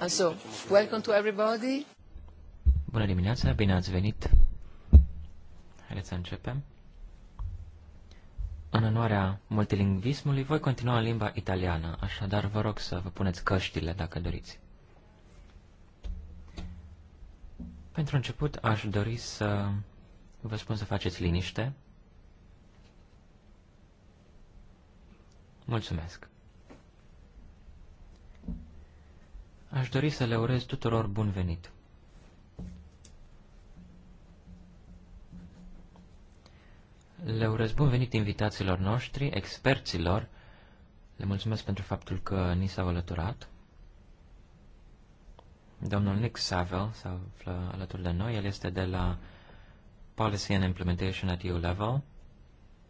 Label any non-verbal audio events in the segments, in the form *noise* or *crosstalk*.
Uh, welcome to everybody. Bună dimineața, bine ați venit. Haideți să începem. În onoarea multilingvismului voi continua în limba italiană, așadar vă rog să vă puneți căștile dacă doriți. Pentru început aș dori să vă spun să faceți liniște. Mulțumesc. Aș dori să le urez tuturor bun venit. Le urez bun venit invitațiilor noștri, experților. Le mulțumesc pentru faptul că ni s-au alăturat. Domnul Nick Saville s-a alături de noi. El este de la Policy and Implementation at EU Level.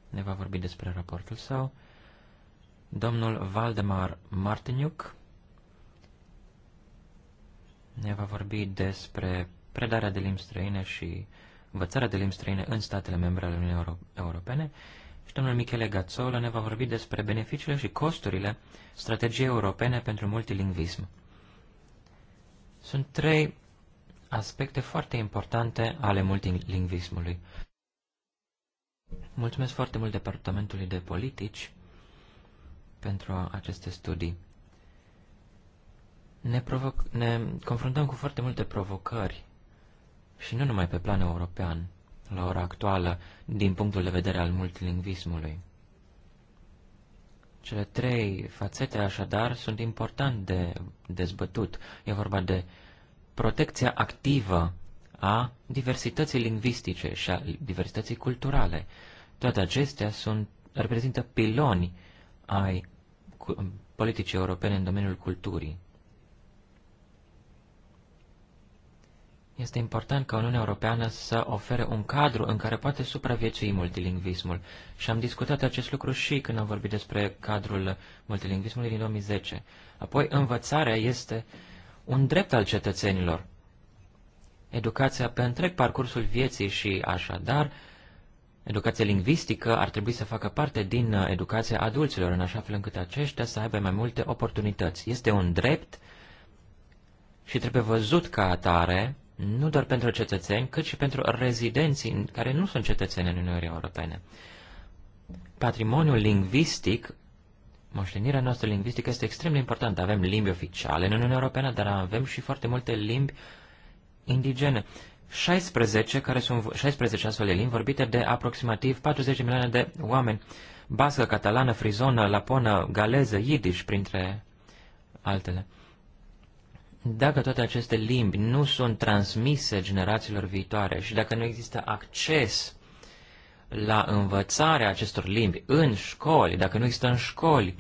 Ne va vorbi despre raportul său. Domnul Valdemar Martiniuc ne va vorbi despre predarea de limbi străine și învățarea de limbi străine în statele membre ale Uniunii Euro Europene și domnul Michele Gazzola ne va vorbi despre beneficiile și costurile strategiei europene pentru multilingvism. Sunt trei aspecte foarte importante ale multilingvismului. Mulțumesc foarte mult Departamentului de Politici pentru aceste studii ne, provoc- ne confruntăm cu foarte multe provocări și nu numai pe plan european, la ora actuală, din punctul de vedere al multilingvismului. Cele trei fațete, așadar, sunt important de dezbătut. E vorba de protecția activă a diversității lingvistice și a diversității culturale. Toate acestea sunt, reprezintă piloni ai politicii europene în domeniul culturii. Este important ca Uniunea Europeană să ofere un cadru în care poate supraviețui multilingvismul. Și am discutat acest lucru și când am vorbit despre cadrul multilingvismului din 2010. Apoi, învățarea este un drept al cetățenilor. Educația pe întreg parcursul vieții și așadar, educația lingvistică ar trebui să facă parte din uh, educația adulților, în așa fel încât aceștia să aibă mai multe oportunități. Este un drept și trebuie văzut ca atare nu doar pentru cetățeni, cât și pentru rezidenții care nu sunt cetățeni în Uniunea Europene. Patrimoniul lingvistic, moștenirea noastră lingvistică este extrem de importantă. Avem limbi oficiale în Uniunea Europeană, dar avem și foarte multe limbi indigene. 16, care sunt 16 astfel de limbi vorbite de aproximativ 40 milioane de oameni. Bască, catalană, frizonă, lapona, galeză, idiș, printre altele. Dacă toate aceste limbi nu sunt transmise generațiilor viitoare și dacă nu există acces la învățarea acestor limbi în școli, dacă nu există în școli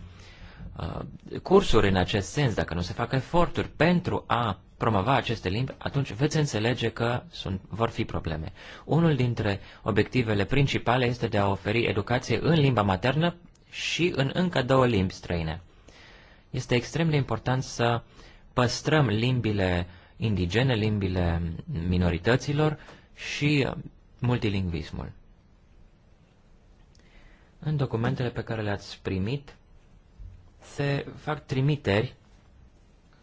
uh, cursuri în acest sens, dacă nu se fac eforturi pentru a promova aceste limbi, atunci veți înțelege că sunt, vor fi probleme. Unul dintre obiectivele principale este de a oferi educație în limba maternă și în încă două limbi străine. Este extrem de important să uh, păstrăm limbile indigene, limbile minorităților și multilingvismul. În documentele pe care le-ați primit se fac trimiteri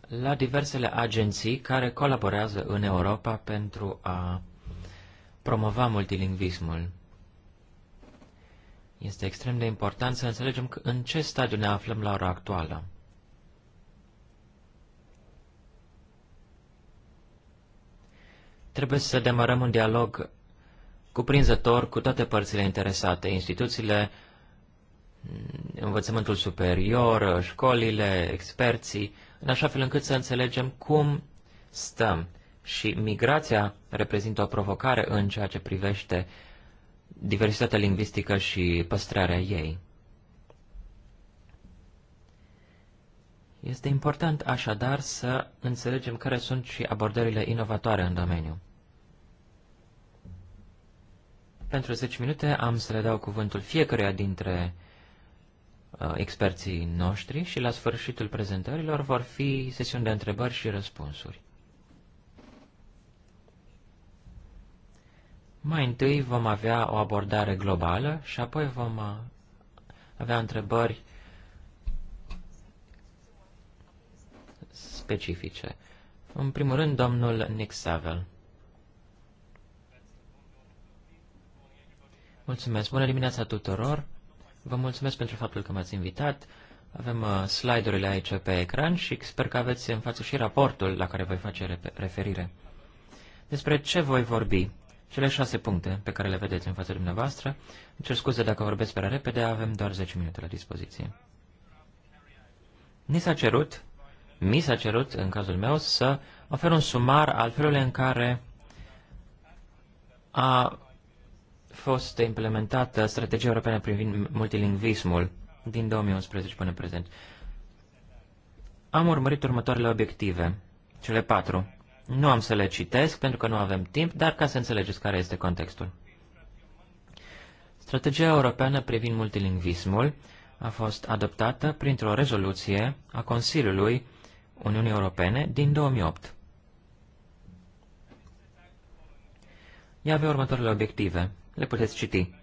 la diversele agenții care colaborează în Europa pentru a promova multilingvismul. Este extrem de important să înțelegem în ce stadiu ne aflăm la ora actuală. Trebuie să demarăm un dialog cuprinzător cu toate părțile interesate, instituțiile, învățământul superior, școlile, experții, în așa fel încât să înțelegem cum stăm. Și migrația reprezintă o provocare în ceea ce privește diversitatea lingvistică și păstrarea ei. Este important așadar să înțelegem care sunt și abordările inovatoare în domeniu. Pentru 10 minute am să le dau cuvântul fiecăruia dintre uh, experții noștri și la sfârșitul prezentărilor vor fi sesiuni de întrebări și răspunsuri. Mai întâi vom avea o abordare globală și apoi vom uh, avea întrebări specifice. În primul rând, domnul Nick Saville. Mulțumesc. Bună dimineața tuturor. Vă mulțumesc pentru faptul că m-ați invitat. Avem uh, slide-urile aici pe ecran și sper că aveți în față și raportul la care voi face referire. Despre ce voi vorbi? Cele șase puncte pe care le vedeți în fața dumneavoastră. Îmi cer scuze dacă vorbesc prea repede, avem doar 10 minute la dispoziție. Ni s-a cerut mi s-a cerut, în cazul meu, să ofer un sumar al felului în care a fost implementată strategia europeană privind multilingvismul din 2011 până în prezent. Am urmărit următoarele obiective, cele patru. Nu am să le citesc pentru că nu avem timp, dar ca să înțelegeți care este contextul. Strategia europeană privind multilingvismul a fost adoptată printr-o rezoluție a Consiliului Uniunii Europene din 2008. Ea avea următoarele obiective. Le puteți citi.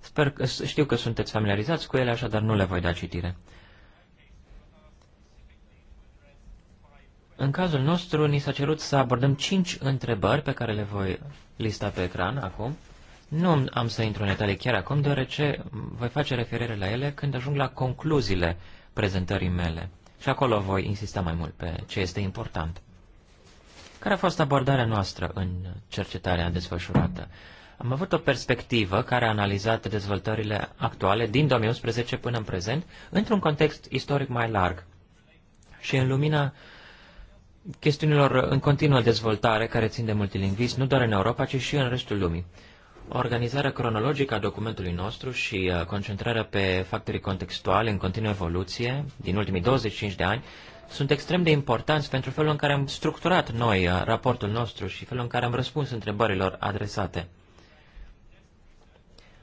Sper că știu că sunteți familiarizați cu ele, așadar nu le voi da citire. În cazul nostru, ni s-a cerut să abordăm cinci întrebări pe care le voi lista pe ecran acum. Nu am să intru în detalii chiar acum, deoarece voi face referire la ele când ajung la concluziile prezentării mele. Și acolo voi insista mai mult pe ce este important. Care a fost abordarea noastră în cercetarea desfășurată? Am avut o perspectivă care a analizat dezvoltările actuale din 2011 până în prezent, într-un context istoric mai larg și în lumina chestiunilor în continuă dezvoltare care țin de multilingvism, nu doar în Europa, ci și în restul lumii. Organizarea cronologică a documentului nostru și uh, concentrarea pe factorii contextuali în continuă evoluție din ultimii 25 de ani sunt extrem de importanți pentru felul în care am structurat noi uh, raportul nostru și felul în care am răspuns întrebărilor adresate.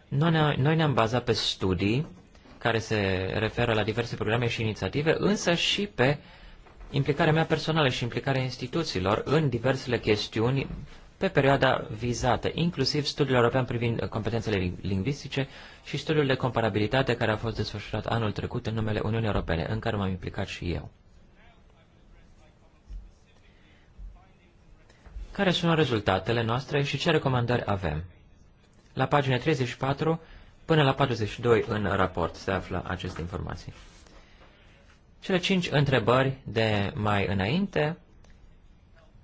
Noi ne-am bazat pe studii care se referă la diverse programe și inițiative, însă și pe implicarea mea personală și implicarea instituțiilor în diversele chestiuni pe perioada vizată, inclusiv studiul european privind competențele lingvistice și studiul de comparabilitate care a fost desfășurat anul trecut în numele Uniunii Europene, în care m-am implicat și eu. Care sunt rezultatele noastre și ce recomandări avem? La pagina 34 până la 42 în raport se află aceste informații. Cele cinci întrebări de mai înainte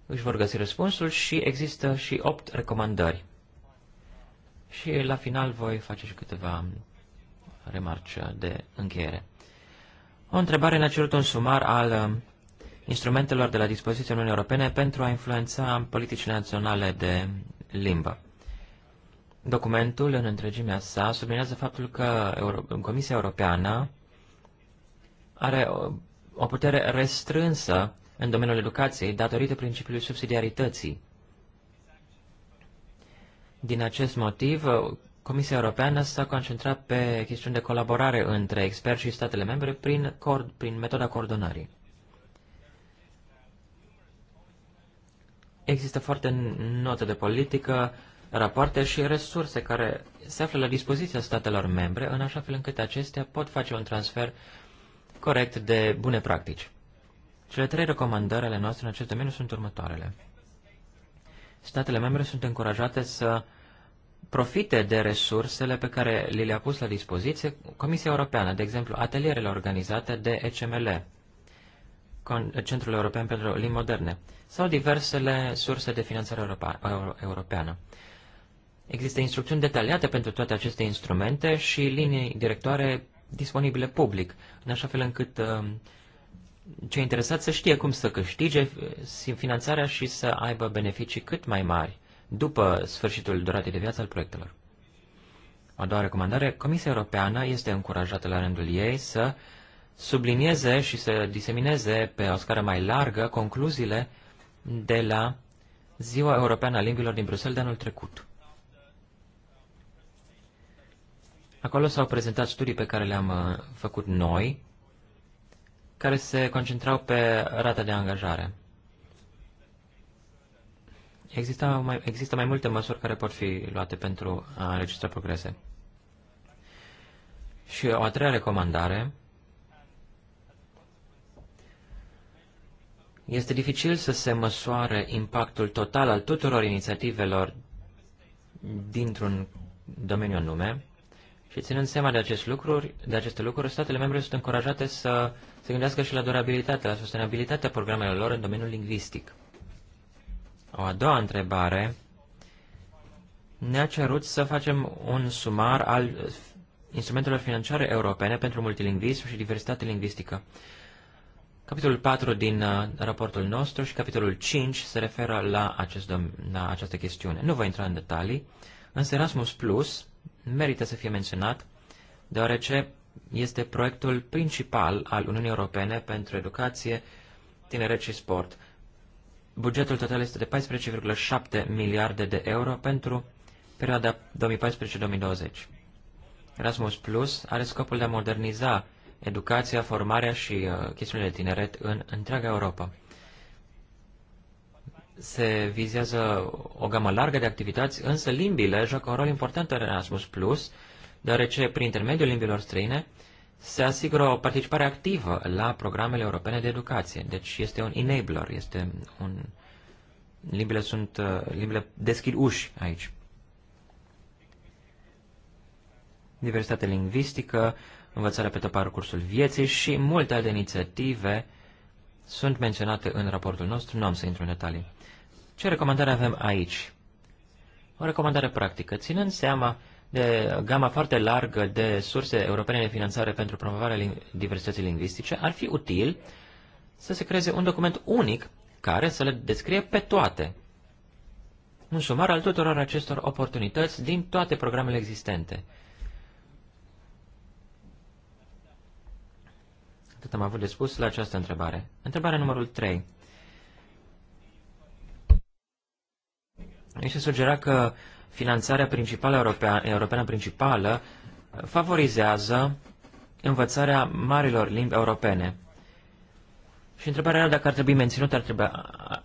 își vor găsi răspunsul și există și opt recomandări. Și la final voi face și câteva remarci de încheiere. O întrebare ne-a cerut un sumar al um, instrumentelor de la dispoziția Uniunii Europene pentru a influența politicile naționale de limbă. Documentul, în întregimea sa, sublinează faptul că Euro Comisia Europeană are o, o putere restrânsă în domeniul educației datorită principiului subsidiarității. Din acest motiv, Comisia Europeană s-a concentrat pe chestiuni de colaborare între experți și statele membre prin, cord, prin metoda coordonării. Există foarte note de politică, rapoarte și resurse care se află la dispoziția statelor membre, în așa fel încât acestea pot face un transfer corect de bune practici. Cele trei recomandări ale noastre în acest domeniu sunt următoarele. Statele membre sunt încurajate să profite de resursele pe care li le-a pus la dispoziție Comisia Europeană, de exemplu, atelierele organizate de ECML, Centrul European pentru Limbi Moderne, sau diversele surse de finanțare europeană. Există instrucțiuni detaliate pentru toate aceste instrumente și linii directoare disponibile public, în așa fel încât um, cei interesați să știe cum să câștige finanțarea și să aibă beneficii cât mai mari după sfârșitul duratei de viață al proiectelor. A doua recomandare, Comisia Europeană este încurajată la rândul ei să sublinieze și să disemineze pe o scară mai largă concluziile de la Ziua Europeană a Limbilor din Bruxelles de anul trecut. Acolo s-au prezentat studii pe care le-am uh, făcut noi care se concentrau pe rata de angajare. Există mai, există mai multe măsuri care pot fi luate pentru a înregistra progrese. Și o a treia recomandare Este dificil să se măsoare impactul total al tuturor inițiativelor dintr-un domeniu anume, și ținând seama de, acest lucruri, de aceste lucruri, statele membre sunt încurajate să se gândească și la durabilitatea, la sustenabilitatea programelor lor în domeniul lingvistic. O a doua întrebare ne-a cerut să facem un sumar al instrumentelor financiare europene pentru multilingvism și diversitate lingvistică. Capitolul 4 din uh, raportul nostru și capitolul 5 se referă la, acest la această chestiune. Nu voi intra în detalii, însă Erasmus Plus merită să fie menționat, deoarece este proiectul principal al Uniunii Europene pentru educație, tineret și sport. Bugetul total este de 14,7 miliarde de euro pentru perioada 2014-2020. Erasmus Plus are scopul de a moderniza educația, formarea și uh, chestiunile de tineret în întreaga Europa se vizează o gamă largă de activități, însă limbile joacă un rol important în Erasmus+, Plus, deoarece prin intermediul limbilor străine se asigură o participare activă la programele europene de educație. Deci este un enabler, este un... Limbile, sunt, limbile deschid uși aici. Diversitate lingvistică, învățarea pe tot parcursul vieții și multe alte inițiative sunt menționate în raportul nostru, nu am să intru în detalii. Ce recomandare avem aici? O recomandare practică. Ținând seama de gama foarte largă de surse europene de finanțare pentru promovarea diversității lingvistice, ar fi util să se creeze un document unic care să le descrie pe toate. Un sumar al tuturor acestor oportunități din toate programele existente. Atât am avut de spus la această întrebare. Întrebarea numărul 3. Aici se sugera că finanțarea principală europeană, europeană principală uh, favorizează învățarea marilor limbi europene. Și întrebarea era dacă ar trebui menținut, ar trebui,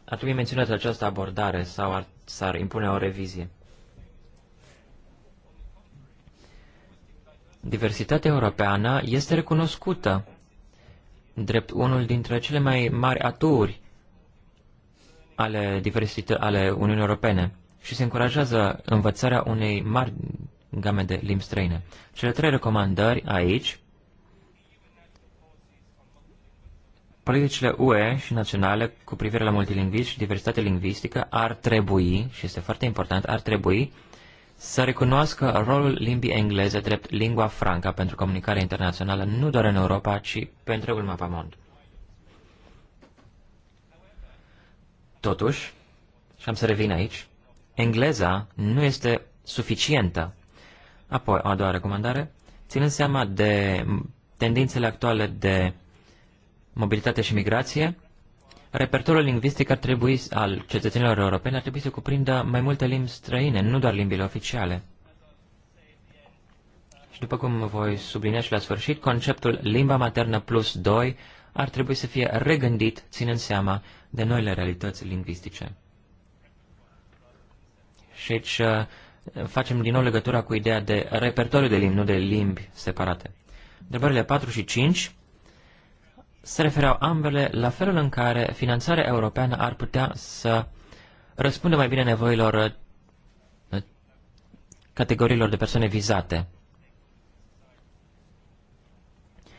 ar trebui menționată această abordare sau ar, s-ar impune o revizie. Diversitatea europeană este recunoscută drept unul dintre cele mai mari aturi ale, ale Uniunii Europene și se încurajează învățarea unei mari game de limbi străine. Cele trei recomandări aici, politicile UE și naționale cu privire la multilingvism și diversitate lingvistică ar trebui, și este foarte important, ar trebui să recunoască rolul limbii engleze drept lingua franca pentru comunicare internațională nu doar în Europa, ci pe întregul mapamond. Totuși, și am să revin aici, engleza nu este suficientă. Apoi, o a doua recomandare, ținând seama de tendințele actuale de mobilitate și migrație, repertoriul lingvistic ar trebui, al cetățenilor europeni ar trebui să cuprindă mai multe limbi străine, nu doar limbile oficiale. Și după cum voi sublinia și la sfârșit, conceptul limba maternă plus 2 ar trebui să fie regândit ținând seama de noile realități lingvistice. Și aici uh, facem din nou legătura cu ideea de repertoriu de limbi, nu de limbi separate. Întrebările 4 și 5 se refereau ambele la felul în care finanțarea europeană ar putea să răspundă mai bine nevoilor uh, categoriilor de persoane vizate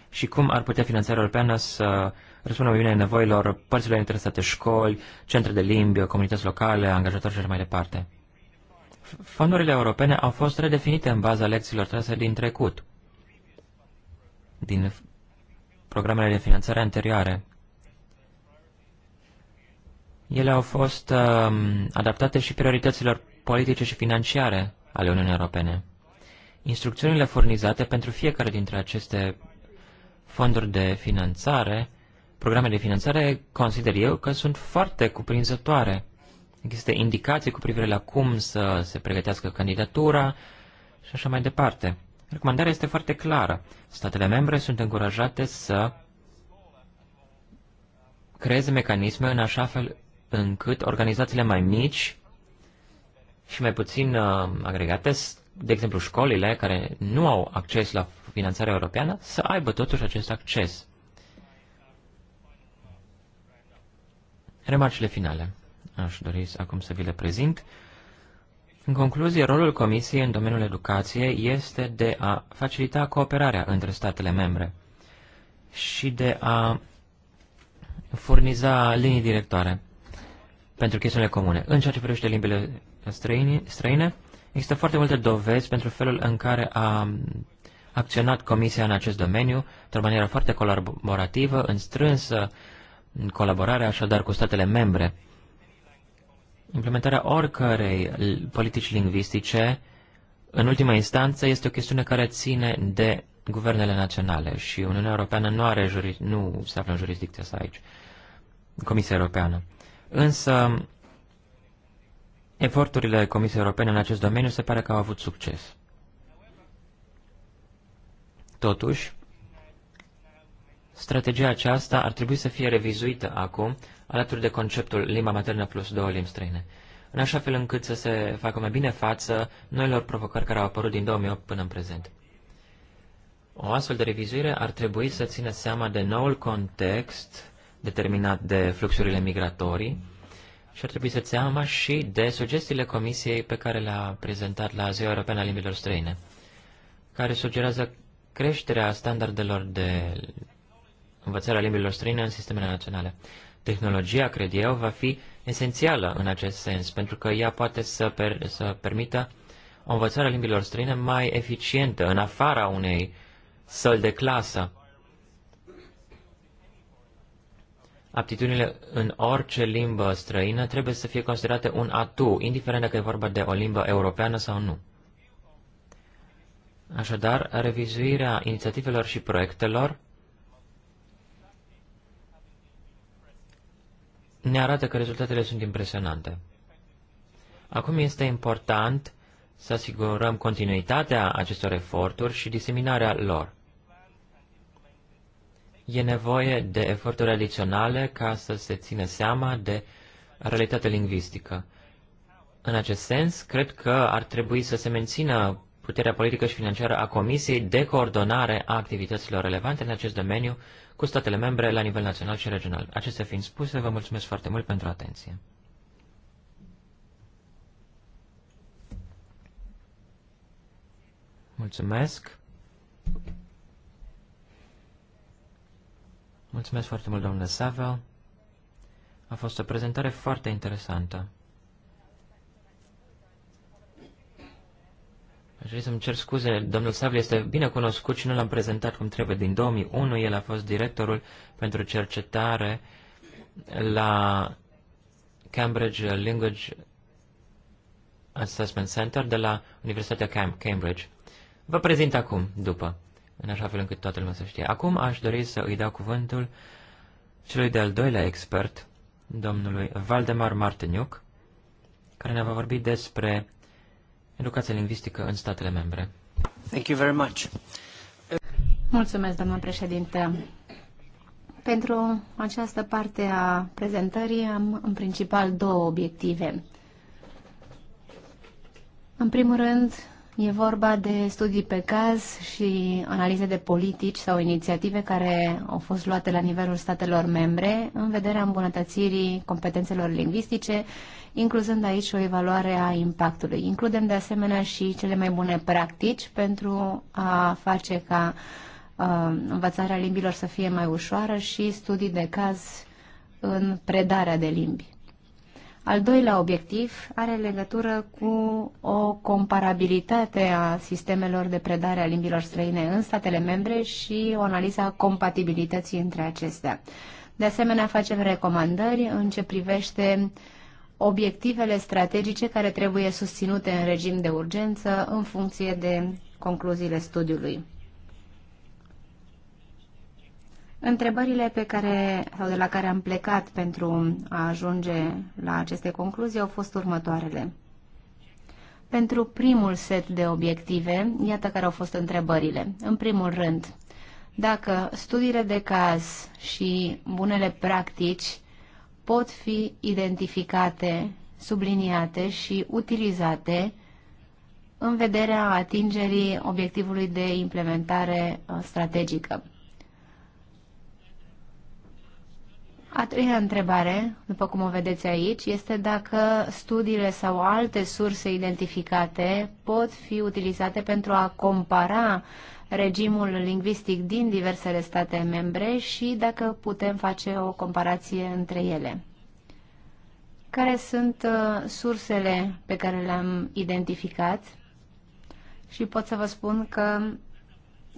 și cum ar putea finanțarea europeană să răspundă mai bine nevoilor părților interesate școli, centre de limbi, comunități locale, angajatori și așa mai departe fondurile europene au fost redefinite în baza lecțiilor trase din trecut, din programele de finanțare anterioare. Ele au fost uh, adaptate și priorităților politice și financiare ale Uniunii Europene. Instrucțiunile furnizate pentru fiecare dintre aceste fonduri de finanțare, programe de finanțare, consider eu că sunt foarte cuprinzătoare există indicații cu privire la cum să se pregătească candidatura și așa mai departe. Recomandarea este foarte clară. Statele membre sunt încurajate să creeze mecanisme în așa fel încât organizațiile mai mici și mai puțin uh, agregate, de exemplu școlile care nu au acces la finanțarea europeană, să aibă totuși acest acces. Remarcile finale aș dori acum să vi le prezint. În concluzie, rolul Comisiei în domeniul educației este de a facilita cooperarea între statele membre și de a furniza linii directoare pentru chestiunile comune. În ceea ce privește limbile străine, există foarte multe dovezi pentru felul în care a acționat Comisia în acest domeniu, într-o manieră foarte colaborativă, în strânsă colaborare așadar cu statele membre. Implementarea oricărei politici lingvistice, în ultima instanță, este o chestiune care ține de guvernele naționale și Uniunea Europeană nu, are juri, nu se află în jurisdicția sa aici, Comisia Europeană. Însă, eforturile Comisiei Europene în acest domeniu se pare că au avut succes. Totuși, strategia aceasta ar trebui să fie revizuită acum alături de conceptul limba maternă plus două limbi străine, în așa fel încât să se facă mai bine față noilor provocări care au apărut din 2008 până în prezent. O astfel de revizuire ar trebui să țină seama de noul context determinat de fluxurile migratorii și ar trebui să seama și de sugestiile Comisiei pe care le-a prezentat la Ziua Europeană a Limbilor Străine, care sugerează creșterea standardelor de învățare a limbilor străine în sistemele naționale tehnologia, cred eu, va fi esențială în acest sens, pentru că ea poate să, per, să permită o învățare a limbilor străine mai eficientă, în afara unei săli de clasă. Aptitudinile în orice limbă străină trebuie să fie considerate un atu, indiferent dacă e vorba de o limbă europeană sau nu. Așadar, revizuirea inițiativelor și proiectelor ne arată că rezultatele sunt impresionante. Acum este important să asigurăm continuitatea acestor eforturi și diseminarea lor. E nevoie de eforturi adiționale ca să se țină seama de realitatea lingvistică. În acest sens, cred că ar trebui să se mențină puterea politică și financiară a Comisiei de coordonare a activităților relevante în acest domeniu cu statele membre la nivel național și regional. Acestea fiind spuse, vă mulțumesc foarte mult pentru atenție. Mulțumesc. Mulțumesc foarte mult, domnule Savel. A fost o prezentare foarte interesantă. Aș vrea să-mi cer scuze, domnul Savli este bine cunoscut și nu l-am prezentat cum trebuie. Din 2001 el a fost directorul pentru cercetare la Cambridge Language Assessment Center de la Universitatea Cambridge. Vă prezint acum, după, în așa fel încât toată lumea să știe. Acum aș dori să îi dau cuvântul celui de-al doilea expert, domnului Valdemar Martiniuc, care ne va vorbi despre educația lingvistică în statele membre. Thank you very much. Mulțumesc, domnul președinte. Pentru această parte a prezentării am în principal două obiective. În primul rând, E vorba de studii pe caz și analize de politici sau inițiative care au fost luate la nivelul statelor membre în vederea îmbunătățirii competențelor lingvistice, incluzând aici o evaluare a impactului. Includem de asemenea și cele mai bune practici pentru a face ca uh, învățarea limbilor să fie mai ușoară și studii de caz în predarea de limbi. Al doilea obiectiv are legătură cu o comparabilitate a sistemelor de predare a limbilor străine în statele membre și o analiză a compatibilității între acestea. De asemenea, facem recomandări în ce privește obiectivele strategice care trebuie susținute în regim de urgență în funcție de concluziile studiului. Întrebările pe care, sau de la care am plecat pentru a ajunge la aceste concluzii au fost următoarele. Pentru primul set de obiective, iată care au fost întrebările. În primul rând, dacă studiile de caz și bunele practici pot fi identificate, subliniate și utilizate în vederea atingerii obiectivului de implementare uh, strategică. A treia întrebare, după cum o vedeți aici, este dacă studiile sau alte surse identificate pot fi utilizate pentru a compara regimul lingvistic din diversele state membre și dacă putem face o comparație între ele. Care sunt uh, sursele pe care le-am identificat? Și pot să vă spun că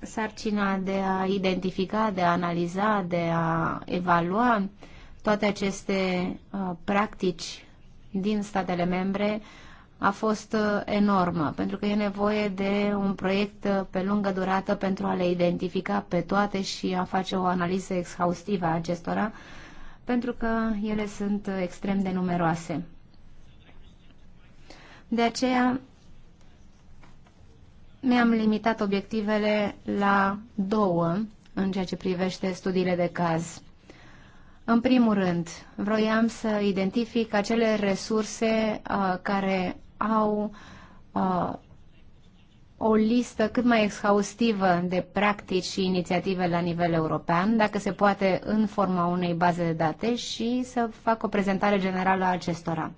sarcina de a identifica, de a analiza, de a evalua toate aceste uh, practici din statele membre a fost uh, enormă, pentru că e nevoie de un proiect uh, pe lungă durată pentru a le identifica pe toate și a face o analiză exhaustivă a acestora, pentru că ele sunt extrem de numeroase. De aceea mi-am limitat obiectivele la două în ceea ce privește studiile de caz. În primul rând, vroiam să identific acele resurse uh, care au uh, o listă cât mai exhaustivă de practici și inițiative la nivel european, dacă se poate în forma unei baze de date și să fac o prezentare generală a acestora.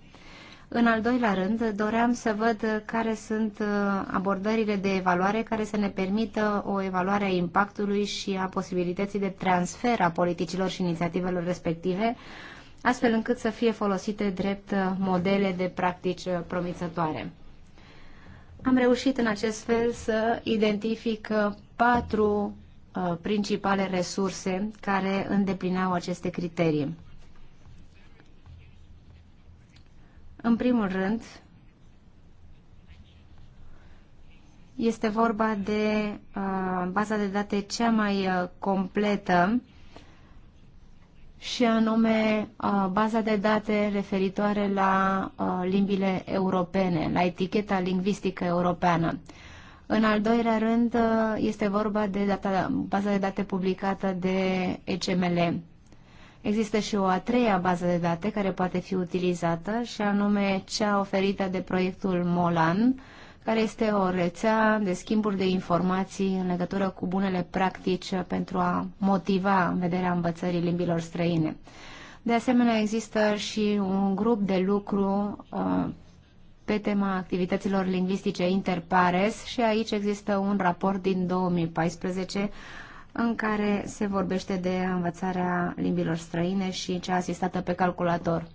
În al doilea rând, doream să văd care sunt uh, abordările de evaluare care să ne permită o evaluare a impactului și a posibilității de transfer a politicilor și inițiativelor respective, astfel încât să fie folosite drept uh, modele de practici uh, promițătoare. Am reușit în acest fel să identific patru principale resurse care îndeplineau aceste criterii. În primul rând, este vorba de uh, baza de date cea mai uh, completă și anume uh, baza de date referitoare la uh, limbile europene, la eticheta lingvistică europeană. În al doilea rând, uh, este vorba de data, baza de date publicată de ECML. Există și o a treia bază de date care poate fi utilizată și anume cea oferită de proiectul MOLAN, care este o rețea de schimburi de informații în legătură cu bunele practici pentru a motiva în vederea învățării limbilor străine. De asemenea, există și un grup de lucru uh, pe tema activităților lingvistice interpares și aici există un raport din 2014 în care se vorbește de învățarea limbilor străine și cea asistată pe calculator.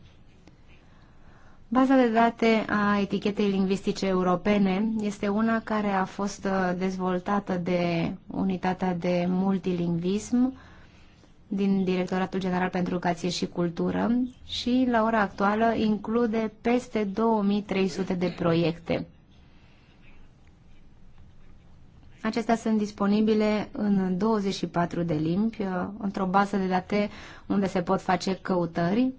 Baza de date a etichetei lingvistice europene este una care a fost uh, dezvoltată de unitatea de multilingvism din Directoratul General pentru Educație și Cultură și la ora actuală include peste 2300 de proiecte. Acestea sunt disponibile în 24 de limbi, uh, într-o bază de date unde se pot face căutări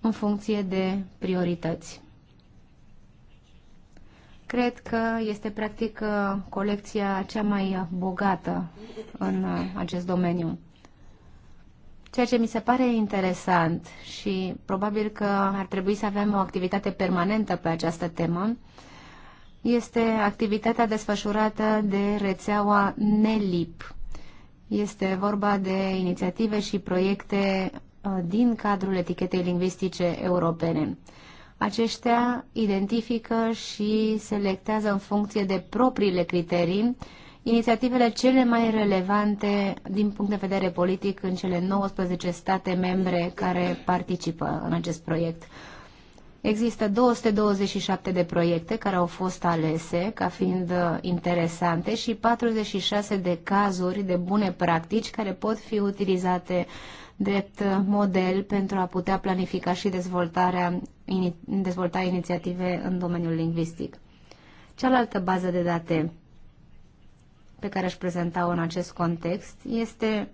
în funcție de priorități. Cred că este practic uh, colecția cea mai bogată în uh, acest domeniu. Ceea ce mi se pare interesant și probabil că ar trebui să avem o activitate permanentă pe această temă, este activitatea desfășurată de rețeaua NELIP. Este vorba de inițiative și proiecte uh, din cadrul etichetei lingvistice europene. Aceștia identifică și selectează în funcție de propriile criterii inițiativele cele mai relevante din punct de vedere politic în cele 19 state membre care participă în acest proiect. Există 227 de proiecte care au fost alese ca fiind uh, interesante și 46 de cazuri de bune practici care pot fi utilizate drept uh, model pentru a putea planifica și dezvoltarea, dezvolta inițiative în domeniul lingvistic. Cealaltă bază de date pe care aș prezenta-o în acest context este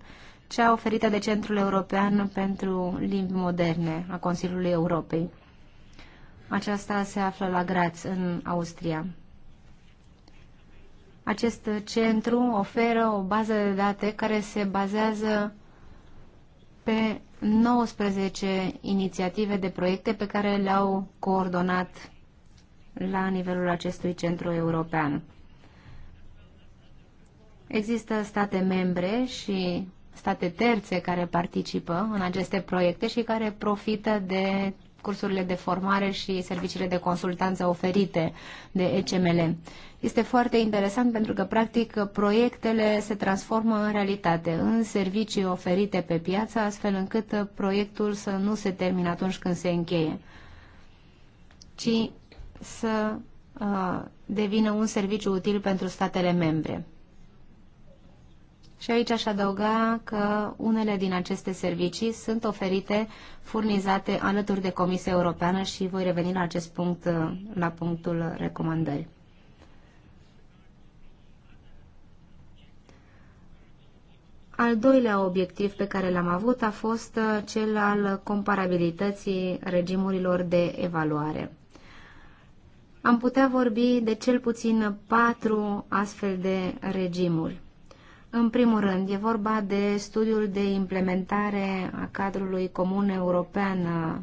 cea oferită de Centrul European pentru Limbi Moderne a Consiliului Europei. Aceasta se află la Graz, în Austria. Acest centru oferă o bază de date care se bazează pe 19 inițiative de proiecte pe care le-au coordonat la nivelul acestui centru european. Există state membre și state terțe care participă în aceste proiecte și care profită de cursurile de formare și serviciile de consultanță oferite de ECML. Este foarte interesant pentru că, practic, proiectele se transformă în realitate, în servicii oferite pe piață, astfel încât proiectul să nu se termine atunci când se încheie, ci să uh, devină un serviciu util pentru statele membre. Și aici aș adăuga că unele din aceste servicii sunt oferite, furnizate alături de Comisia Europeană și voi reveni la acest punct, la punctul recomandării. Al doilea obiectiv pe care l-am avut a fost uh, cel al comparabilității regimurilor de evaluare. Am putea vorbi de cel puțin patru astfel de regimuri. În primul rând, e vorba de studiul de implementare a cadrului comun european uh,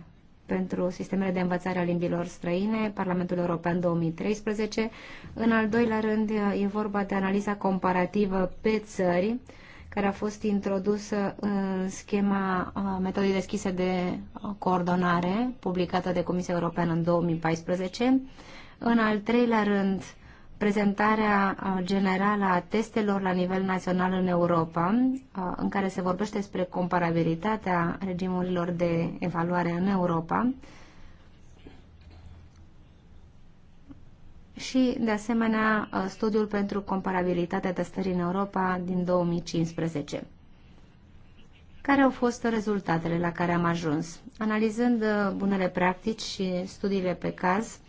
pentru sistemele de învățare a limbilor străine, Parlamentul European 2013. În al doilea rând, uh, e vorba de analiza comparativă pe țări, care a fost introdusă în schema uh, metodei deschise de coordonare, publicată de Comisia Europeană în 2014. În al treilea rând, prezentarea generală a testelor la nivel național în Europa, în care se vorbește despre comparabilitatea regimurilor de evaluare în Europa și, de asemenea, studiul pentru comparabilitatea testării în Europa din 2015. Care au fost rezultatele la care am ajuns? Analizând bunele practici și studiile pe caz,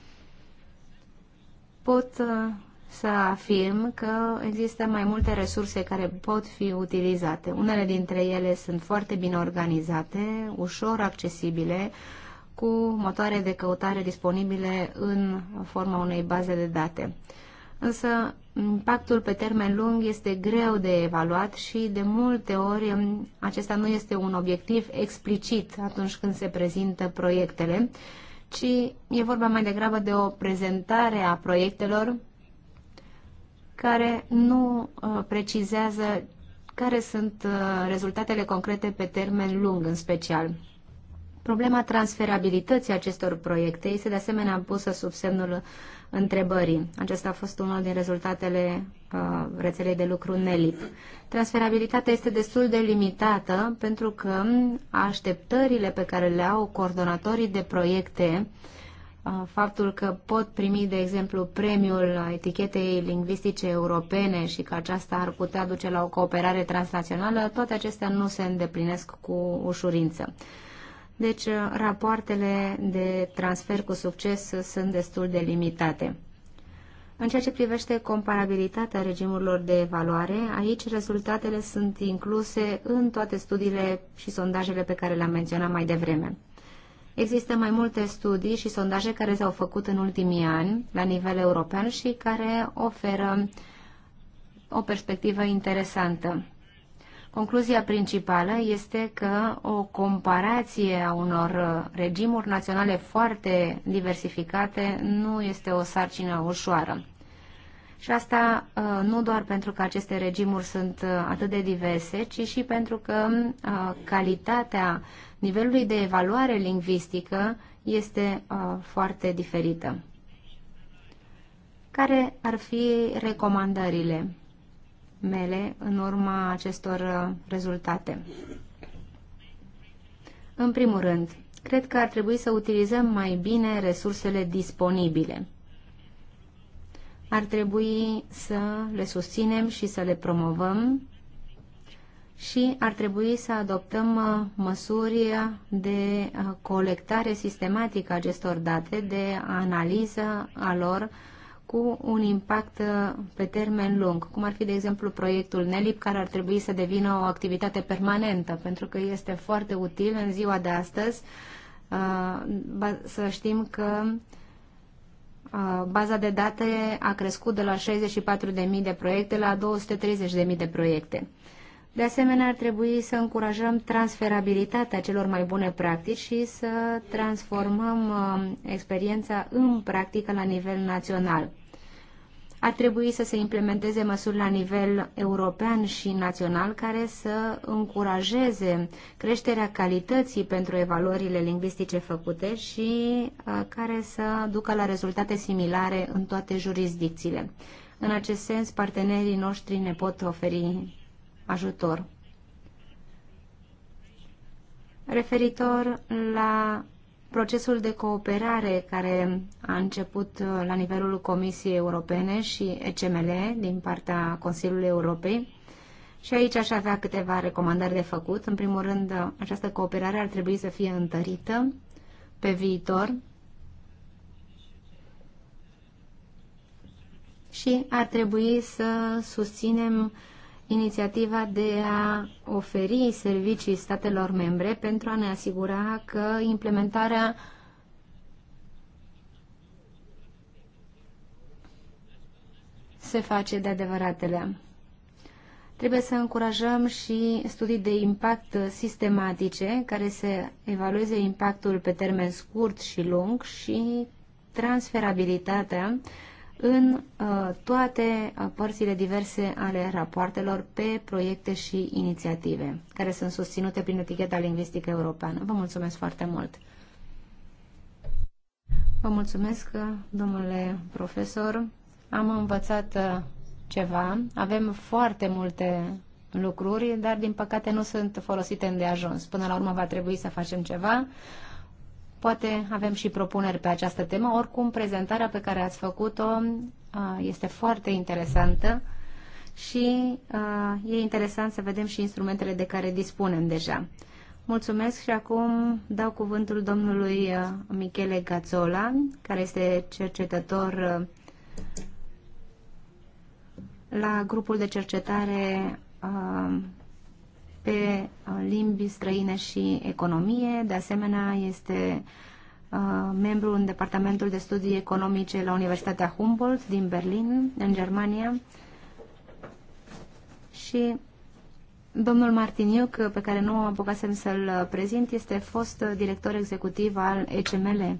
pot uh, să afirm că există mai multe resurse care pot fi utilizate. Unele dintre ele sunt foarte bine organizate, ușor accesibile, cu motoare de căutare disponibile în forma unei baze de date. Însă, impactul pe termen lung este greu de evaluat și, de multe ori, acesta nu este un obiectiv explicit atunci când se prezintă proiectele, ci e vorba mai degrabă de o prezentare a proiectelor care nu uh, precizează care sunt uh, rezultatele concrete pe termen lung în special. Problema transferabilității acestor proiecte este de asemenea pusă sub semnul întrebării. Acesta a fost unul din rezultatele uh, rețelei de lucru NELIP. Transferabilitatea este destul de limitată pentru că așteptările pe care le au coordonatorii de proiecte uh, faptul că pot primi, de exemplu, premiul etichetei lingvistice europene și că aceasta ar putea duce la o cooperare transnațională, toate acestea nu se îndeplinesc cu ușurință deci uh, rapoartele de transfer cu succes sunt destul de limitate. În ceea ce privește comparabilitatea regimurilor de evaluare, aici rezultatele sunt incluse în toate studiile și sondajele pe care le-am menționat mai devreme. Există mai multe studii și sondaje care s-au făcut în ultimii ani la nivel european și care oferă o perspectivă interesantă. Concluzia principală este că o comparație a unor uh, regimuri naționale foarte diversificate nu este o sarcină ușoară. Și asta uh, nu doar pentru că aceste regimuri sunt uh, atât de diverse, ci și pentru că calitatea nivelului de evaluare lingvistică este foarte diferită. Care ar fi recomandările? mele în urma acestor uh, rezultate. În primul rând, cred că ar trebui să utilizăm mai bine resursele disponibile. Ar trebui să le susținem și să le promovăm și ar trebui să adoptăm uh, măsuri de uh, colectare sistematică a acestor date, de analiză a lor, cu un impact uh, pe termen lung, cum ar fi, de exemplu, proiectul NELIP, care ar trebui să devină o activitate permanentă, pentru că este foarte util în ziua de astăzi uh, să știm că uh, baza de date a crescut de la 64.000 de proiecte la 230.000 de proiecte. De asemenea, ar trebui să încurajăm transferabilitatea celor mai bune practici și să transformăm uh, experiența în practică la nivel național. Ar trebui să se implementeze măsuri la nivel european și național care să încurajeze creșterea calității pentru evaluările lingvistice făcute și uh, care să ducă la rezultate similare în toate jurisdicțiile. În acest sens, partenerii noștri ne pot oferi ajutor. Referitor la procesul de cooperare care a început uh, la nivelul Comisiei Europene și ECML din partea Consiliului Europei. Și aici aș avea câteva recomandări de făcut. În primul rând, uh, această cooperare ar trebui să fie întărită pe viitor și ar trebui să susținem uh, inițiativa de a oferi servicii statelor membre pentru a ne asigura că implementarea se face de adevăratele. Trebuie să încurajăm și studii de impact sistematice care să evalueze impactul pe termen scurt și lung și transferabilitatea în uh, toate uh, părțile diverse ale rapoartelor pe proiecte și inițiative, care sunt susținute prin eticheta lingvistică europeană. Vă mulțumesc foarte mult! Vă mulțumesc, uh, domnule profesor. Am învățat ceva. Avem foarte multe lucruri, dar din păcate nu sunt folosite îndeajuns. Până la urmă va trebui să facem ceva. Poate avem și propuneri pe această temă. Oricum, prezentarea pe care ați făcut-o uh, este foarte interesantă și uh, e interesant să vedem și instrumentele de care dispunem deja. Mulțumesc și acum dau cuvântul domnului uh, Michele Gazzola, care este cercetător la grupul de cercetare pe uh, limbi străine și economie. De asemenea, este uh, membru în Departamentul de Studii Economice la Universitatea Humboldt din Berlin, în Germania. Și domnul Martiniuc, pe care nu am apucat să-l prezint, este fost director executiv al ECML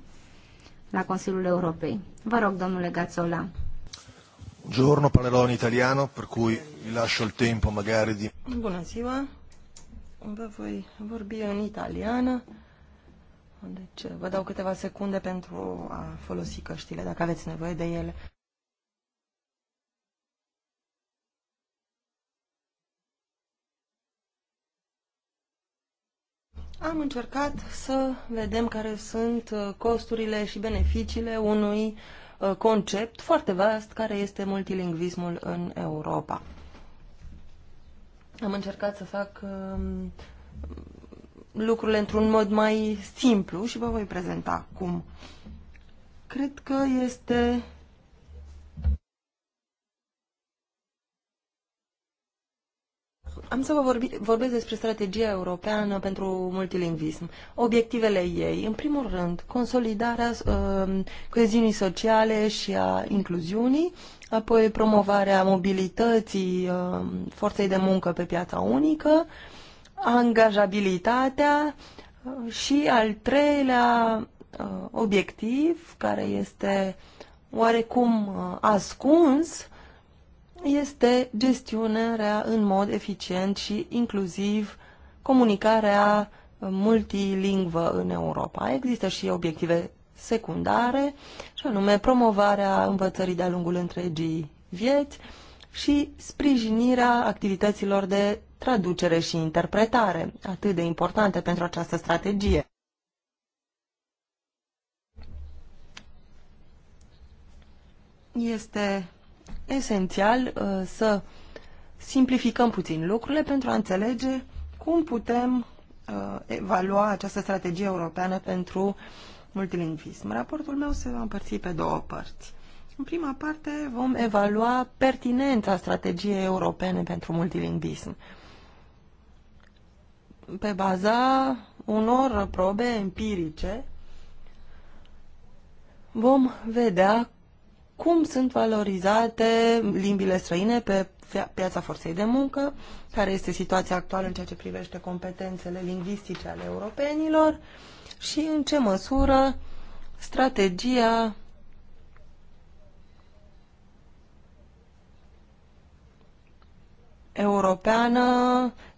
la Consiliul Europei. Vă rog, domnule Gazzola. Buongiorno, parlerò in italiano, per cui vi lascio il tempo magari di... Buonasera, ziua, Vă voi vorbi în italiană. Deci vă dau câteva secunde pentru a folosi căștile, dacă aveți nevoie de ele. Am încercat să vedem care sunt uh, costurile și beneficiile unui uh, concept foarte vast care este multilingvismul în Europa. Am încercat să fac um, lucrurile într-un mod mai simplu și vă voi prezenta cum. Cred că este Am să vă vorbi, vorbesc despre strategia europeană pentru multilingvism. Obiectivele ei, în primul rând, consolidarea uh, coeziunii sociale și a incluziunii, apoi promovarea mobilității uh, forței de muncă pe piața unică, angajabilitatea uh, și al treilea uh, obiectiv, care este oarecum ascuns, este gestionarea în mod eficient și inclusiv comunicarea multilingvă în Europa. Există și obiective secundare, și anume promovarea învățării de-a lungul întregii vieți și sprijinirea activităților de traducere și interpretare, atât de importante pentru această strategie. Este esențial uh, să simplificăm puțin lucrurile pentru a înțelege cum putem uh, evalua această strategie europeană pentru multilingvism. Raportul meu se va împărți pe două părți. În prima parte vom evalua pertinența strategiei europene pentru multilingvism pe baza unor probe empirice vom vedea cum sunt valorizate limbile străine pe piața forței de muncă, care este situația actuală în ceea ce privește competențele lingvistice ale europenilor, uh, și în ce măsură strategia europeană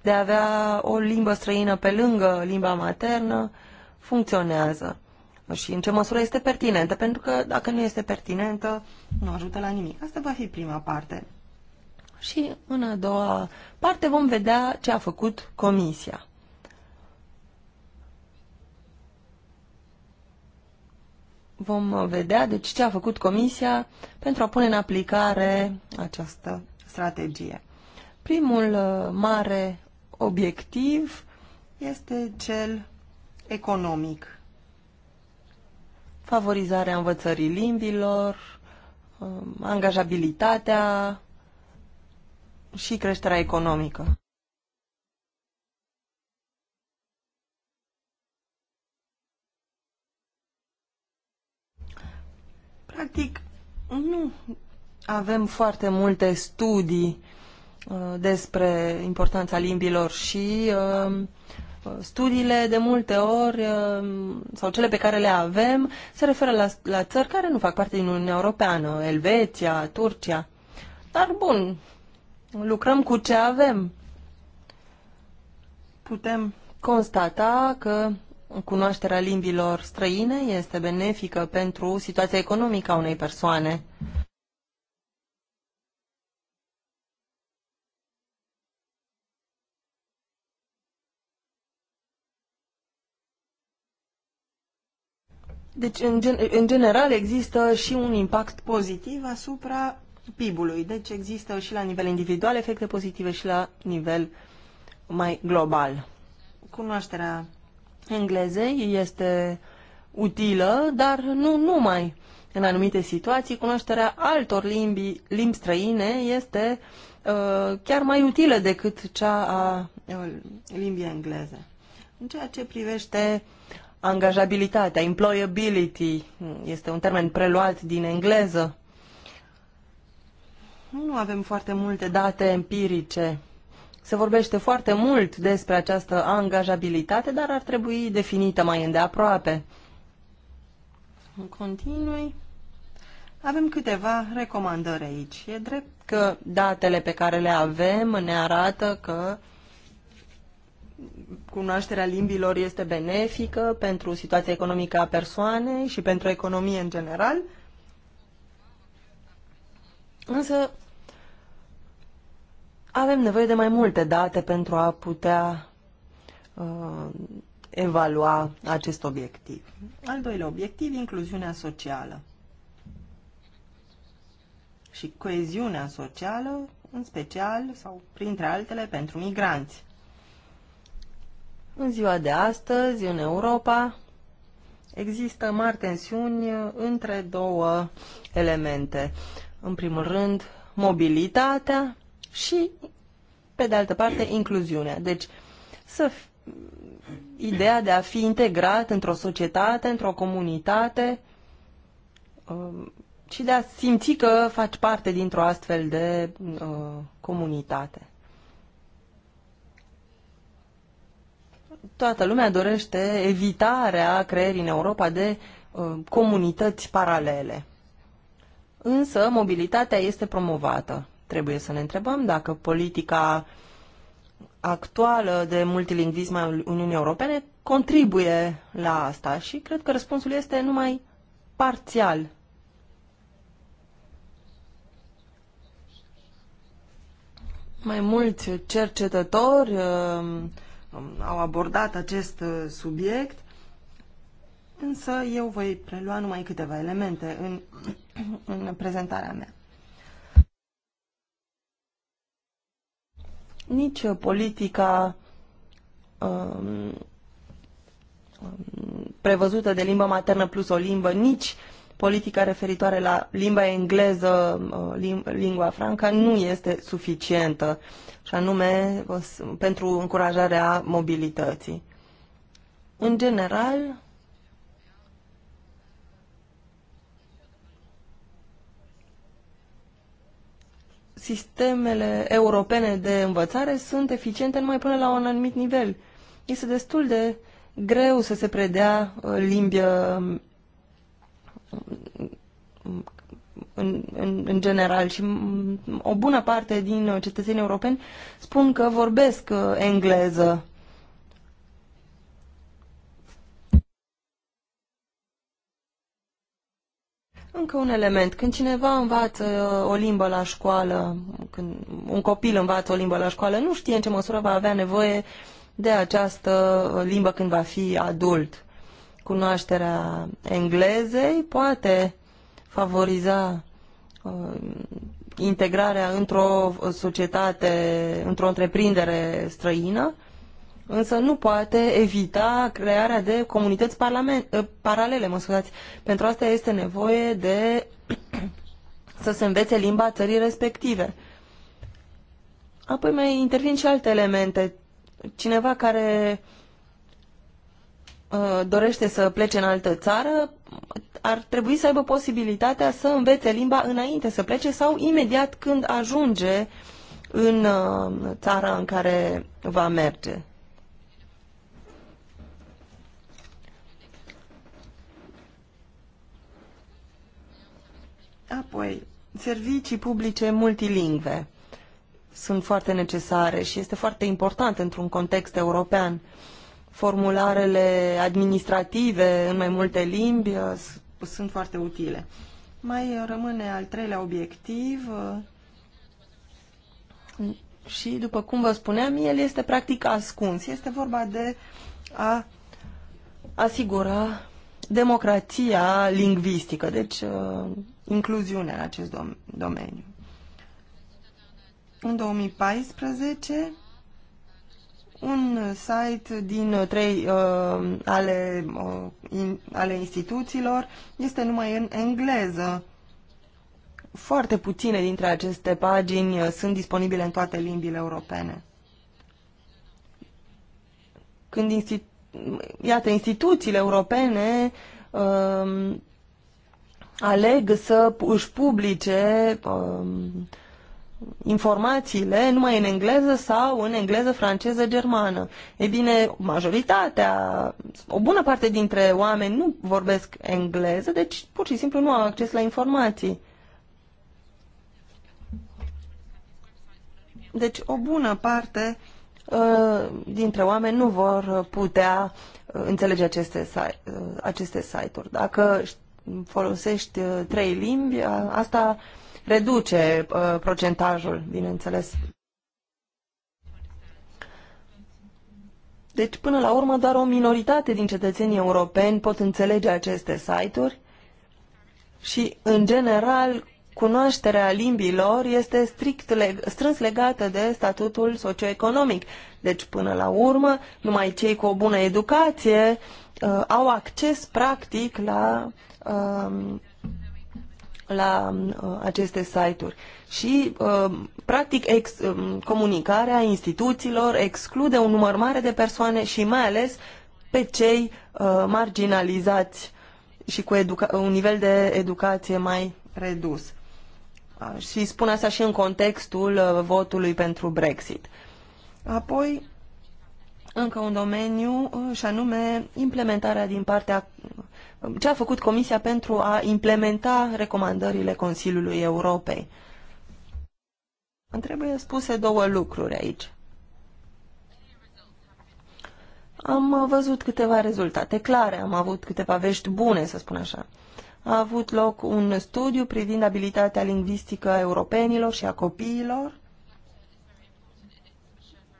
de a avea o limbă străină pe lângă limba maternă funcționează și în ce măsură este pertinentă, pentru că dacă nu este pertinentă, nu ajută la nimic. Asta va fi prima parte. Și în a doua parte vom vedea ce a făcut comisia. vom uh, vedea deci ce a făcut Comisia pentru a pune în aplicare această strategie. Primul uh, mare obiectiv este cel economic. Favorizarea învățării limbilor, uh, angajabilitatea și creșterea economică. Practic, nu avem foarte multe studii uh, despre importanța limbilor și uh, studiile de multe ori uh, sau cele pe care le avem se referă la, la țări care nu fac parte din Uniunea Europeană, Elveția, Turcia. Dar bun, lucrăm cu ce avem. Putem constata că cunoașterea limbilor străine este benefică pentru situația economică a unei persoane. Deci, în, gen, în general, există și un impact pozitiv asupra PIB-ului. Deci, există și la nivel individual efecte pozitive și la nivel mai global. Cunoașterea englezei este utilă, dar nu numai. În anumite situații, cunoașterea altor limbi, limbi străine este uh, chiar mai utilă decât cea a uh, limbii engleze. În ceea ce privește angajabilitatea, employability, este un termen preluat din engleză, nu avem foarte multe date empirice se vorbește foarte mult despre această angajabilitate, dar ar trebui definită mai îndeaproape. În continui, avem câteva recomandări aici. E drept că datele pe care le avem ne arată că cunoașterea limbilor este benefică pentru situația economică a persoanei și pentru economie în general, însă avem nevoie de mai multe date pentru a putea uh, evalua acest obiectiv. Al doilea obiectiv, incluziunea socială și coeziunea socială, în special sau printre altele pentru migranți. În ziua de astăzi, în Europa, există mari tensiuni între două elemente. În primul rând, mobilitatea și, pe de altă parte, incluziunea. Deci, să ideea de a fi integrat într-o societate, într-o comunitate um, și de a simți că faci parte dintr-o astfel de uh, comunitate. Toată lumea dorește evitarea creierii în Europa de uh, comunități paralele. Însă mobilitatea este promovată. Trebuie să ne întrebăm dacă politica actuală de multilingvism a Uniunii Europene contribuie la asta și cred că răspunsul este numai parțial. Mai mulți cercetători uh, au abordat acest uh, subiect, însă eu voi prelua numai câteva elemente în, *coughs* în prezentarea mea. nici uh, politica um, um, prevăzută de limba maternă plus o limbă, nici politica referitoare la limba engleză, uh, lingua franca, nu este suficientă, și anume uh, pentru încurajarea mobilității. În general, sistemele europene de învățare sunt eficiente numai până la un anumit nivel. Este destul de greu să se predea uh, limbi uh, în, în, în general și mm, o bună parte din uh, cetățenii europeni spun că vorbesc engleză. încă un element. Când cineva învață uh, o limbă la școală, când un copil învață o limbă la școală, nu știe în ce măsură va avea nevoie de această uh, limbă când va fi adult. Cunoașterea englezei poate favoriza uh, integrarea într-o uh, societate, într-o întreprindere străină, însă nu poate evita crearea de comunități eh, paralele, mă scuzați. Pentru asta este nevoie de *clears throat* să se învețe limba țării respective. Apoi mai intervin și alte elemente. Cineva care uh, dorește să plece în altă țară ar trebui să aibă posibilitatea să învețe limba înainte să plece sau imediat când ajunge în uh, țara în care va merge. Apoi, servicii publice multilingve sunt foarte necesare și este foarte important într-un context european. Formularele administrative în mai multe limbi uh, sunt foarte utile. Mai uh, rămâne al treilea obiectiv uh, și, după cum vă spuneam, el este practic ascuns. Este vorba de a asigura democrația lingvistică, deci incluziune în acest dom domeniu. În 2014, un site din uh, trei uh, ale, uh, in, ale instituțiilor este numai în engleză. Foarte puține dintre aceste pagini uh, sunt disponibile în toate limbile europene. Când institu- Iată, instituțiile europene uh, aleg să își publice um, informațiile numai în engleză sau în engleză, franceză, germană. Ei bine, majoritatea, o bună parte dintre oameni nu vorbesc engleză, deci pur și simplu nu au acces la informații. Deci o bună parte uh, dintre oameni nu vor putea uh, înțelege aceste, uh, aceste site-uri. Dacă folosești uh, trei limbi, uh, asta reduce uh, procentajul, bineînțeles. Deci, până la urmă, doar o minoritate din cetățenii europeni pot înțelege aceste site-uri și, în general, cunoașterea limbilor este strict leg strâns legată de statutul socioeconomic. Deci, până la urmă, numai cei cu o bună educație uh, au acces practic la Um, la um, aceste site-uri. Și, um, practic, ex, comunicarea instituțiilor exclude un număr mare de persoane și mai ales pe cei uh, marginalizați și cu un nivel de educație mai redus. Uh, și spun asta și în contextul uh, votului pentru Brexit. Apoi, încă un domeniu, și anume implementarea din partea ce a făcut Comisia pentru a implementa recomandările Consiliului Europei. Îmi trebuie spuse două lucruri aici. Am văzut câteva rezultate clare, am avut câteva vești bune, să spun așa. A avut loc un studiu privind abilitatea lingvistică a europenilor și a copiilor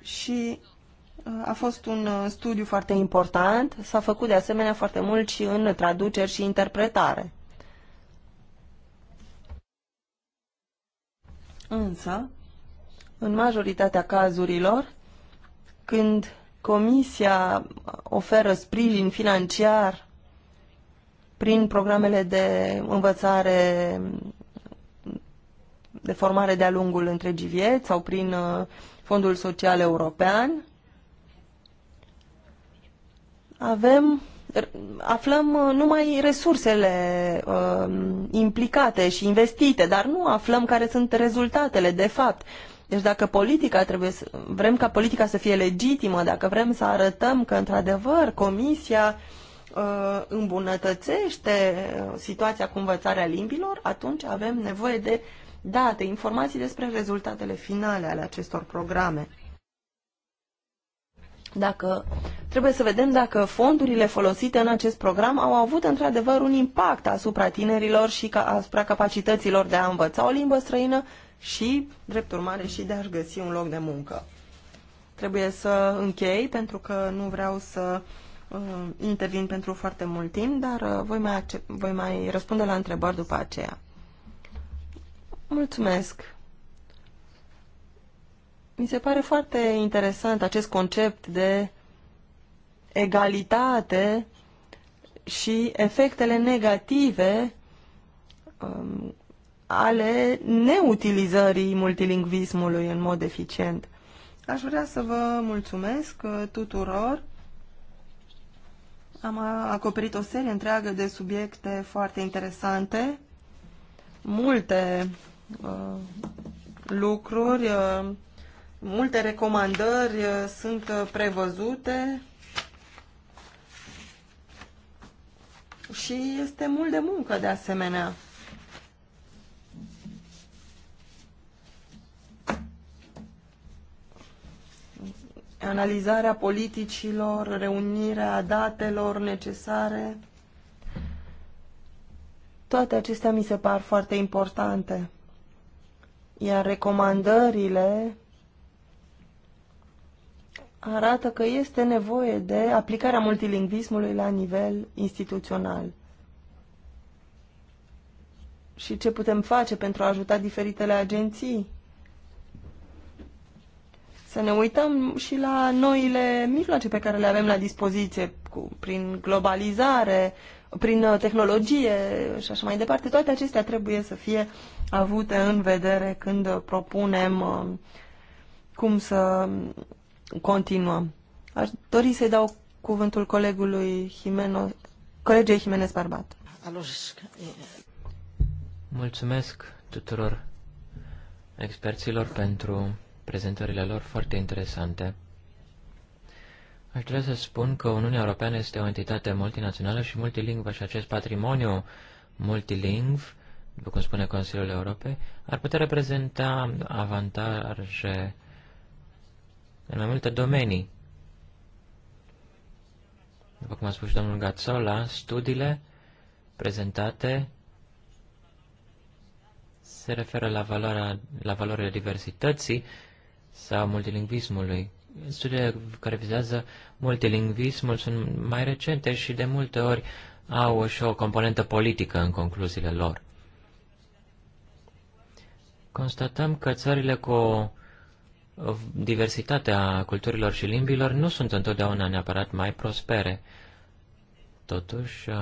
și a fost un uh, studiu foarte important, s-a făcut de asemenea foarte mult și în traduceri și interpretare. Însă, în majoritatea cazurilor, când Comisia oferă sprijin financiar prin programele de învățare, de formare de-a lungul întregii vieți sau prin uh, Fondul Social European, avem aflăm uh, numai resursele uh, implicate și investite, dar nu aflăm care sunt rezultatele de fapt. Deci dacă politica trebuie să, vrem ca politica să fie legitimă, dacă vrem să arătăm că într-adevăr comisia uh, îmbunătățește uh, situația cu învățarea limbilor, atunci avem nevoie de date, informații despre rezultatele finale ale acestor programe dacă trebuie să vedem dacă fondurile folosite în acest program au avut într-adevăr un impact asupra tinerilor și ca, asupra capacităților de a învăța o limbă străină și, drept urmare, și de a-și găsi un loc de muncă. Trebuie să închei pentru că nu vreau să uh, intervin pentru foarte mult timp, dar uh, voi, mai accept, voi mai răspunde la întrebări după aceea. Mulțumesc! Mi se pare foarte interesant acest concept de egalitate și efectele negative um, ale neutilizării multilingvismului în mod eficient. Aș vrea să vă mulțumesc uh, tuturor. Am acoperit o serie întreagă de subiecte foarte interesante, multe uh, lucruri. Uh, Multe recomandări uh, sunt uh, prevăzute și este mult de muncă de asemenea. analizarea politicilor, reunirea datelor necesare. Toate acestea mi se par foarte importante. Iar recomandările arată că este nevoie de aplicarea multilingvismului la nivel instituțional. Și ce putem face pentru a ajuta diferitele agenții? Să ne uităm și la noile mijloace pe care le avem la dispoziție, cu, prin globalizare, prin uh, tehnologie și așa mai departe. Toate acestea trebuie să fie avute în vedere când propunem uh, cum să continuăm. Aș dori să-i dau cuvântul colegului Jimeno, colegei Jimenez Barbat. Mulțumesc tuturor experților pentru prezentările lor foarte interesante. Aș vrea să spun că Uniunea Europeană este o entitate multinațională și multilingvă și acest patrimoniu multilingv, după cum spune Consiliul Europei, ar putea reprezenta avantaje în mai multe domenii. După cum a spus și domnul Gazzola, studiile prezentate se referă la, valoarea, la valoarea diversității sau multilingvismului. Studiile care vizează multilingvismul sunt mai recente și de multe ori au și o componentă politică în concluziile lor. Constatăm că țările cu o diversitatea culturilor și limbilor nu sunt întotdeauna neapărat mai prospere. Totuși, uh,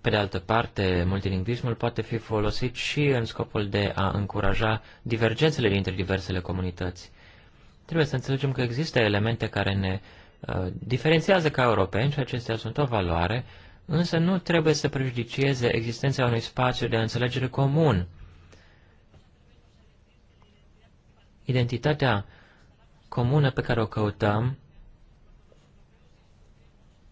pe de altă parte, multilingvismul poate fi folosit și în scopul de a încuraja divergențele dintre diversele comunități. Trebuie să înțelegem că există elemente care ne uh, diferențiază ca europeni și acestea sunt o valoare, însă nu trebuie să prejudicieze existența unui spațiu de înțelegere comun identitatea comună pe care o căutăm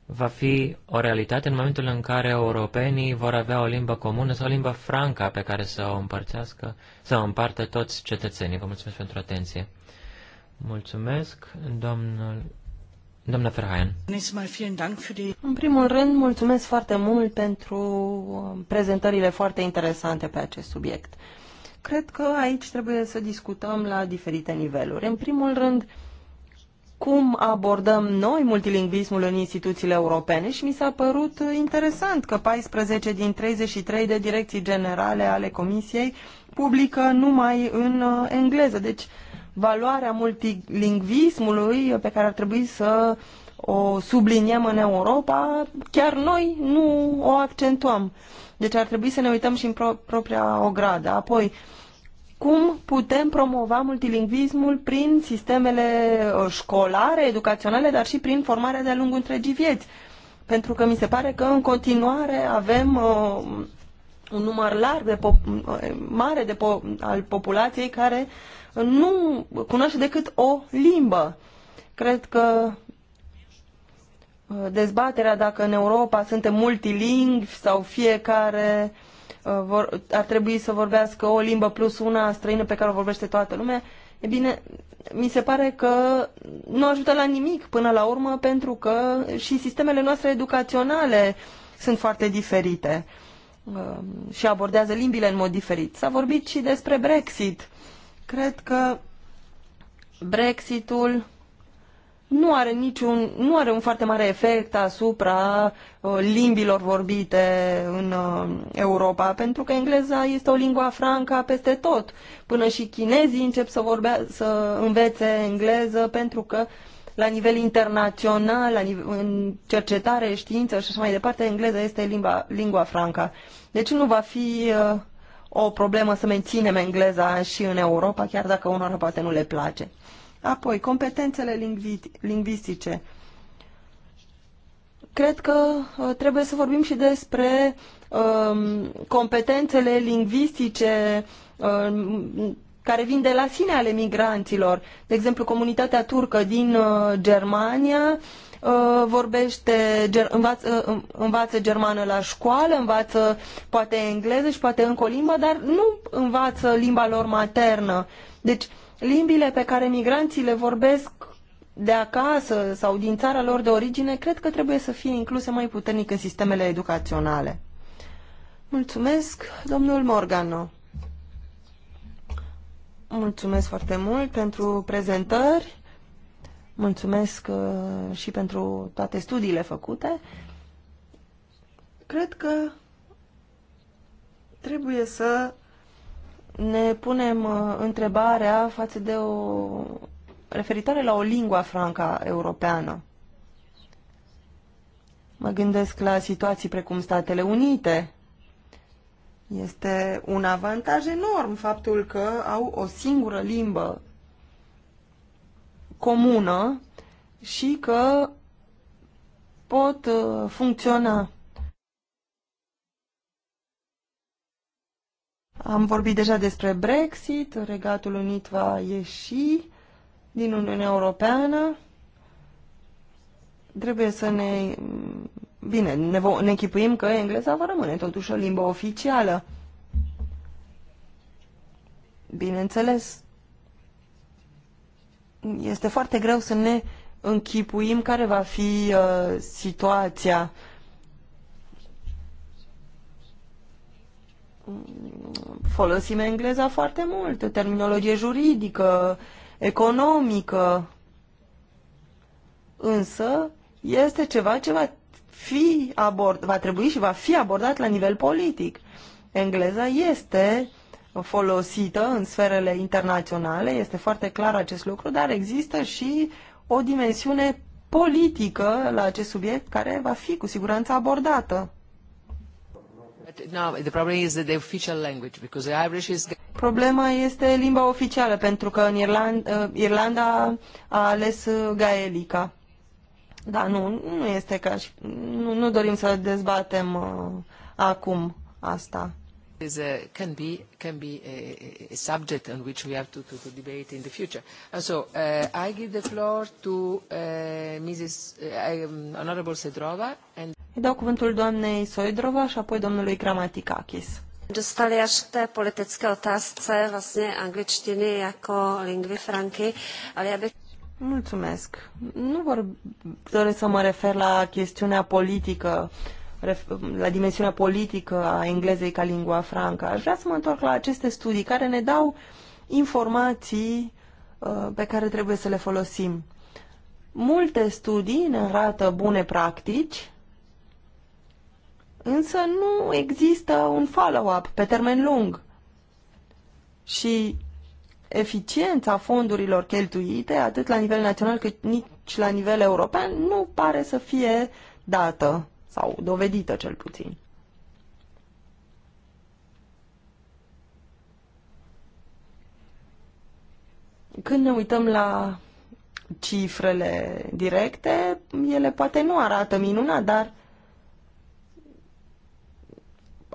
va fi o realitate în momentul în care europenii vor avea o limbă comună sau o limbă franca pe care să o împărțească, să o împartă toți cetățenii. Vă mulțumesc pentru atenție. Mulțumesc, domnul Doamna Ferhaien. În primul rând, mulțumesc foarte mult pentru prezentările foarte interesante pe acest subiect. Cred că aici trebuie să discutăm la diferite niveluri. În primul rând, cum abordăm noi multilingvismul în instituțiile europene și mi s-a părut interesant că 14 din 33 de direcții generale ale Comisiei publică numai în uh, engleză. Deci, valoarea multilingvismului pe care ar trebui să o subliniem în Europa, chiar noi nu o accentuăm. Deci ar trebui să ne uităm și în pro- propria ogradă. Apoi, cum putem promova multilingvismul prin sistemele uh, școlare, educaționale, dar și prin formarea de-a lungul întregii vieți. Pentru că mi se pare că în continuare avem uh, un număr larg de uh, mare de po- al populației care nu cunoaște decât o limbă. Cred că dezbaterea dacă în Europa suntem multilingvi sau fiecare uh, vor, ar trebui să vorbească o limbă plus una străină pe care o vorbește toată lumea, e bine, mi se pare că nu ajută la nimic până la urmă pentru că și sistemele noastre educaționale sunt foarte diferite uh, și abordează limbile în mod diferit. S-a vorbit și despre Brexit. Cred că Brexitul nu are, niciun, nu are un foarte mare efect asupra uh, limbilor vorbite în uh, Europa, pentru că engleza este o lingua franca peste tot. Până și chinezii încep să, vorbea, să învețe engleză pentru că la nivel internațional, la nive- în cercetare, știință și așa mai departe, engleza este limba, lingua franca. Deci nu va fi uh, o problemă să menținem engleza și în Europa, chiar dacă unora poate nu le place. Apoi, competențele lingvi lingvistice. Cred că uh, trebuie să vorbim și despre um, competențele lingvistice um, care vin de la sine ale migranților. De exemplu, comunitatea turcă din uh, Germania uh, vorbește, ger, învață, uh, învață germană la școală, învață poate engleză și poate încă o limbă, dar nu învață limba lor maternă. Deci Limbile pe care migranții le vorbesc de acasă sau din țara lor de origine, cred că trebuie să fie incluse mai puternic în sistemele educaționale. Mulțumesc, domnul Morgano. Mulțumesc foarte mult pentru prezentări. Mulțumesc uh, și pentru toate studiile făcute. Cred că trebuie să ne punem uh, întrebarea față de o referitoare la o lingua franca europeană. Mă gândesc la situații precum Statele Unite. Este un avantaj enorm faptul că au o singură limbă comună și că pot uh, funcționa Am vorbit deja despre Brexit, Regatul Unit va ieși din Uniunea Europeană. Trebuie să ne... Bine, ne, vo- ne chipuim că engleza va rămâne totuși o limbă oficială. Bineînțeles, este foarte greu să ne închipuim care va fi uh, situația uh, folosim engleza foarte mult, terminologie juridică, economică, însă este ceva ce va, fi abord, va trebui și va fi abordat la nivel politic. Engleza este folosită în sferele internaționale, este foarte clar acest lucru, dar există și o dimensiune politică la acest subiect care va fi cu siguranță abordată. Problema este limba oficială, pentru că în Irland, uh, Irlanda a ales uh, gaelica. Da, nu, nu este ca și... Nu, nu dorim să dezbatem uh, acum asta. Is a, uh, can be can be a, a subject on which we have to, to, to debate in the future. And so uh, I give the floor to uh, Mrs. Uh, um, Honorable Sedrova and. Îi dau cuvântul doamnei Soidrova și apoi domnului Gramaticakis. Dostali až k té politické otázce vlastně angličtiny jako lingvy franky, ale já bych... Mulțumesc. Nu vor doresc să mă refer la chestiunea politică, la dimensiunea politică a englezei ca lingua franca. Aș vrea să mă întorc la aceste studii care ne dau informații uh, pe care trebuie să le folosim. Multe studii ne arată bune practici însă nu există un follow-up pe termen lung. Și eficiența fondurilor cheltuite, atât la nivel național cât nici la nivel european, nu pare să fie dată sau dovedită cel puțin. Când ne uităm la cifrele directe, ele poate nu arată minunat, dar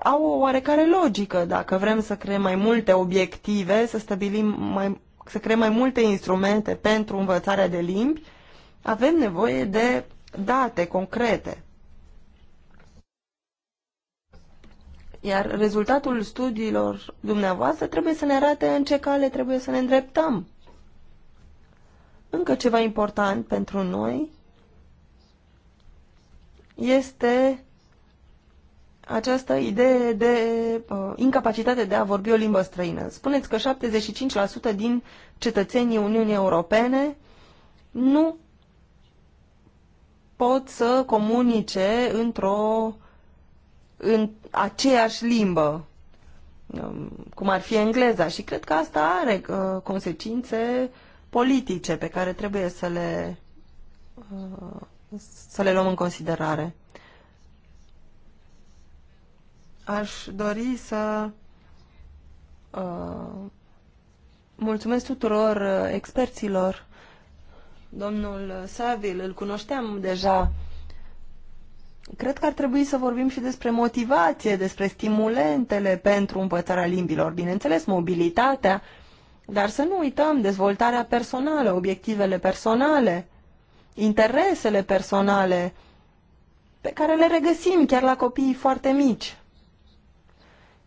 au o oarecare logică. Dacă vrem să creăm mai multe obiective, să stabilim mai, să creăm mai multe instrumente pentru învățarea de limbi, avem nevoie de date concrete. Iar rezultatul studiilor dumneavoastră trebuie să ne arate în ce cale trebuie să ne îndreptăm. Încă ceva important pentru noi este această idee de uh, incapacitate de a vorbi o limbă străină. Spuneți că 75% din cetățenii Uniunii Europene nu pot să comunice într-o în aceeași limbă, um, cum ar fi engleza. Și cred că asta are uh, consecințe politice pe care trebuie să le, uh, să le luăm în considerare. Aș dori să uh, mulțumesc tuturor uh, experților. Domnul Savil, îl cunoșteam deja. Cred că ar trebui să vorbim și despre motivație, despre stimulentele pentru învățarea limbilor, bineînțeles, mobilitatea, dar să nu uităm dezvoltarea personală, obiectivele personale, interesele personale, pe care le regăsim chiar la copiii foarte mici.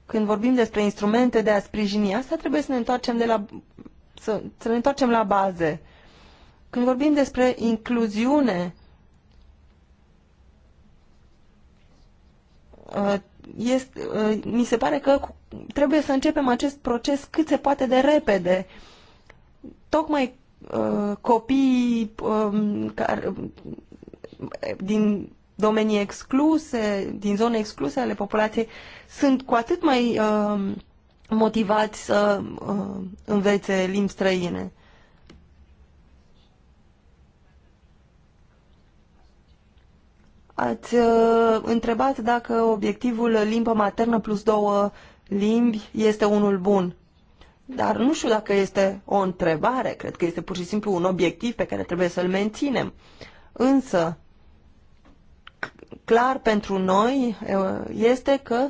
Când vorbim despre instrumente de a sprijini asta, trebuie să ne întoarcem, de la, să, să ne întoarcem la baze. Când vorbim despre incluziune, uh, este, uh, mi se pare că trebuie să începem acest proces cât se poate de repede. Tocmai uh, copiii um, care, din domenii excluse, din zone excluse ale populației, sunt cu atât mai uh, motivați să uh, învețe limbi străine. Ați uh, întrebat dacă obiectivul limbă maternă plus două limbi este unul bun. Dar nu știu dacă este o întrebare, cred că este pur și simplu un obiectiv pe care trebuie să-l menținem. Însă, clar pentru noi este că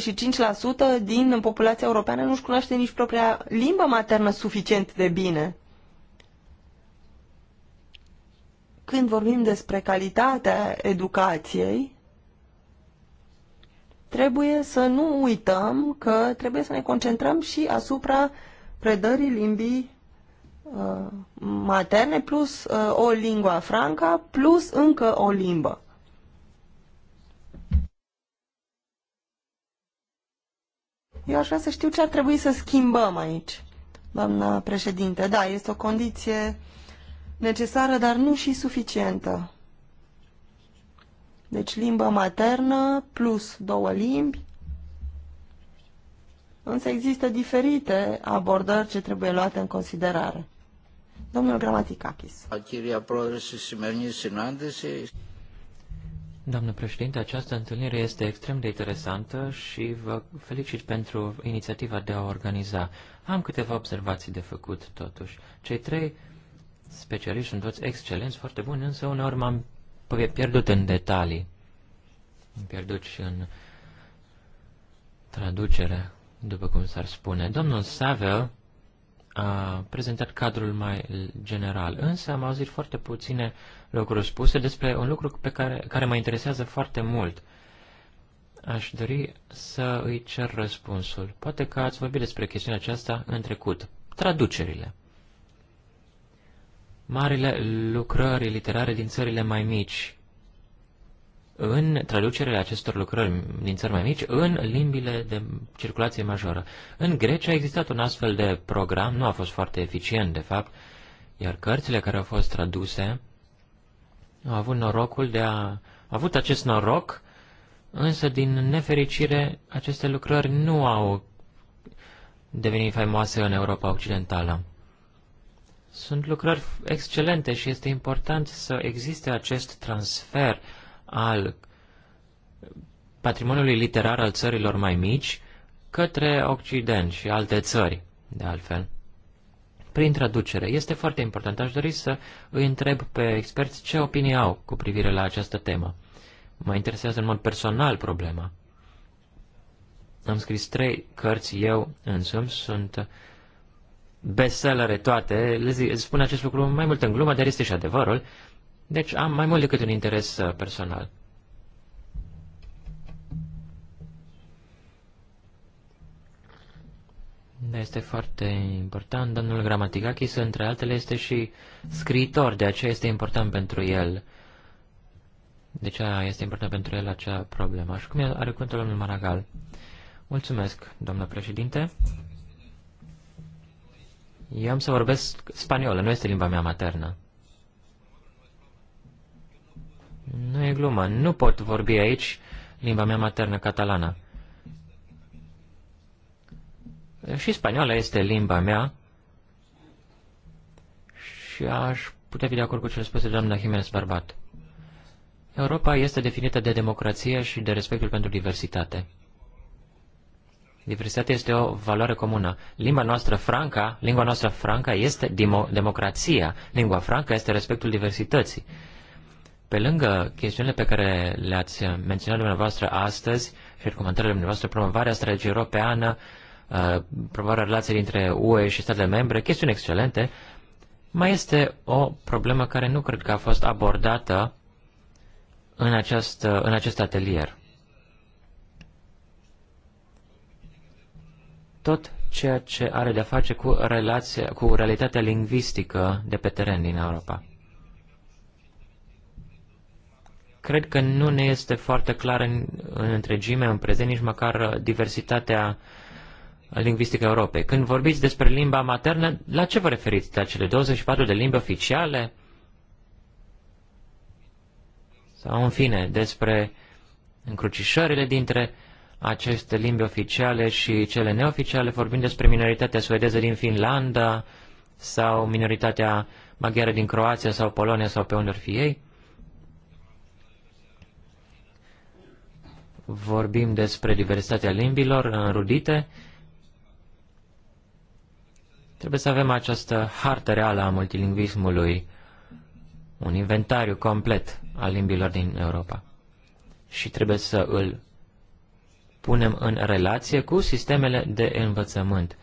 25% din populația europeană nu-și cunoaște nici propria limbă maternă suficient de bine. Când vorbim despre calitatea educației, trebuie să nu uităm că trebuie să ne concentrăm și asupra predării limbii materne plus uh, o lingua franca plus încă o limbă. Eu aș vrea să știu ce ar trebui să schimbăm aici, doamna președinte. Da, este o condiție necesară, dar nu și suficientă. Deci limbă maternă plus două limbi. Însă există diferite abordări ce trebuie luate în considerare. Domnul Gramaticakis. Doamnă președinte, această întâlnire este extrem de interesantă și vă felicit pentru inițiativa de a organiza. Am câteva observații de făcut, totuși. Cei trei specialiști sunt toți excelenți, foarte buni, însă uneori m-am pierdut în detalii. M-am pierdut și în traducere, după cum s-ar spune. Domnul Savel a prezentat cadrul mai general, însă am auzit foarte puține lucruri spuse despre un lucru pe care, care mă interesează foarte mult. Aș dori să îi cer răspunsul. Poate că ați vorbit despre chestiunea aceasta în trecut. Traducerile. Marile lucrări literare din țările mai mici în traducerea acestor lucrări din țări mai mici în limbile de circulație majoră. În Grecia a existat un astfel de program, nu a fost foarte eficient, de fapt, iar cărțile care au fost traduse au avut norocul de a... Au avut acest noroc, însă, din nefericire, aceste lucrări nu au devenit faimoase în Europa Occidentală. Sunt lucrări excelente și este important să existe acest transfer al patrimoniului literar al țărilor mai mici către Occident și alte țări, de altfel. Prin traducere, este foarte important. Aș dori să îi întreb pe experți ce opinie au cu privire la această temă. Mă interesează în mod personal problema. Am scris trei cărți eu însumi, sunt bestsellere toate. Le zic, spun acest lucru mai mult în glumă, dar este și adevărul. Deci am mai mult decât un interes uh, personal. Da, este foarte important. Domnul Gramaticachis, între altele, este și scriitor, de aceea este important pentru el. De ce este important pentru el acea problemă? Și cum are cuvântul domnul Maragal? Mulțumesc, domnule președinte. Eu am să vorbesc spaniolă, nu este limba mea maternă. Nu e glumă. Nu pot vorbi aici limba mea maternă catalana. Și spaniola este limba mea și aș putea fi de acord cu a spuse doamna Jimenez Barbat. Europa este definită de democrație și de respectul pentru diversitate. Diversitatea este o valoare comună. Limba noastră franca, lingua noastră franca este democrația. Lingua franca este respectul diversității. Pe lângă chestiunile pe care le-ați menționat dumneavoastră astăzi și recomandările dumneavoastră, promovarea strategiei europeană, uh, promovarea relației dintre UE și statele membre, chestiuni excelente, mai este o problemă care nu cred că a fost abordată în, această, în acest atelier. Tot ceea ce are de-a face cu, relația, cu realitatea lingvistică de pe teren din Europa. Cred că nu ne este foarte clar în, în întregime, în prezent, nici măcar diversitatea lingvistică a Europei. Când vorbiți despre limba maternă, la ce vă referiți? La cele 24 de limbi oficiale? Sau, în fine, despre încrucișările dintre aceste limbi oficiale și cele neoficiale, vorbim despre minoritatea suedeză din Finlanda sau minoritatea maghiară din Croația sau Polonia sau pe unde ar fi ei. vorbim despre diversitatea limbilor înrudite, trebuie să avem această hartă reală a multilingvismului, un inventariu complet al limbilor din Europa. Și trebuie să îl punem în relație cu sistemele de învățământ.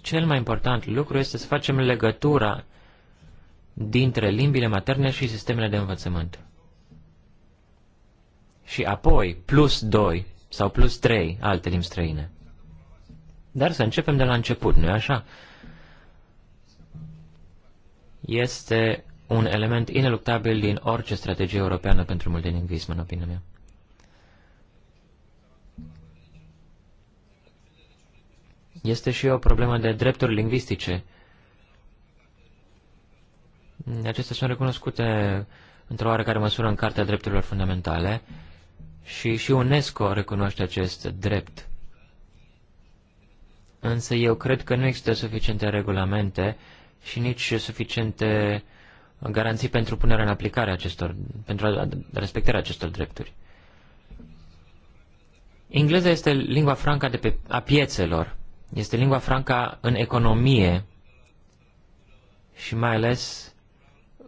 Cel mai important lucru este să facem legătura dintre limbile materne și sistemele de învățământ și apoi plus 2 sau plus 3 alte limbi străine. Dar să începem de la început, nu-i așa? Este un element ineluctabil din orice strategie europeană pentru multilingvism, în opinia mea. Este și o problemă de drepturi lingvistice. Acestea sunt recunoscute într-o oarecare măsură în Cartea Drepturilor Fundamentale, și, și UNESCO recunoaște acest drept. Însă eu cred că nu există suficiente regulamente și nici suficiente garanții pentru punerea în aplicare acestor, pentru respectarea acestor drepturi. Engleza este lingua franca de pe, a piețelor, este lingua franca în economie și mai ales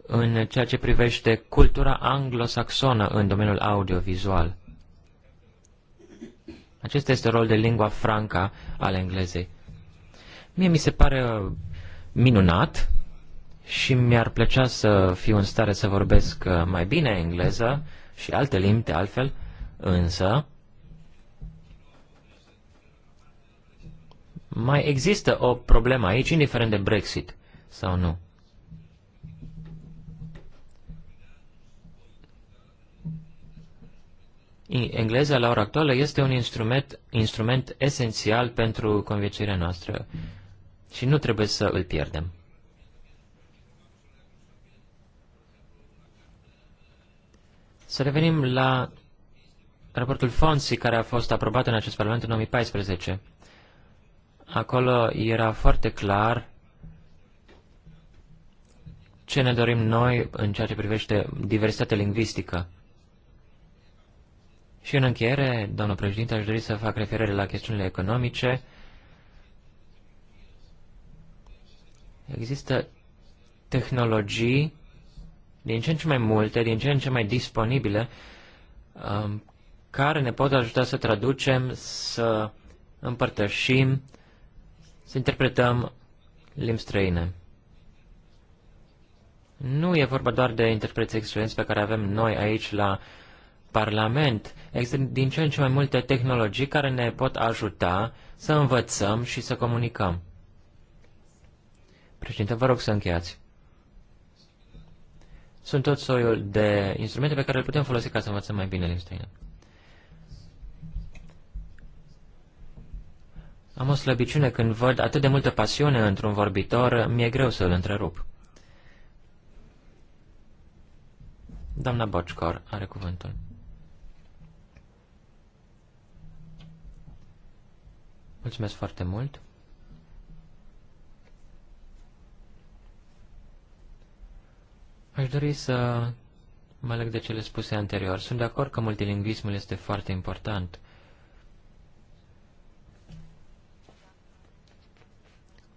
în ceea ce privește cultura anglosaxonă în domeniul audiovizual. Acesta este rolul de lingua franca al englezei. Mie mi se pare minunat și mi-ar plăcea să fiu în stare să vorbesc uh, mai bine engleză și alte limbi de altfel, însă mai există o problemă aici, indiferent de Brexit sau nu. engleza la ora actuală este un instrument, instrument esențial pentru conviețuirea noastră și nu trebuie să îl pierdem. Să revenim la raportul Fonsi, care a fost aprobat în acest Parlament în 2014. Acolo era foarte clar ce ne dorim noi în ceea ce privește diversitatea lingvistică. Și în încheiere, doamnă președinte, aș dori să fac referire la chestiunile economice. Există tehnologii din ce în ce mai multe, din ce în ce mai disponibile, um, care ne pot ajuta să traducem, să împărtășim, să interpretăm limbi străine. Nu e vorba doar de interpreții excelenți pe care avem noi aici la uh, Parlament. Există din ce în ce mai multe tehnologii care ne pot ajuta să învățăm și să comunicăm. Președinte, vă rog să încheiați. Sunt tot soiul de instrumente pe care le putem folosi ca să învățăm mai bine limbi străină. Am o slăbiciune când văd atât de multă pasiune într-un vorbitor, mi-e greu să îl întrerup. Doamna Bocicor are cuvântul. Mulțumesc foarte mult. Aș dori să mă leg de cele spuse anterior. Sunt de acord că multilingvismul este foarte important.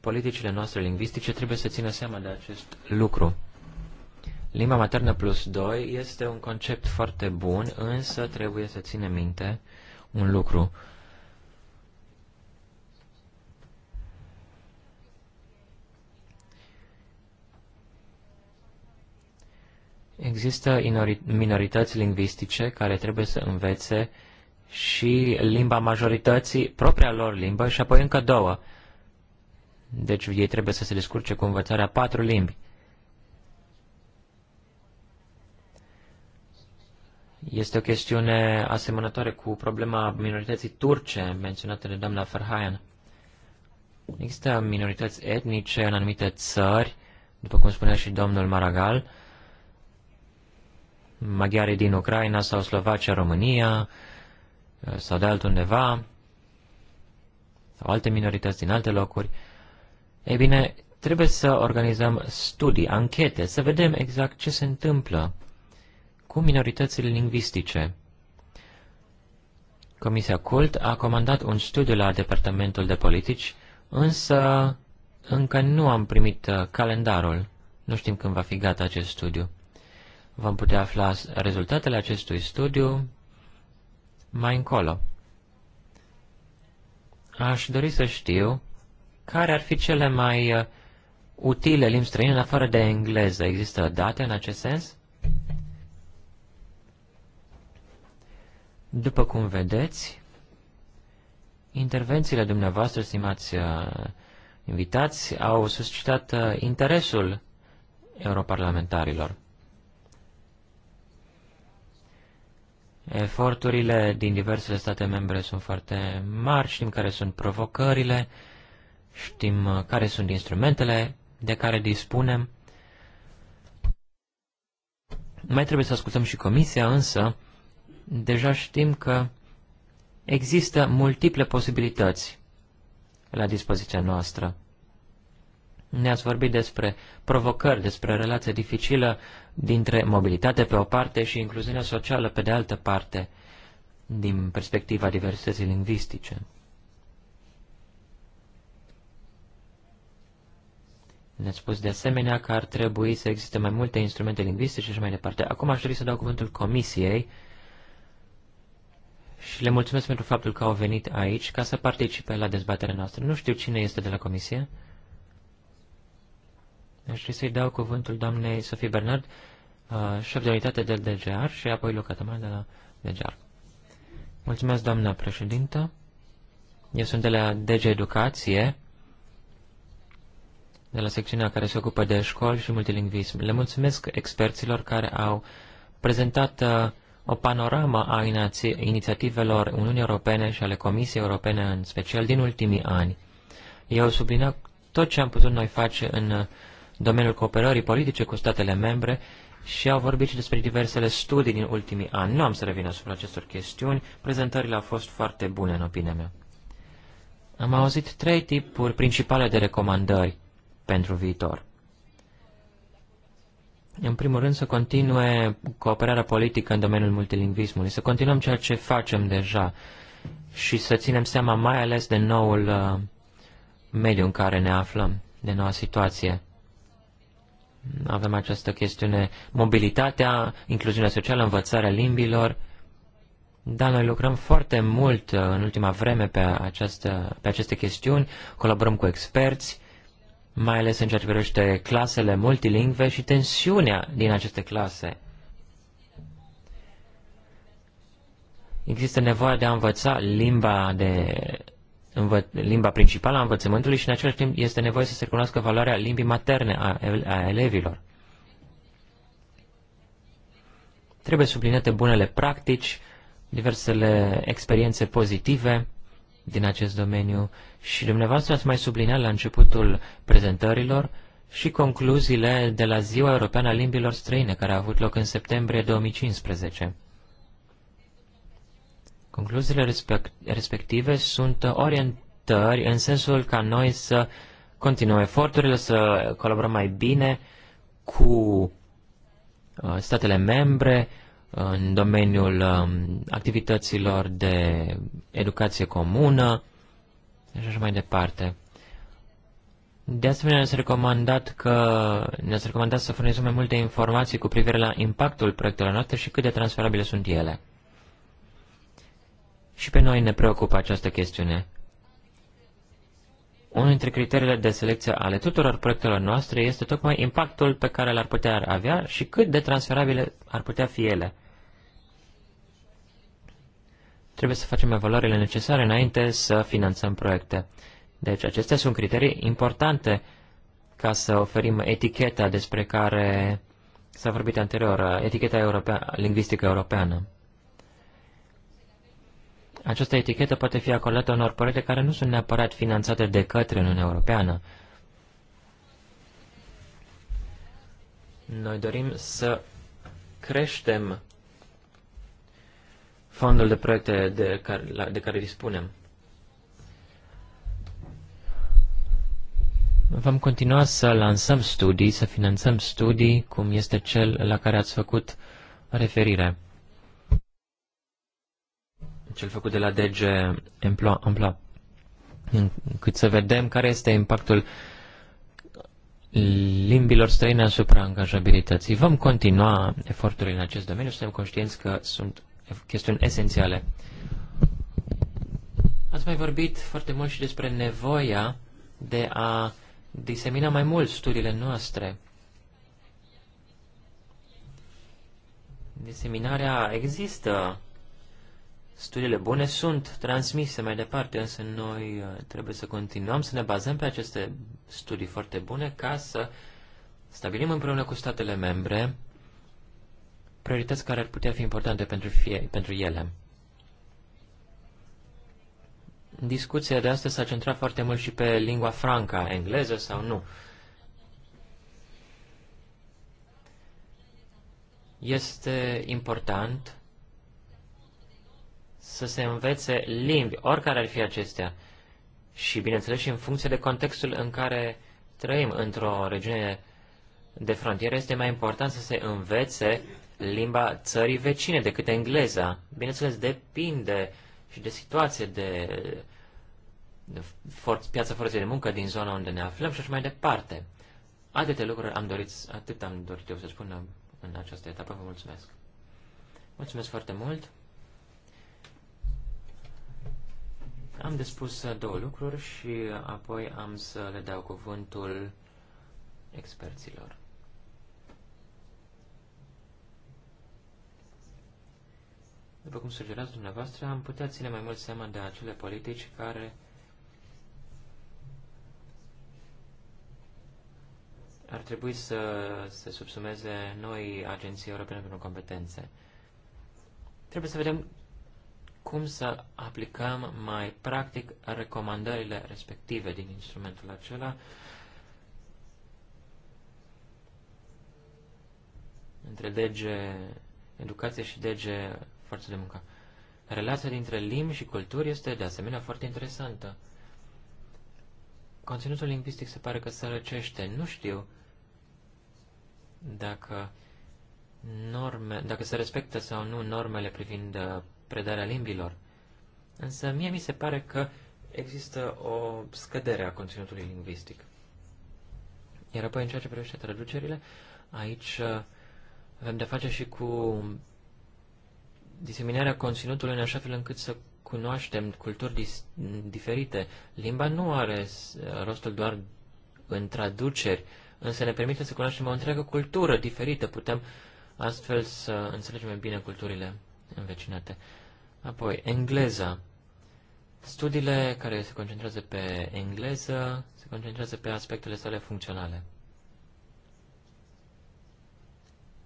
Politicile noastre lingvistice trebuie să țină seama de acest lucru. Limba maternă plus 2 este un concept foarte bun, însă trebuie să ținem minte un lucru. Există minorități lingvistice care trebuie să învețe și limba majorității, propria lor limbă, și apoi încă două. Deci ei trebuie să se descurce cu învățarea patru limbi. Este o chestiune asemănătoare cu problema minorității turce menționată de doamna Ferhayan. Există minorități etnice în anumite țări, după cum spunea și domnul Maragal, maghiari din Ucraina sau Slovacia, România uh, sau de altundeva, sau alte minorități din alte locuri, ei bine, trebuie să organizăm studii, anchete, să vedem exact ce se întâmplă cu minoritățile lingvistice. Comisia Cult a comandat un studiu la Departamentul de Politici, însă încă nu am primit uh, calendarul. Nu știm când va fi gata acest studiu. Vom putea afla rezultatele acestui studiu mai încolo. Aș dori să știu care ar fi cele mai uh, utile limbi străine în afară de engleză. Există date în acest sens? După cum vedeți, intervențiile dumneavoastră, stimați uh, invitați, au suscitat uh, interesul europarlamentarilor. Eforturile din diversele state membre sunt foarte mari, știm care sunt provocările, știm uh, care sunt instrumentele de care dispunem. Mai trebuie să ascultăm și comisia, însă deja știm că există multiple posibilități la dispoziția noastră. Ne-ați vorbit despre provocări, despre relația dificilă dintre mobilitate pe o parte și incluziunea socială pe de altă parte, din perspectiva diversității lingvistice. Ne-ați spus de asemenea că ar trebui să existe mai multe instrumente lingvistice și mai departe. Acum aș dori să dau cuvântul comisiei și le mulțumesc pentru faptul că au venit aici ca să participe la dezbaterea noastră. Nu știu cine este de la comisie. Aș dori să-i dau cuvântul doamnei Sofie Bernard, uh, șef de unitate de DGR și apoi locataman de la DGR. Mulțumesc, doamna președintă. Eu sunt de la DG Educație, de la secțiunea care se ocupă de școli și multilingvism. Le mulțumesc experților care au prezentat uh, o panoramă a inițiativelor Uniunii Europene și ale Comisiei Europene în special din ultimii ani. Eu subliniat tot ce am putut noi face în uh, domeniul cooperării politice cu statele membre și au vorbit și despre diversele studii din ultimii ani. Nu am să revin asupra acestor chestiuni, prezentările au fost foarte bune în opinia mea. Am auzit trei tipuri principale de recomandări pentru viitor. În primul rând să continue cooperarea politică în domeniul multilingvismului, să continuăm ceea ce facem deja și să ținem seama mai ales de noul uh, mediu în care ne aflăm, de noua situație. Avem această chestiune, mobilitatea, incluziunea socială, învățarea limbilor. Da, noi lucrăm foarte mult uh, în ultima vreme pe, această, pe aceste chestiuni, colaborăm cu experți, mai ales în ceea ce privește clasele multilingve și tensiunea din aceste clase. Există nevoie de a învăța limba de învă- limba principală a învățământului și în același timp este nevoie să se recunoască valoarea limbii materne a, a elevilor. Trebuie subliniate bunele practici, diversele experiențe pozitive din acest domeniu și dumneavoastră ați mai subliniat la începutul prezentărilor și concluziile de la Ziua Europeană a Limbilor Străine, care a avut loc în septembrie 2015. Concluziile respective sunt orientări în sensul ca noi să continuăm eforturile, să colaborăm mai bine cu uh, statele membre în domeniul um, activităților de educație comună și așa mai departe. De asemenea, ne-ați recomandat, că, ne recomandat să furnizăm mai multe informații cu privire la impactul proiectelor noastre și cât de transferabile sunt ele. Și pe noi ne preocupă această chestiune. Unul dintre criteriile de selecție ale tuturor proiectelor noastre este tocmai impactul pe care l-ar putea avea și cât de transferabile ar putea fi ele. Trebuie să facem evaluările necesare înainte să finanțăm proiecte. Deci acestea sunt criterii importante ca să oferim eticheta despre care s-a vorbit anterior, eticheta europea, lingvistică europeană. Această etichetă poate fi acordată unor proiecte care nu sunt neapărat finanțate de către Uniunea Europeană. Noi dorim să creștem fondul de proiecte de care, la, de care dispunem. Vom continua să lansăm studii, să finanțăm studii, cum este cel la care ați făcut referire cel făcut de la DG Ampla, încât să vedem care este impactul limbilor străine asupra angajabilității. Vom continua eforturile în acest domeniu, suntem conștienți că sunt chestiuni esențiale. Ați mai vorbit foarte mult și despre nevoia de a disemina mai mult studiile noastre. Diseminarea există Studiile bune sunt transmise mai departe, însă noi uh, trebuie să continuăm să ne bazăm pe aceste studii foarte bune ca să stabilim împreună cu statele membre priorități care ar putea fi importante pentru, fie, pentru ele. Discuția de astăzi s-a centrat foarte mult și pe lingua franca, engleză sau nu. Este important să se învețe limbi, oricare ar fi acestea. Și, bineînțeles, și în funcție de contextul în care trăim într-o regiune de frontieră, este mai important să se învețe limba țării vecine decât engleza. Bineînțeles, depinde și de situație, de for- piața forței de muncă din zona unde ne aflăm și așa mai departe. Atâte lucruri am dorit, atât am dorit eu să spun în această etapă. Vă mulțumesc! Mulțumesc foarte mult! Am de spus două lucruri și apoi am să le dau cuvântul experților. După cum sugerați dumneavoastră, am putea ține mai mult seama de acele politici care ar trebui să se subsumeze noi agenții europene pentru competențe. Trebuie să vedem cum să aplicăm mai practic recomandările respective din instrumentul acela, între DG Educație și DG Forță de Muncă. Relația dintre limbi și culturi este de asemenea foarte interesantă. Conținutul lingvistic se pare că se răcește. Nu știu dacă norme, dacă se respectă sau nu normele privind uh, predarea limbilor. Însă mie mi se pare că există o scădere a conținutului lingvistic. Iar apoi, în ceea ce privește traducerile, aici uh, avem de face și cu diseminarea conținutului în așa fel încât să cunoaștem culturi diferite. Limba nu are uh, rostul doar în traduceri, însă ne permite să cunoaștem o întreagă cultură diferită. Putem astfel să înțelegem mai bine culturile învecinate. Apoi, engleza. Studiile care se concentrează pe engleză se concentrează pe aspectele sale funcționale.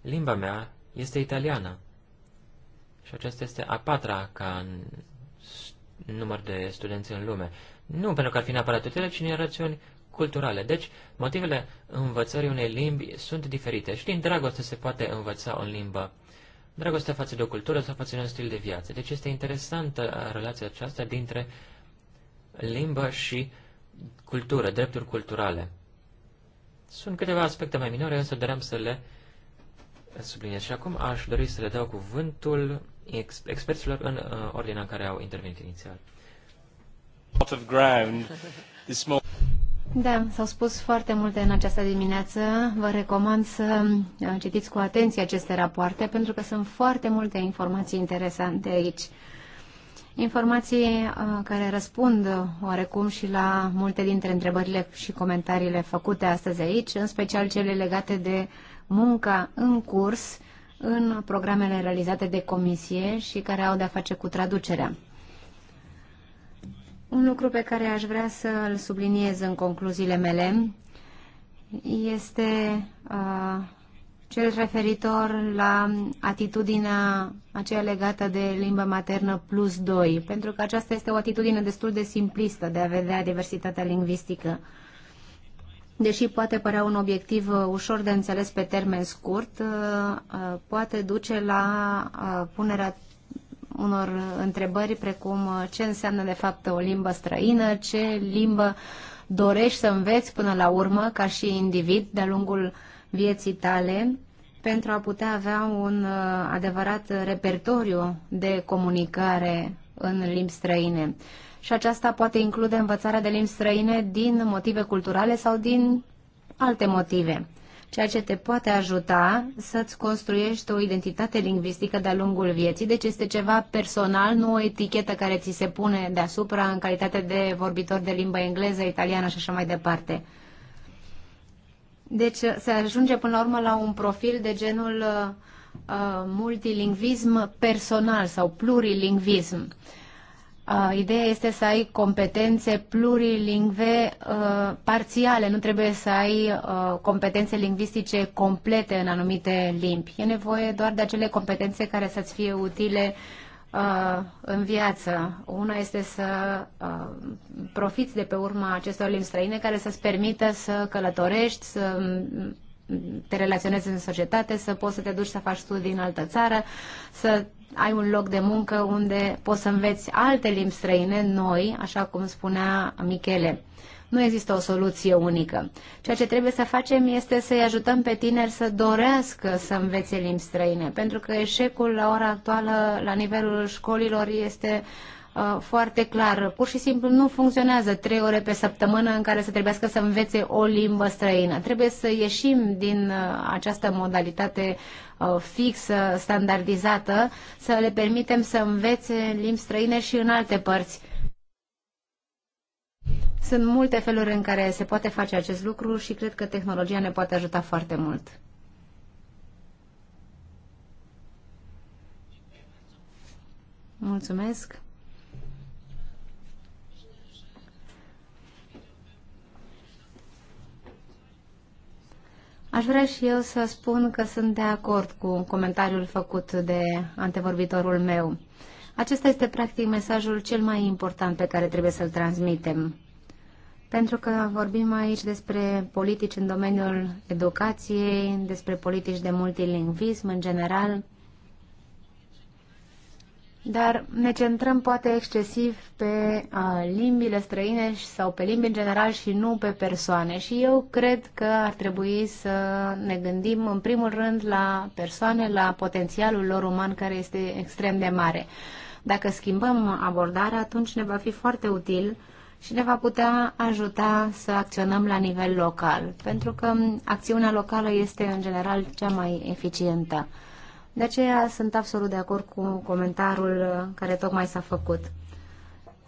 Limba mea este italiana și aceasta este a patra ca număr de studenți în lume. Nu pentru că ar fi neapărat utile, ci în rațiuni culturale. Deci, motivele învățării unei limbi sunt diferite. Și din dragoste se poate învăța o limbă dragostea față de o cultură sau față de un stil de viață. Deci este interesantă uh, relația aceasta dintre limbă și cultură, drepturi culturale. Sunt câteva aspecte mai minore, însă doream să le subliniez. Și acum aș dori să le dau cuvântul ex- experților în uh, ordinea în care au intervenit inițial. Da, s-au spus foarte multe în această dimineață. Vă recomand să uh, citiți cu atenție aceste rapoarte, pentru că sunt foarte multe informații interesante aici. Informații uh, care răspund oarecum și la multe dintre întrebările și comentariile făcute astăzi aici, în special cele legate de munca în curs în programele realizate de comisie și care au de-a face cu traducerea. Un lucru pe care aș vrea să îl subliniez în concluziile mele este uh, cel referitor la atitudinea aceea legată de limba maternă plus 2, pentru că aceasta este o atitudine destul de simplistă de a vedea diversitatea lingvistică. Deși poate părea un obiectiv uh, ușor de înțeles pe termen scurt, uh, uh, poate duce la punerea unor întrebări precum uh, ce înseamnă de fapt o limbă străină, ce limbă dorești să înveți până la urmă ca și individ de-a lungul vieții tale pentru a putea avea un uh, adevărat repertoriu de comunicare în limbi străine. Și aceasta poate include învățarea de limbi străine din motive culturale sau din alte motive ceea ce te poate ajuta să-ți construiești o identitate lingvistică de-a lungul vieții. Deci este ceva personal, nu o etichetă care ți se pune deasupra în calitate de vorbitor de limba engleză, italiană și așa mai departe. Deci uh, se ajunge până la urmă la un profil de genul uh, uh multilingvism personal sau plurilingvism. Uh, Ideea este să ai competențe plurilingve uh, parțiale, nu trebuie să ai uh, competențe lingvistice complete în anumite limbi. E nevoie doar de acele competențe care să-ți fie utile uh, în viață. Una este să profiți de pe urma acestor limbi străine care să-ți permită să călătorești, să te relaționezi în societate, să poți să te duci să faci studii în altă țară, să ai un loc de muncă unde poți să înveți alte limbi străine noi, așa cum spunea Michele. Nu există o soluție unică. Ceea ce trebuie să facem este să-i ajutăm pe tineri să dorească să învețe limbi străine, pentru că eșecul la ora actuală, la nivelul școlilor, este uh, foarte clar. Pur și simplu nu funcționează trei ore pe săptămână în care să trebuiască să învețe o limbă străină. Trebuie să ieșim din uh, această modalitate fixă, standardizată, să le permitem să învețe limbi străine și în alte părți. Sunt multe feluri în care se poate face acest lucru și cred că tehnologia ne poate ajuta foarte mult. Mulțumesc! Aș vrea și eu să spun că sunt de acord cu comentariul făcut de antevorbitorul meu. Acesta este practic mesajul cel mai important pe care trebuie să-l transmitem. Pentru că vorbim aici despre politici în domeniul educației, despre politici de multilingvism în general, dar ne centrăm poate excesiv pe a, limbile străine sau pe limbi în general și nu pe persoane. Și eu cred că ar trebui să ne gândim în primul rând la persoane, la potențialul lor uman care este extrem de mare. Dacă schimbăm abordarea, atunci ne va fi foarte util și ne va putea ajuta să acționăm la nivel local, pentru că acțiunea locală este în general cea mai eficientă. De aceea sunt absolut de acord cu comentarul uh, care tocmai s-a făcut.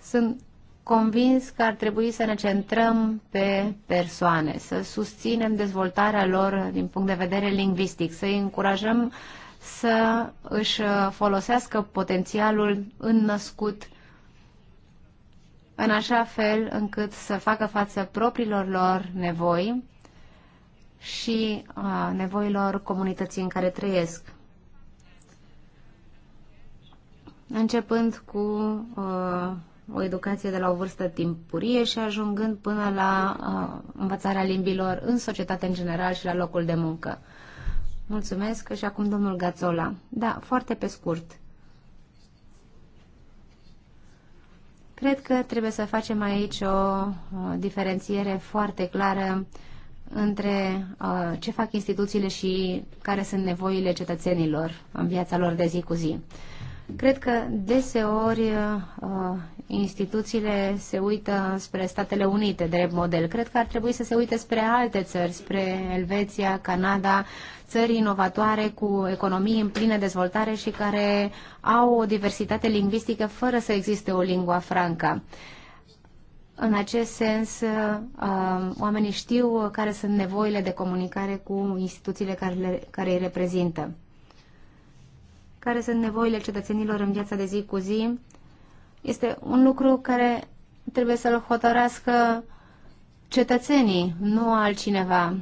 Sunt convins că ar trebui să ne centrăm pe persoane, să susținem dezvoltarea lor din punct de vedere lingvistic, să îi încurajăm să își uh, folosească potențialul înnăscut în așa fel încât să facă față propriilor lor nevoi și a, uh, nevoilor comunității în care trăiesc. începând cu uh, o educație de la o vârstă timpurie și ajungând până la uh, învățarea limbilor în societate în general și la locul de muncă. Mulțumesc și acum domnul Gazzola. Da, foarte pe scurt. Cred că trebuie să facem aici o, o diferențiere foarte clară între uh, ce fac instituțiile și care sunt nevoile cetățenilor în viața lor de zi cu zi. Uh, Cred că deseori uh, instituțiile se uită spre Statele Unite drept model. Cred că ar trebui să se uite spre alte țări, spre Elveția, Canada, țări inovatoare cu economii în plină dezvoltare și care au o diversitate lingvistică fără să existe o lingua franca. În acest sens, uh, oamenii știu care sunt nevoile de comunicare cu instituțiile care, le, care îi reprezintă care sunt nevoile cetățenilor în viața de zi cu zi, este un lucru care trebuie să-l hotărască cetățenii, nu altcineva.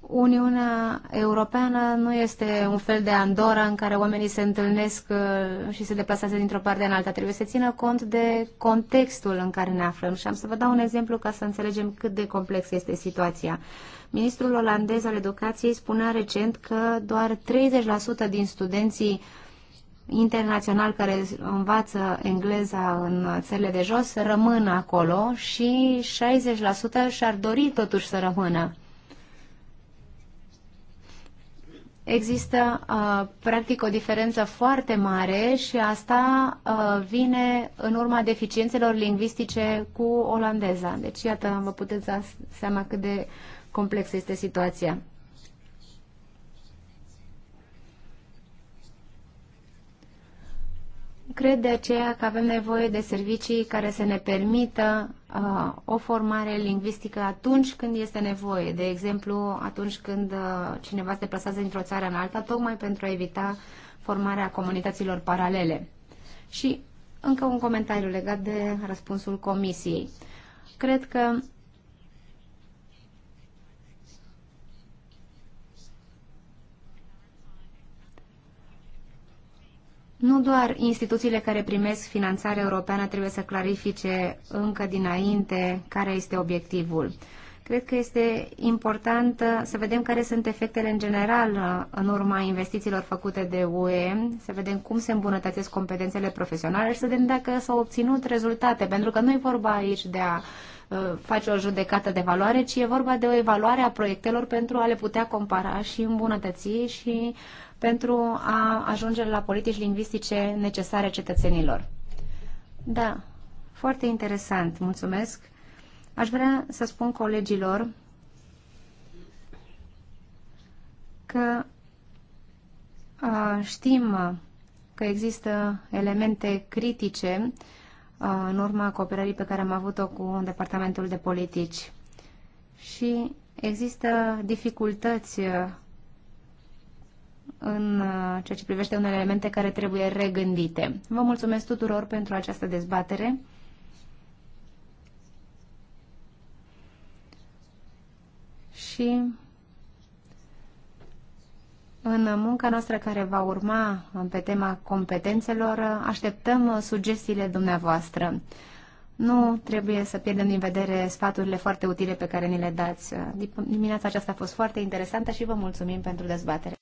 Uniunea Europeană nu este un fel de Andorra în care oamenii se întâlnesc uh, și se deplasează dintr-o parte în alta. Trebuie să țină cont de contextul în care ne aflăm. Și am să vă dau un exemplu ca să înțelegem cât de complexă este situația. Ministrul olandez al educației spunea recent că doar 30% din studenții internațional care învață engleza în țările de jos rămân acolo și 60% și-ar dori totuși să rămână. Există uh, practic o diferență foarte mare și asta uh, vine în urma deficiențelor lingvistice cu olandeza. Deci iată, vă puteți da seama cât de complexă este situația. Cred de aceea că avem nevoie de servicii care să ne permită uh, o formare lingvistică atunci când este nevoie. De exemplu, atunci când uh, cineva se deplasează dintr-o țară în alta, tocmai pentru a evita formarea comunităților paralele. Și încă un comentariu legat de răspunsul comisiei. Cred că Nu doar instituțiile care primesc finanțare europeană trebuie să clarifice încă dinainte care este obiectivul. Cred că este important uh, să vedem care sunt efectele în general uh, în urma investițiilor făcute de UE, să vedem cum se îmbunătățesc competențele profesionale și să vedem dacă s-au obținut rezultate, pentru că nu e vorba aici de a uh, face o judecată de valoare, ci e vorba de o evaluare a proiectelor pentru a le putea compara și îmbunătăți și pentru a ajunge la politici lingvistice necesare cetățenilor. Da, foarte interesant, mulțumesc. Aș vrea să spun colegilor că știm că există elemente critice în urma cooperării pe care am avut-o cu Departamentul de Politici și există dificultăți în uh, ceea ce privește unele elemente care trebuie regândite. Vă mulțumesc tuturor pentru această dezbatere. Și în munca noastră care va urma pe tema competențelor, așteptăm sugestiile dumneavoastră. Nu trebuie să pierdem din vedere sfaturile foarte utile pe care ni le dați. Dimineața aceasta a fost foarte interesantă și vă mulțumim pentru dezbatere.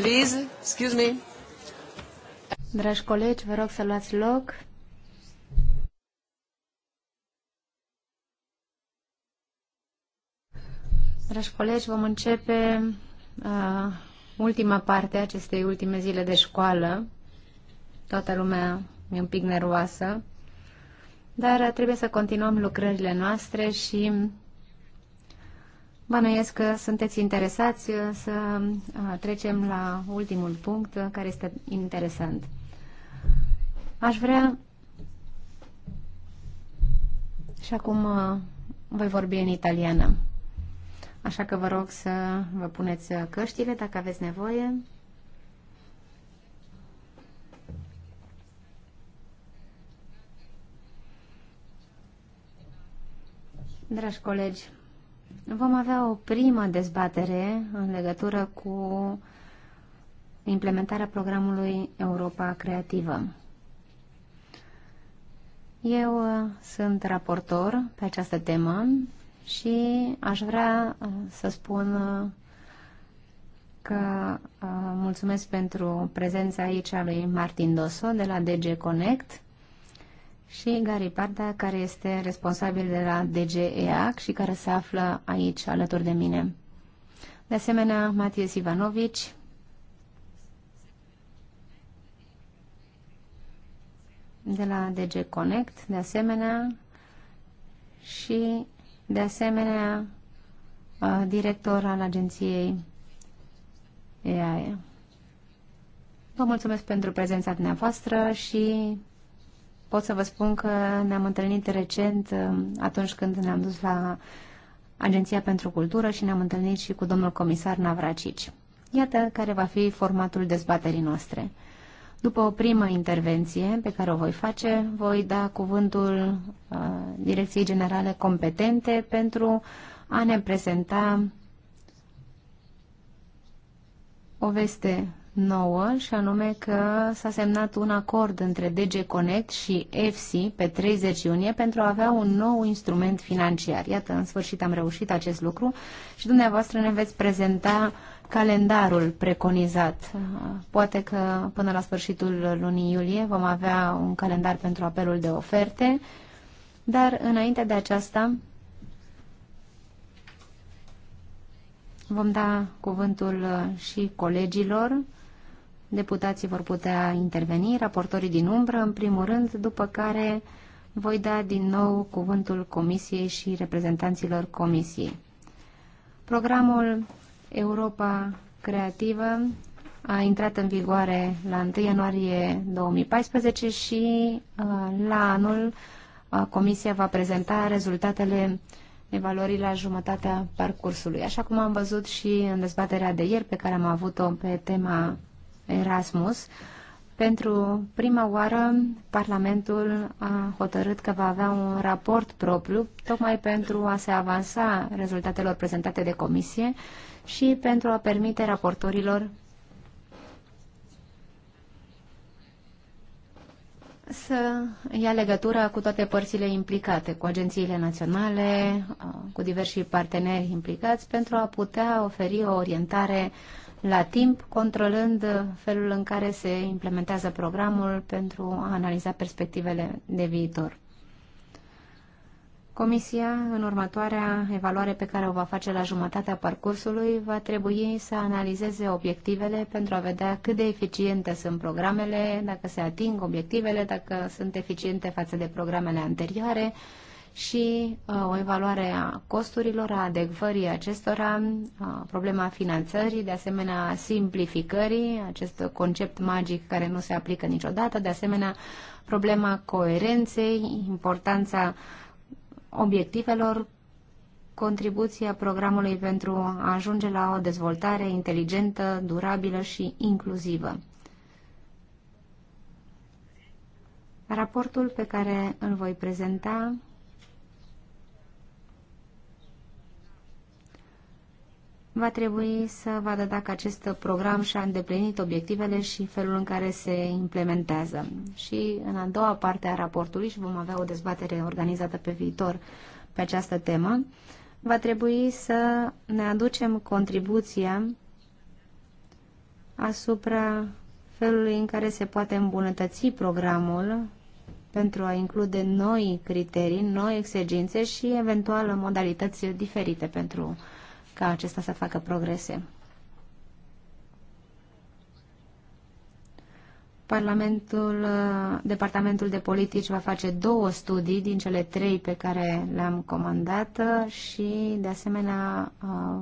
please. Excuse me. Dragi colegi, vă rog să luați loc. Dragi colegi, vom începe uh, ultima parte a acestei ultime zile de școală. Toată lumea e un pic nervoasă, dar trebuie să continuăm lucrările noastre și Bănuiesc că sunteți interesați uh, să uh, trecem la ultimul punct uh, care este interesant. Aș vrea și acum voi vorbi în italiană. Așa că vă rog să vă puneți căștile dacă aveți nevoie. Dragi colegi, Vom avea o primă dezbatere în legătură cu implementarea programului Europa Creativă. Eu uh, sunt raportor pe această temă și aș vrea uh, să spun uh, că mulțumesc pentru prezența aici a lui Martin Doso de la DG Connect și Gary Parda, care este responsabil de la DGEAC și care se află aici alături de mine. De asemenea, Maties Ivanovici, de la DG Connect, de asemenea, și de asemenea uh, director al agenției EAE. Vă mulțumesc pentru prezența dumneavoastră și pot să vă spun că ne-am întâlnit recent uh, atunci când ne-am dus la Agenția pentru Cultură și ne-am întâlnit și cu domnul comisar Navracici. Iată care va fi formatul dezbaterii noastre. După o primă intervenție pe care o voi face, voi da cuvântul uh, Direcției Generale competente pentru a ne prezenta o veste nouă și anume că s-a semnat un acord între DG Connect și EFSI pe 30 iunie pentru a avea un nou instrument financiar. Iată, în sfârșit am reușit acest lucru și dumneavoastră ne veți prezenta calendarul preconizat. Poate că până la sfârșitul lunii iulie vom avea un calendar pentru apelul de oferte, dar înainte de aceasta vom da cuvântul și colegilor Deputații vor putea interveni, raportorii din umbră, în primul rând, după care voi da din nou cuvântul Comisiei și reprezentanților Comisiei. Programul Europa Creativă a intrat în vigoare la 1 ianuarie 2014 și uh, la anul uh, Comisia va prezenta rezultatele evaluării la jumătatea parcursului. Așa cum am văzut și în dezbaterea de ieri pe care am avut-o pe tema Erasmus, pentru prima oară Parlamentul a hotărât că va avea un raport propriu, tocmai pentru a se avansa rezultatelor prezentate de comisie și pentru a permite raportorilor să ia legătura cu toate părțile implicate, cu agențiile naționale, cu diversi parteneri implicați, pentru a putea oferi o orientare uh, la timp, controlând felul în care se implementează programul pentru a analiza perspectivele de viitor. Comisia, în următoarea evaluare pe care o va face la jumătatea parcursului, va trebui să analizeze obiectivele pentru a vedea cât de eficiente sunt programele, dacă se ating obiectivele, dacă sunt eficiente față de programele anterioare, și uh, o evaluare a costurilor, a adecvării acestora, uh, problema finanțării, de asemenea simplificării, acest concept magic care nu se aplică niciodată, de asemenea problema coerenței, importanța obiectivelor, contribuția programului pentru a ajunge la o dezvoltare inteligentă, durabilă și inclusivă. Raportul pe care îl voi prezenta va trebui să vadă dacă acest program și-a îndeplinit obiectivele și felul în care se implementează. Și în a doua parte a raportului, și vom avea o dezbatere organizată pe viitor pe această temă, va trebui să ne aducem contribuția asupra felului în care se poate îmbunătăți programul pentru a include noi criterii, noi exigențe și eventual modalități diferite pentru ca acesta să facă progrese. Parlamentul, Departamentul de Politici va face două studii din cele trei pe care le-am comandat și, de asemenea,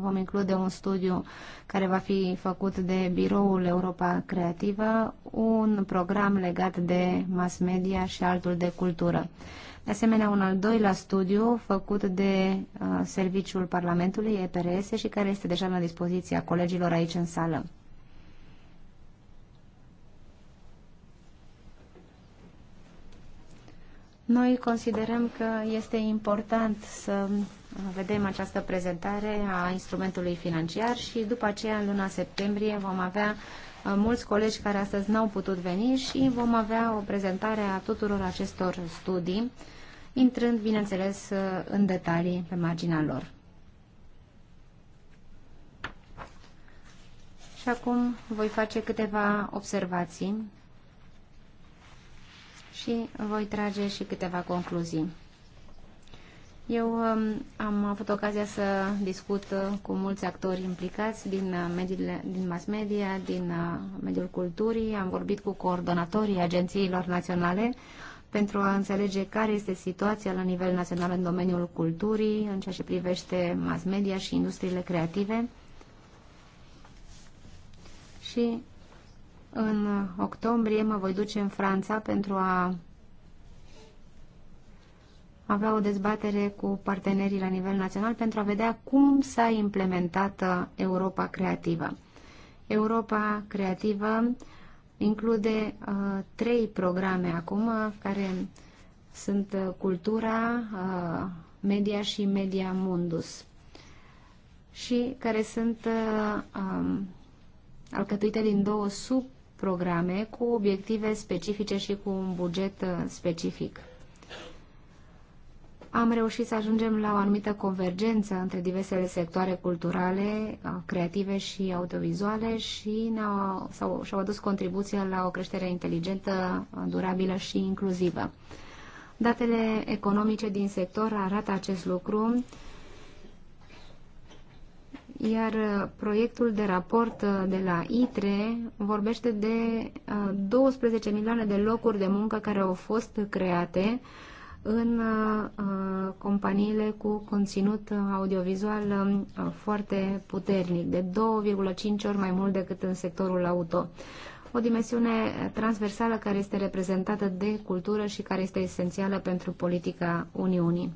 vom include un studiu care va fi făcut de Biroul Europa Creativă, un program legat de mass media și altul de cultură. De asemenea, un al doilea studiu făcut de uh, Serviciul Parlamentului EPRS și care este deja la dispoziția colegilor aici în sală. Noi considerăm că este important să uh, vedem această prezentare a instrumentului financiar și după aceea, în luna septembrie, vom avea uh, mulți colegi care astăzi n-au putut veni și vom avea o prezentare a tuturor acestor studii intrând, bineînțeles, în detalii pe marginea lor. Și acum voi face câteva observații și voi trage și câteva concluzii. Eu um, am avut ocazia să discut uh, cu mulți actori implicați din, uh, mediile, din mass media, din uh, mediul culturii, am vorbit cu coordonatorii agențiilor naționale, pentru a înțelege care este situația la nivel național în domeniul culturii, în ceea ce privește mass media și industriile creative. Și în octombrie mă voi duce în Franța pentru a avea o dezbatere cu partenerii la nivel național pentru a vedea cum s-a implementat Europa creativă. Europa creativă include uh, trei programe acum, uh, care sunt uh, Cultura, uh, Media și Media Mundus, și care sunt uh, um, alcătuite din două subprograme cu obiective specifice și cu un buget uh, specific am reușit să ajungem la o anumită convergență între diversele sectoare culturale, creative și audiovizuale și ne-au, sau, și-au adus contribuția la o creștere inteligentă, durabilă și inclusivă. Datele economice din sector arată acest lucru, iar uh, proiectul de raport uh, de la ITRE vorbește de 12 uh, milioane de locuri de muncă care au fost create, uh, în uh, companiile cu conținut uh, audiovizual uh, foarte puternic, de 2,5 ori mai mult decât în sectorul auto. O dimensiune transversală care este reprezentată de cultură și care este esențială pentru politica Uniunii.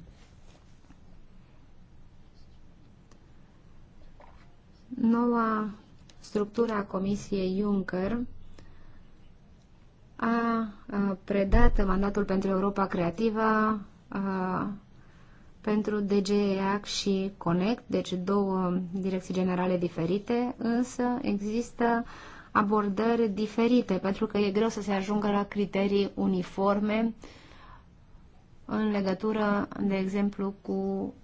Noua structură a Comisiei Juncker a predat mandatul pentru Europa Creativă pentru DGEAC și Connect, deci două direcții generale diferite, însă există abordări diferite, pentru că e greu să se ajungă la criterii uniforme în legătură, de exemplu, cu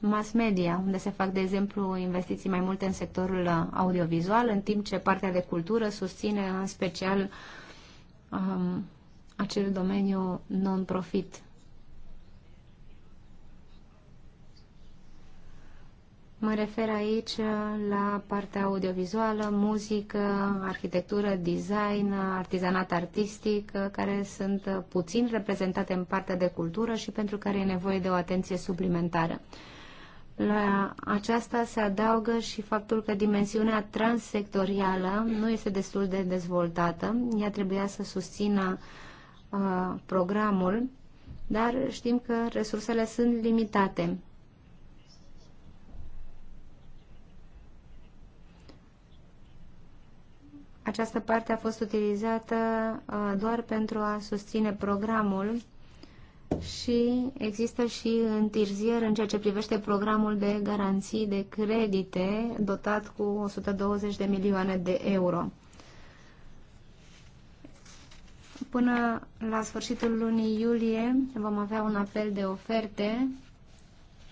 mass media, unde se fac, de exemplu, investiții mai multe în sectorul audiovizual, în timp ce partea de cultură susține în special uh, um, acel domeniu non-profit. Mă refer aici la partea audiovizuală, muzică, arhitectură, design, artizanat artistic, care sunt puțin reprezentate în partea de cultură și pentru care e nevoie de o atenție suplimentară. La aceasta se adaugă și faptul că dimensiunea transsectorială nu este destul de dezvoltată. Ea trebuia să susțină uh, programul, dar știm că resursele sunt limitate. Această parte a fost utilizată uh, doar pentru a susține programul și există și întârzieri în ceea ce privește programul de garanții de credite dotat cu 120 de milioane de euro. Până la sfârșitul lunii iulie vom avea un apel de oferte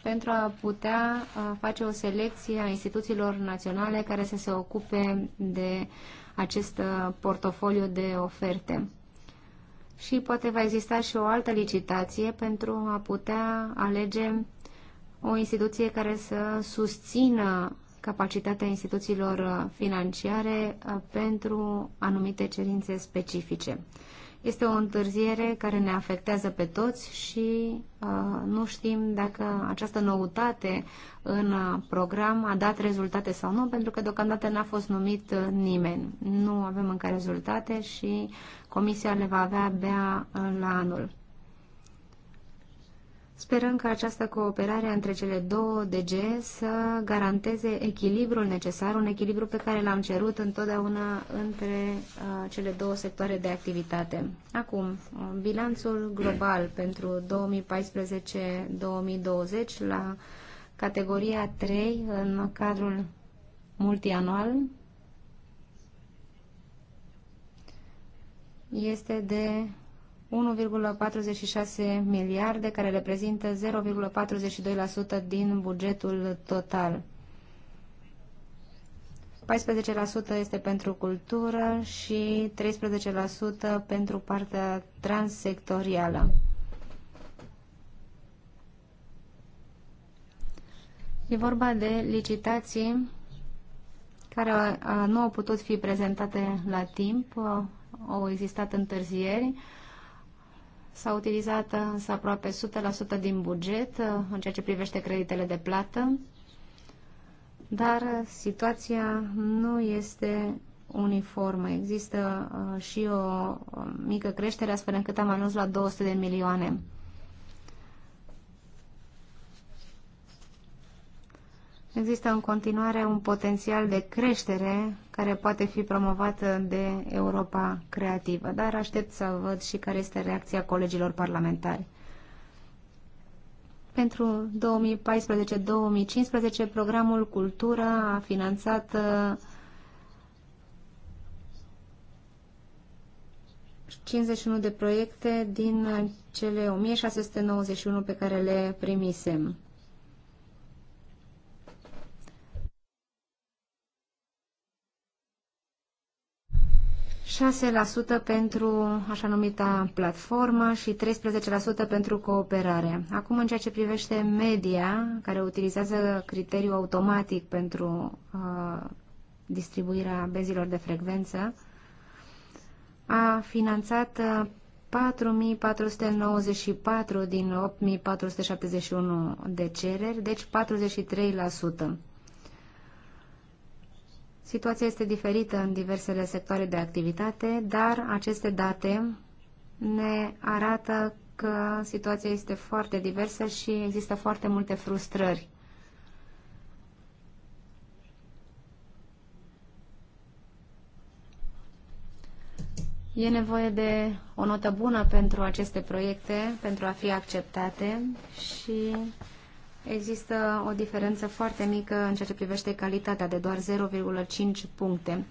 pentru a putea face o selecție a instituțiilor naționale care să se ocupe de acest portofoliu de oferte și poate va exista și o altă licitație pentru a putea alege o instituție care să susțină capacitatea instituțiilor financiare uh, pentru anumite cerințe specifice. Este o întârziere care ne afectează pe toți și uh, nu știm dacă această noutate în uh, program a dat rezultate sau nu, pentru că deocamdată n-a fost numit uh, nimeni. Nu avem încă rezultate și comisia le va avea abia uh, la anul. Sperăm că această cooperare între cele două DG să garanteze echilibrul necesar, un echilibru pe care l-am cerut întotdeauna între uh, cele două sectoare de activitate. Acum, bilanțul global pentru 2014-2020 la categoria 3 în cadrul multianual este de 1,46 miliarde, care reprezintă 0,42% din bugetul total. 14% este pentru cultură și 13% pentru partea transsectorială. E vorba de licitații care nu au putut fi prezentate la timp, au existat întârzieri S-a utilizat însă aproape 100% din buget uh, în ceea ce privește creditele de plată, dar situația nu este uniformă. Există uh, și o mică creștere, astfel încât am ajuns la 200 de milioane. Există în continuare un potențial de creștere care poate fi promovată de Europa creativă, dar aștept să văd și care este reacția colegilor parlamentari. Pentru 2014-2015, programul Cultură a finanțat uh, 51 de proiecte din cele 1691 pe care le primisem. 6% pentru așa numita platformă și 13% pentru cooperare. Acum, în ceea ce privește media, care utilizează criteriul automatic pentru uh, distribuirea benzilor de frecvență, a finanțat 4.494 uh, din 8.471 de cereri, deci 43%. Situația este diferită în diversele sectoare de activitate, dar aceste date ne arată că situația este foarte diversă și există foarte multe frustrări. E nevoie de o notă bună pentru aceste proiecte, pentru a fi acceptate și există o diferență foarte mică în ceea ce privește calitatea de doar 0,5 puncte.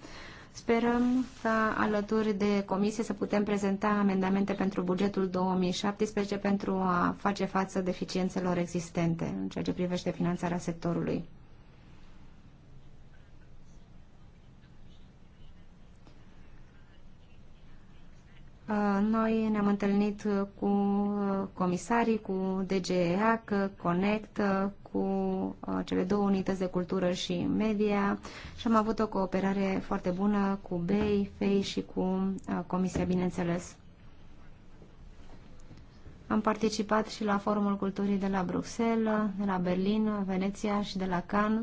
Sperăm ca alături de comisie să putem prezenta amendamente pentru bugetul 2017 pentru a face față deficiențelor existente în ceea ce privește finanțarea sectorului. Uh, noi ne-am întâlnit uh, cu uh, comisarii, cu DGEAC, Connect, cu cele două unități de cultură și media și am avut o cooperare foarte bună cu BEI, FEI și cu Comisia, bineînțeles. Am participat și la Forumul Culturii de la Bruxelles, de la Berlin, Veneția și de la Cannes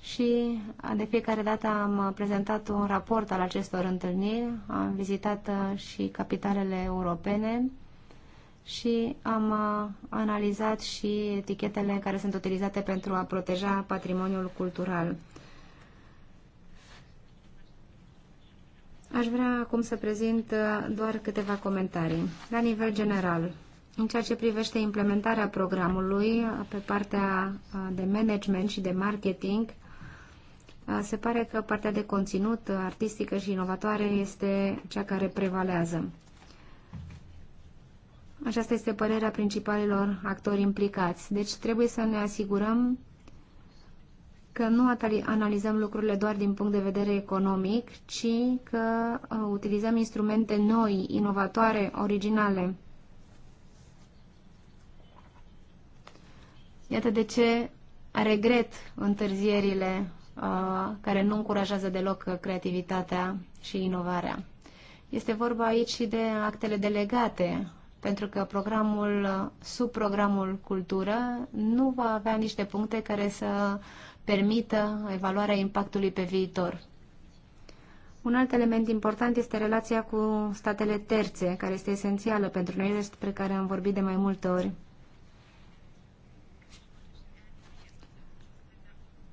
și uh, de fiecare dată am uh, prezentat un raport al acestor întâlniri, am vizitat uh, și capitalele europene și am analizat și etichetele care sunt utilizate pentru a proteja patrimoniul cultural. Aș vrea acum să prezint doar câteva comentarii. La nivel general, în ceea ce privește implementarea programului pe partea de management și de marketing, se pare că partea de conținut artistică și inovatoare este cea care prevalează. Aceasta este părerea principalilor actori implicați. Deci trebuie să ne asigurăm că nu analizăm lucrurile doar din punct de vedere economic, ci că utilizăm instrumente noi, inovatoare, originale. Iată de ce regret întârzierile Uh, care nu încurajează deloc creativitatea și inovarea. Este vorba aici și de actele delegate, pentru că programul, sub programul cultură, nu va avea niște puncte care să permită evaluarea impactului pe viitor. Un alt element important este relația cu statele terțe, care este esențială pentru noi, despre care am vorbit de mai multe ori.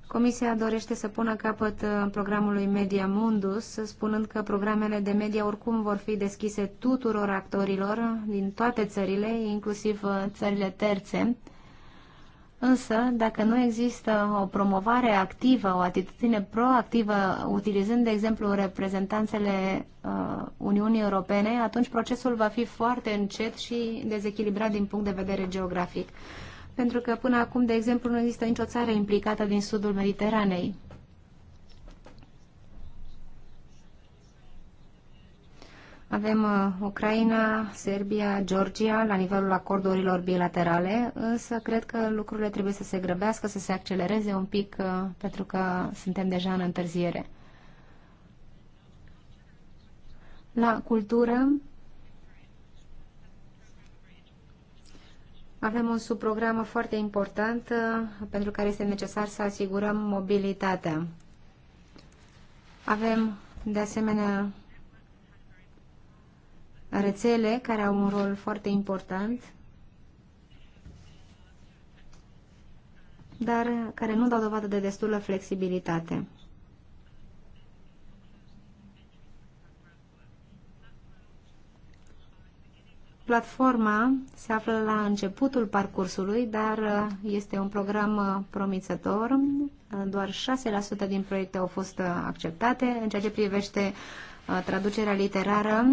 Comisia dorește să pună capăt uh, programului Media Mundus, spunând că programele de media oricum vor fi deschise tuturor actorilor din toate țările, inclusiv uh, țările terțe. Însă, dacă nu există o promovare activă, o atitudine proactivă, utilizând, de exemplu, reprezentanțele uh, Uniunii Europene, atunci procesul va fi foarte încet și dezechilibrat din punct de vedere geografic pentru că până acum, de exemplu, nu există nicio țară implicată din sudul Mediteranei. Avem uh, Ucraina, Serbia, Georgia la nivelul acordurilor bilaterale, însă cred că lucrurile trebuie să se grăbească, să se accelereze un pic, uh, pentru că suntem deja în întârziere. La cultură, Avem un subprogram foarte important uh, pentru care este necesar să asigurăm mobilitatea. Avem, de asemenea, rețele care au un rol foarte important, dar care nu dau dovadă de destulă flexibilitate. Platforma se află la începutul parcursului, dar uh, este un program uh, promițător. Uh, doar 6% din proiecte au fost acceptate. În ceea ce privește traducerea literară,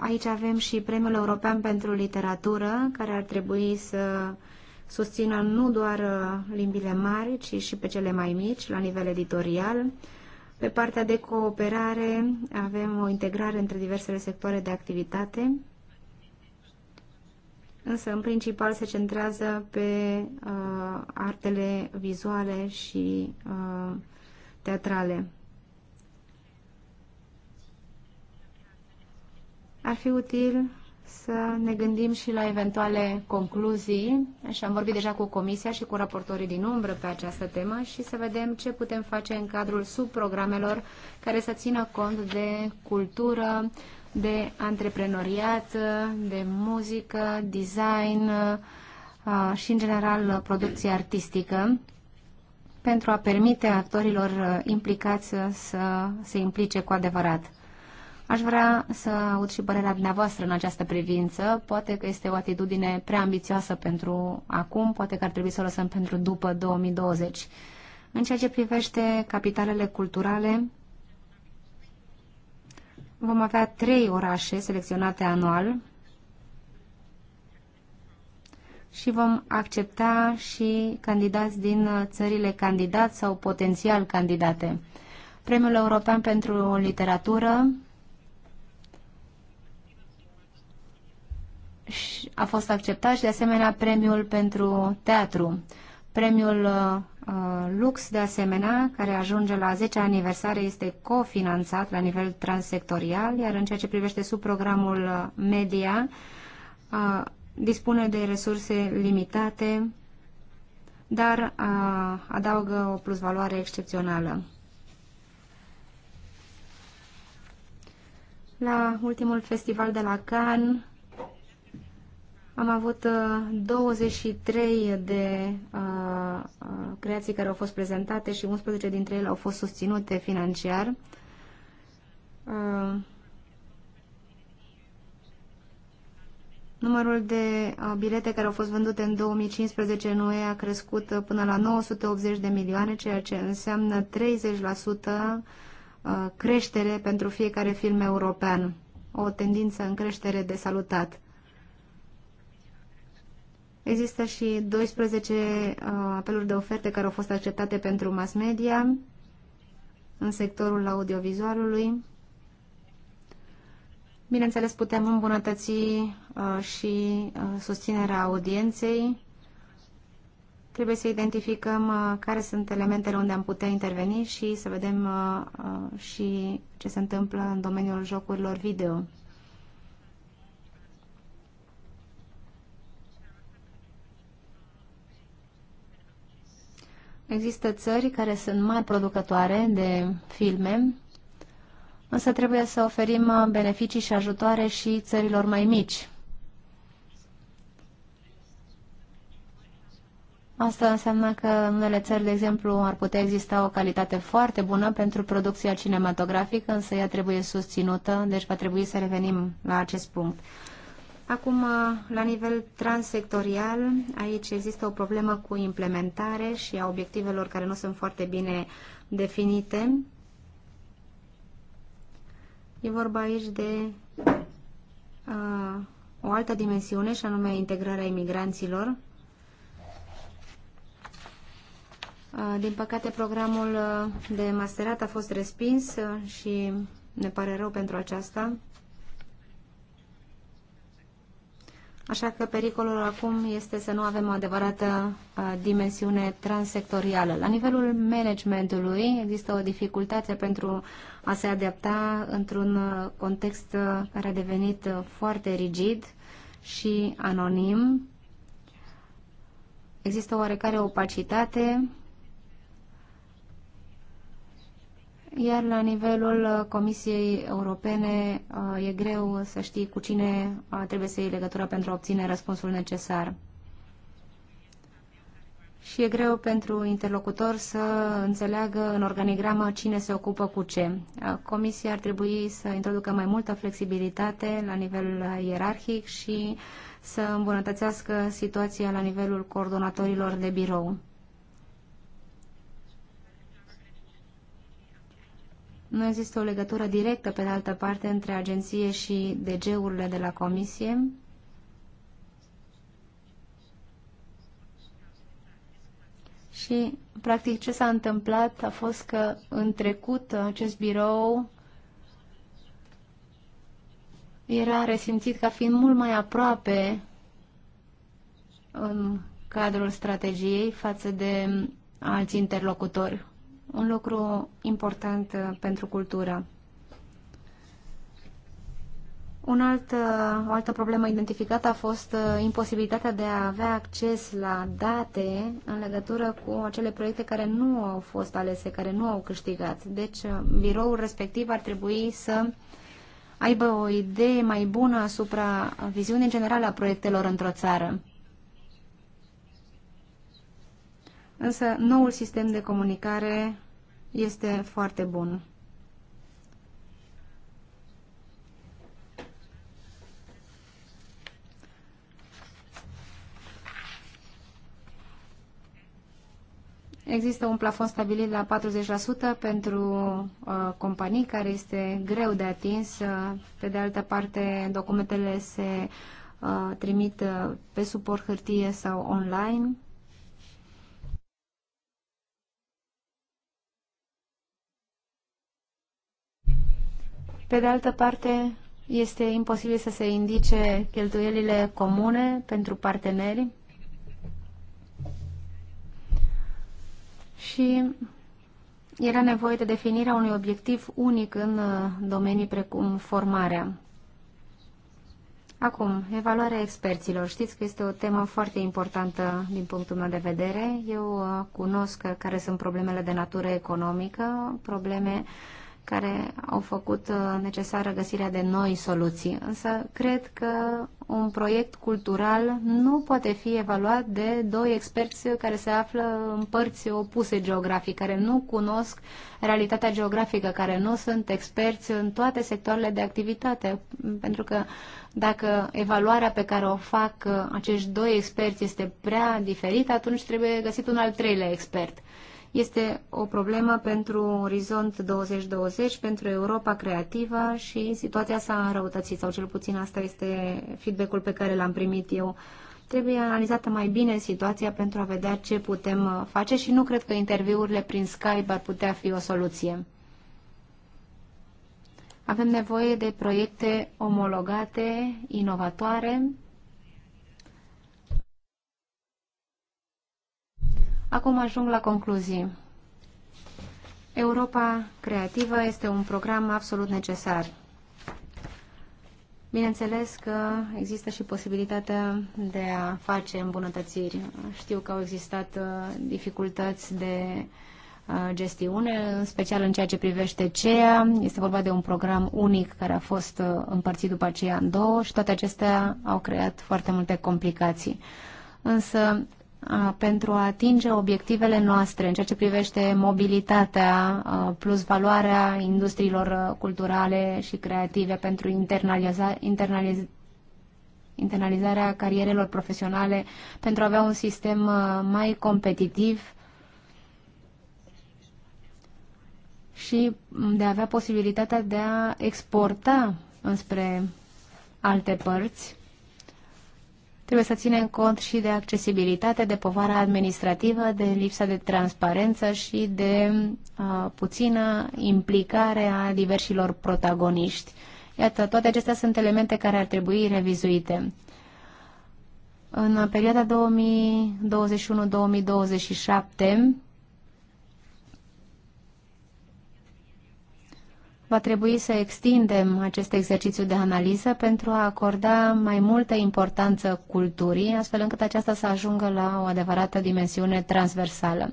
Aici avem și Premiul European pentru Literatură, care ar trebui să susțină nu doar limbile mari, ci și pe cele mai mici, la nivel editorial. Pe partea de cooperare avem o integrare între diversele sectoare de activitate, însă în principal se centrează pe uh, artele vizuale și uh, teatrale. Ar fi util să ne gândim și la eventuale concluzii și am vorbit deja cu Comisia și cu raportorii din umbră pe această temă și să vedem ce putem face în cadrul subprogramelor care să țină cont de cultură, de antreprenoriat, de muzică, design și, în general, producție artistică pentru a permite actorilor implicați să se implice cu adevărat. Aș vrea să aud și părerea dumneavoastră în această privință. Poate că este o atitudine prea ambițioasă pentru acum, poate că ar trebui să o lăsăm pentru după 2020. În ceea ce privește capitalele culturale, vom avea trei orașe selecționate anual și vom accepta și candidați din țările candidat sau potențial candidate. Premiul European pentru Literatură a fost acceptat și de asemenea premiul pentru teatru. Premiul uh, uh, Lux, de asemenea, care ajunge la 10 aniversare, este cofinanțat la nivel transsectorial, iar în ceea ce privește subprogramul uh, media, dispune de resurse limitate, dar adaugă o plusvaloare excepțională. La ultimul festival de la Cannes am avut 23 uh, de uh, uh, creații care au fost prezentate și 11 dintre ele au fost susținute financiar. Numărul de bilete care au fost vândute în 2015 în UE a crescut până la 980 de milioane, ceea ce înseamnă 30% creștere pentru fiecare film european. O tendință în creștere de salutat. Există și 12 uh, apeluri de oferte care au fost acceptate pentru mass media în sectorul audiovizualului. Bineînțeles, putem îmbunătăți uh, și uh, susținerea audienței. Trebuie să identificăm uh, care sunt elementele unde am putea interveni și să vedem uh, uh, și ce se întâmplă în domeniul jocurilor video. Există țări care sunt mai producătoare de filme, însă trebuie să oferim beneficii și ajutoare și țărilor mai mici. Asta înseamnă că în unele țări, de exemplu, ar putea exista o calitate foarte bună pentru producția cinematografică, însă ea trebuie susținută, deci va trebui să revenim la acest punct. Acum, uh, la nivel transsectorial, aici există o problemă cu implementare și a obiectivelor care nu sunt foarte bine definite. E vorba aici de a, uh, o altă dimensiune, și anume integrarea imigranților. A, uh, din păcate, programul de masterat a fost respins și ne pare rău pentru aceasta. Așa că pericolul acum este să nu avem o adevărată uh, dimensiune transsectorială. La nivelul managementului există o dificultate pentru a se adapta într-un uh, context uh, care a devenit foarte rigid și anonim. Există oarecare opacitate iar la nivelul uh, Comisiei Europene uh, e greu să știi cu cine uh, trebuie să iei legătura pentru a obține răspunsul necesar. Și e greu pentru interlocutor să înțeleagă în organigramă cine se ocupă cu ce. Comisia ar trebui să introducă mai multă flexibilitate la nivel ierarhic și să îmbunătățească situația la nivelul coordonatorilor de birou. Nu există o legătură directă, pe de altă parte, între agenție și DG-urile de la Comisie? Și, practic, ce s-a întâmplat a fost că, în trecut, acest birou era resimțit ca fiind mult mai aproape în cadrul strategiei față de alți interlocutori un lucru important uh, pentru cultură. Un alt, uh, o altă problemă identificată a fost uh, imposibilitatea de a avea acces la date în legătură cu acele proiecte care nu au fost alese, care nu au câștigat. Deci, biroul respectiv ar trebui să aibă o idee mai bună asupra viziunii generale a proiectelor într-o țară. însă noul sistem de comunicare este foarte bun. Există un plafon stabilit la 40% pentru uh, companii, care este greu de atins. Uh, pe de altă parte, documentele se uh, trimit uh, pe suport hârtie sau online. Pe de altă parte, este imposibil să se indice cheltuielile comune pentru parteneri și era nevoie de definirea unui obiectiv unic în uh, domenii precum formarea. Acum, evaluarea experților. Știți că este o temă foarte importantă din punctul meu de vedere. Eu uh, cunosc care sunt problemele de natură economică, probleme uh, care au făcut uh, necesară găsirea de noi soluții. Însă cred că un proiect cultural nu poate fi evaluat de doi experți care se află în părți opuse geografic, care nu cunosc realitatea geografică, care nu sunt experți în toate sectoarele de activitate, pentru că dacă evaluarea pe care o fac uh, acești doi experți este prea diferită, atunci trebuie găsit un al treilea expert. Este o problemă pentru Orizont 2020, pentru Europa creativă și situația s-a înrăutățit, sau cel puțin asta este feedback-ul pe care l-am primit eu. Trebuie analizată mai bine situația pentru a vedea ce putem uh, face și nu cred că interviurile prin Skype ar putea fi o soluție. Avem nevoie de proiecte omologate, inovatoare, Acum ajung la concluzii. Europa Creativă este un program absolut necesar. Bineînțeles că există și posibilitatea de a face îmbunătățiri. Știu că au existat uh, dificultăți de uh, gestiune, în special în ceea ce privește CEA. Este vorba de un program unic care a fost uh, împărțit după aceea în două și toate acestea au creat foarte multe complicații. Însă pentru a atinge obiectivele noastre în ceea ce privește mobilitatea plus valoarea industriilor culturale și creative pentru internaliza, internaliz, internalizarea carierelor profesionale, pentru a avea un sistem mai competitiv și de a avea posibilitatea de a exporta înspre alte părți Trebuie să ținem cont și de accesibilitate, de povara administrativă, de lipsa de transparență și de uh, puțină implicare a diversilor protagoniști. Iată, toate acestea sunt elemente care ar trebui revizuite. În perioada 2021-2027, va trebui să extindem acest exercițiu de analiză pentru a acorda mai multă importanță culturii, astfel încât aceasta să ajungă la o adevărată dimensiune transversală.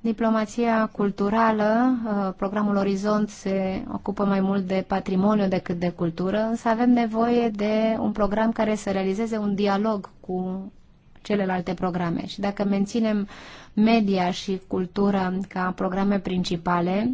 Diplomația culturală, uh, programul Orizont se ocupă mai mult de patrimoniu decât de cultură, însă avem nevoie de un program care să realizeze un dialog cu celelalte programe. Și dacă menținem media și cultura ca programe principale,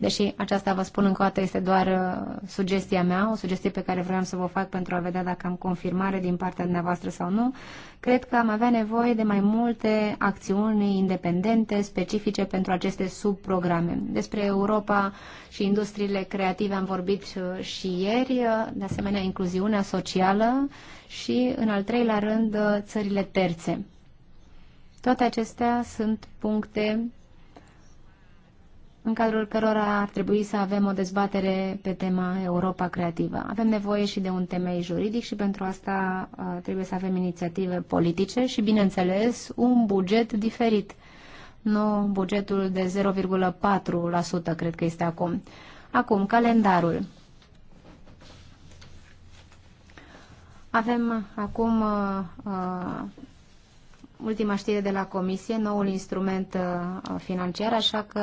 deși aceasta, vă spun încă o dată, este doar uh, sugestia mea, o sugestie pe care vreau să vă fac pentru a vedea dacă am confirmare din partea dumneavoastră sau nu, cred că am avea nevoie de mai multe acțiuni independente, specifice pentru aceste subprograme. Despre Europa și industriile creative am vorbit uh, și ieri, uh, de asemenea incluziunea socială și, în al treilea rând, țările terțe. Toate acestea sunt puncte în cadrul cărora ar trebui să avem o dezbatere pe tema Europa Creativă. Avem nevoie și de un temei juridic și pentru asta uh, trebuie să avem inițiative politice și, bineînțeles, un buget diferit. Nu bugetul de 0,4% cred că este acum. Acum, calendarul. Avem acum uh, uh ultima știre de la Comisie, noul instrument uh, financiar, așa că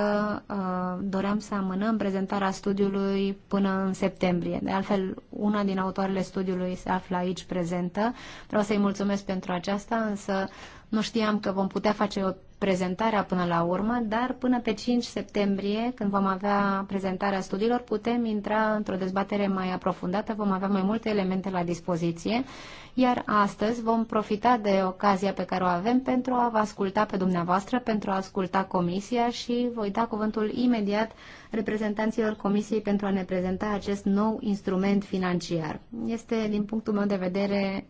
uh, doream să amânăm prezentarea studiului până în septembrie. De altfel, una din autoarele studiului se află aici prezentă. Vreau să-i mulțumesc pentru aceasta, însă nu știam că vom putea face o prezentarea până la urmă, dar până pe 5 septembrie, când vom avea prezentarea studiilor, putem intra într-o dezbatere mai aprofundată, vom avea mai multe elemente la dispoziție, iar astăzi vom profita de ocazia pe care o avem pentru a vă asculta pe dumneavoastră, pentru a asculta comisia și voi da cuvântul imediat reprezentanților comisiei pentru a ne prezenta acest nou instrument financiar. Este, din punctul meu de vedere,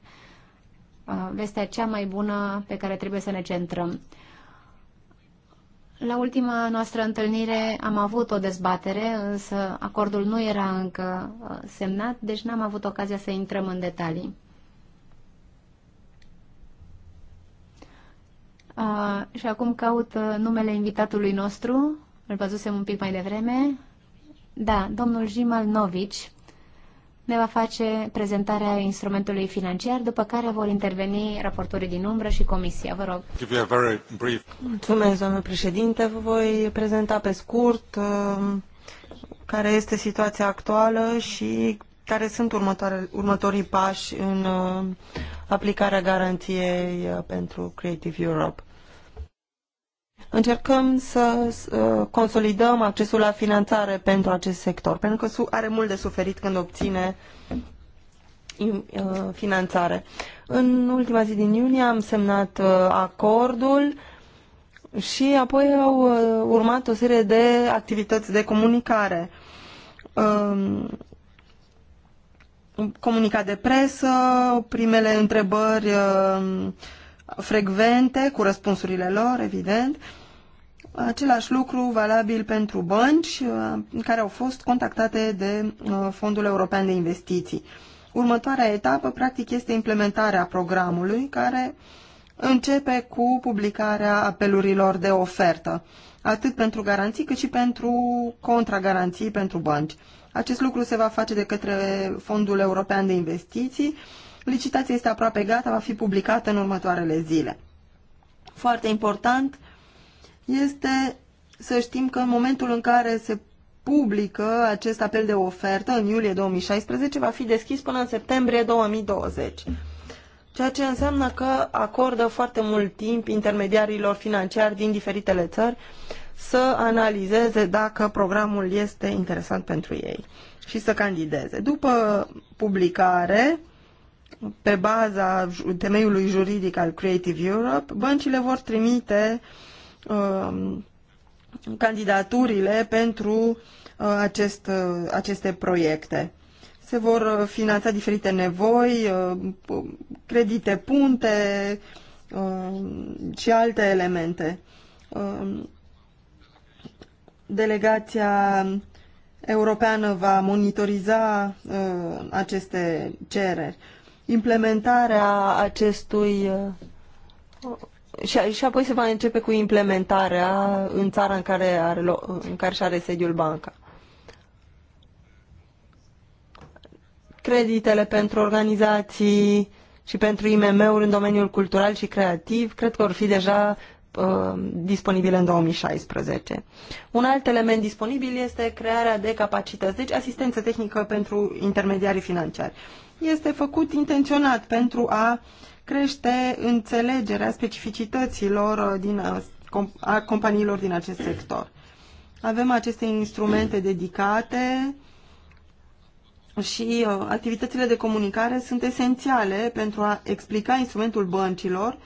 Uh, vestea cea mai bună pe care trebuie să ne centrăm. La ultima noastră întâlnire am avut o dezbatere, însă acordul nu era încă uh, semnat, deci n-am avut ocazia să intrăm în detalii. Uh, și acum caut uh, numele invitatului nostru, îl văzusem un pic mai devreme. Da, domnul Jimal Novici ne va face prezentarea instrumentului financiar, după care vor interveni raportorii din umbră și comisia. Vă rog. Mulțumesc, domnule președinte. Vă voi prezenta pe scurt um, care este situația actuală și care sunt următorii pași în um, aplicarea garanției uh, pentru Creative Europe. Încercăm să consolidăm accesul la finanțare pentru acest sector, pentru că are mult de suferit când obține uh, finanțare. În ultima zi din iunie am semnat uh, acordul și apoi au uh, urmat o serie de activități de comunicare. Um, comunicat de presă, primele întrebări um, frecvente, cu răspunsurile lor, evident. Același lucru valabil pentru bănci uh, care au fost contactate de uh, Fondul European de Investiții. Următoarea etapă, practic, este implementarea programului, care începe cu publicarea apelurilor de ofertă, atât pentru garanții cât și pentru contragaranții pentru bănci. Acest lucru se va face de către Fondul European de Investiții, Licitația este aproape gata, va fi publicată în următoarele zile. Foarte important este să știm că în momentul în care se publică acest apel de ofertă, în iulie 2016, va fi deschis până în septembrie 2020 ceea ce înseamnă că acordă foarte mult timp intermediarilor financiari din diferitele țări să analizeze dacă programul este interesant pentru ei și să candideze. După publicare, pe baza temeiului juridic al Creative Europe, băncile vor trimite um, candidaturile pentru uh, acest, uh, aceste proiecte. Se vor uh, finanța diferite nevoi, uh, credite punte um, și alte elemente. Um, delegația europeană va monitoriza uh, aceste cereri implementarea acestui uh, și, și apoi se va începe cu implementarea în țara în care, are, în care și are sediul banca. Creditele pentru organizații și pentru IMM-uri în domeniul cultural și creativ cred că vor fi deja uh, disponibile în 2016. Un alt element disponibil este crearea de capacități, deci asistență tehnică pentru intermediarii financiari este făcut intenționat pentru a crește înțelegerea specificităților uh, din, uh, a companiilor din acest sector. Avem aceste instrumente dedicate și uh, activitățile de comunicare sunt esențiale pentru a explica instrumentul băncilor,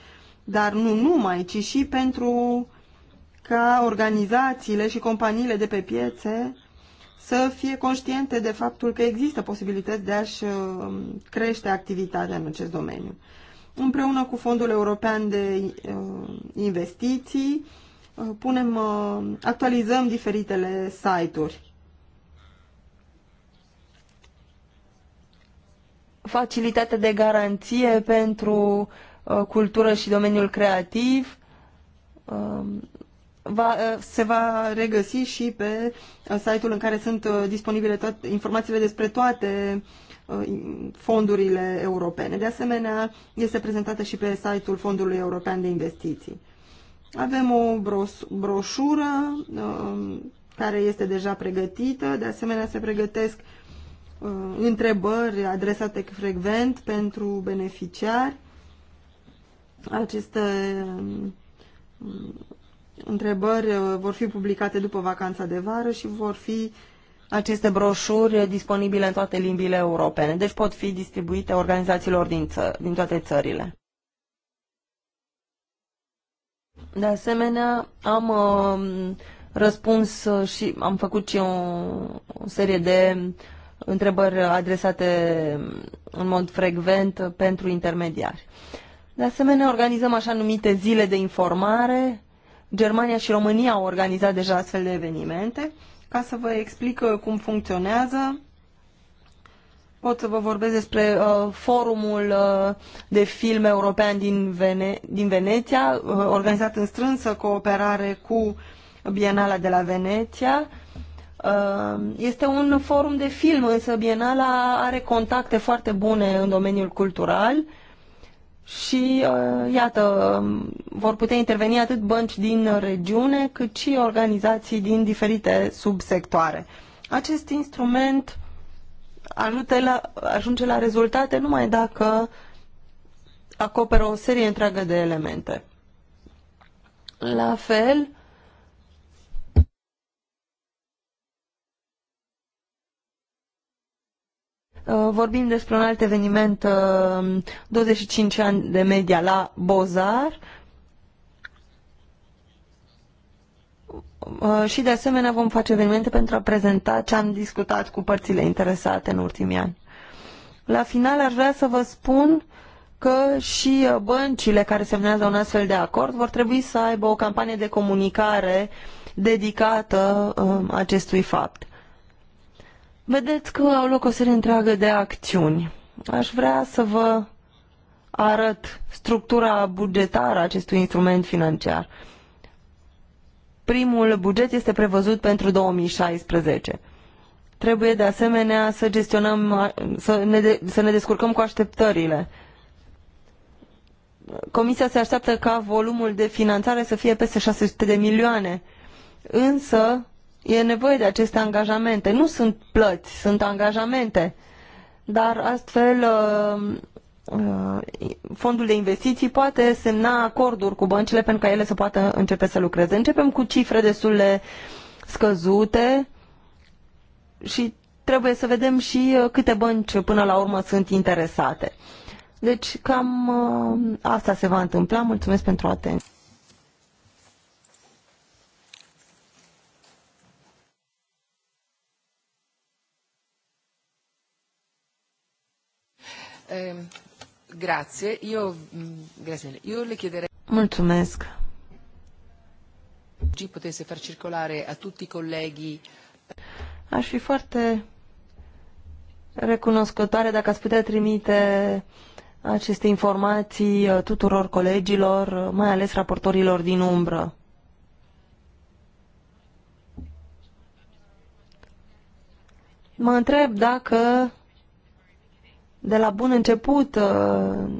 dar nu numai, ci și pentru ca organizațiile și companiile de pe piețe să fie conștiente de faptul că există posibilități de a-și um, crește activitatea în acest domeniu. Împreună cu Fondul European de uh, Investiții, uh, punem, uh, actualizăm diferitele site-uri. Facilitate de garanție pentru cultură și domeniul creativ, um, va, eh, se va regăsi și pe eh, site-ul în care sunt eh, disponibile toate informațiile despre toate fondurile europene. De asemenea, este prezentată și pe site-ul Fondului European de Investiții. Avem o bros- broșură care este deja pregătită. De asemenea, se pregătesc întrebări adresate frecvent pentru beneficiari. Aceste întrebări uh, vor fi publicate după vacanța de vară și vor fi aceste broșuri disponibile în toate limbile europene, deci pot fi distribuite organizațiilor din, ță- din toate țările. De asemenea, am um, uh, răspuns și am făcut și o, o serie de întrebări adresate um, în mod frecvent pentru intermediari. De asemenea, organizăm așa numite zile de informare Germania și România au organizat deja astfel de evenimente. Ca să vă explic uh, cum funcționează, pot să vă vorbesc despre uh, forumul uh, de film european din, Vene- din Veneția, uh, organizat în strânsă cooperare cu Bienala de la Veneția. Uh, este un forum de film, însă Bienala are contacte foarte bune în domeniul cultural. Uh, și, uh, iată, vor putea interveni atât bănci din regiune, cât și organizații din diferite subsectoare. Acest instrument ajute la, ajunge la rezultate numai dacă acoperă o serie întreagă de elemente. La fel, Uh, vorbim despre un alt eveniment, 25 uh, ani de media la Bozar. Uh, și de asemenea vom face evenimente pentru a prezenta ce am discutat cu părțile interesate în ultimii ani. La final aș vrea să vă spun că și băncile care semnează un astfel de acord vor trebui să aibă o campanie de comunicare dedicată acestui fapt Vedeți că au loc o serie întreagă de acțiuni. Aș vrea să vă arăt structura bugetară a acestui instrument financiar. Primul buget este prevăzut pentru 2016. Trebuie de asemenea să gestionăm, să ne, de, să ne descurcăm cu așteptările. Comisia se așteaptă ca volumul de finanțare să fie peste 600 de milioane, însă E nevoie de aceste angajamente. Nu sunt plăți, sunt angajamente. Dar astfel uh, uh, fondul de investiții poate semna acorduri cu băncile pentru ca ele să poată începe să lucreze. Începem cu cifre destul de scăzute și trebuie să vedem și uh, câte bănci până la urmă sunt interesate. Deci cam asta se va întâmpla. Mulțumesc pentru atenție. eh, grazie. Io, mm, grazie Io le chiederei... Mulțumesc. potesse far circolare a tutti i colleghi... Aș fi foarte recunoscătoare dacă ați putea trimite aceste informații uh, tuturor colegilor, uh, mai ales raportorilor din umbră. Mă întreb dacă de la bun început uh,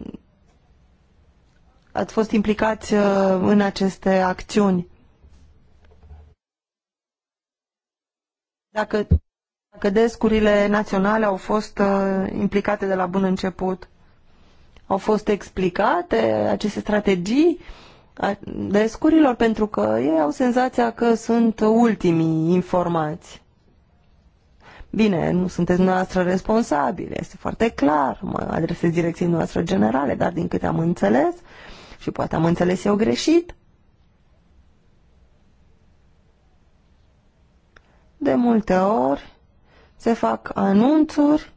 ați fost implicați uh, în aceste acțiuni. Dacă, dacă descurile naționale au fost uh, implicate de la bun început, au fost explicate aceste strategii descurilor pentru că ei au senzația că sunt ultimii informați. Bine, nu sunteți noastră responsabile, este foarte clar, mă adresez direcției noastre generale, dar din câte am înțeles, și poate am înțeles eu greșit, de multe ori se fac anunțuri,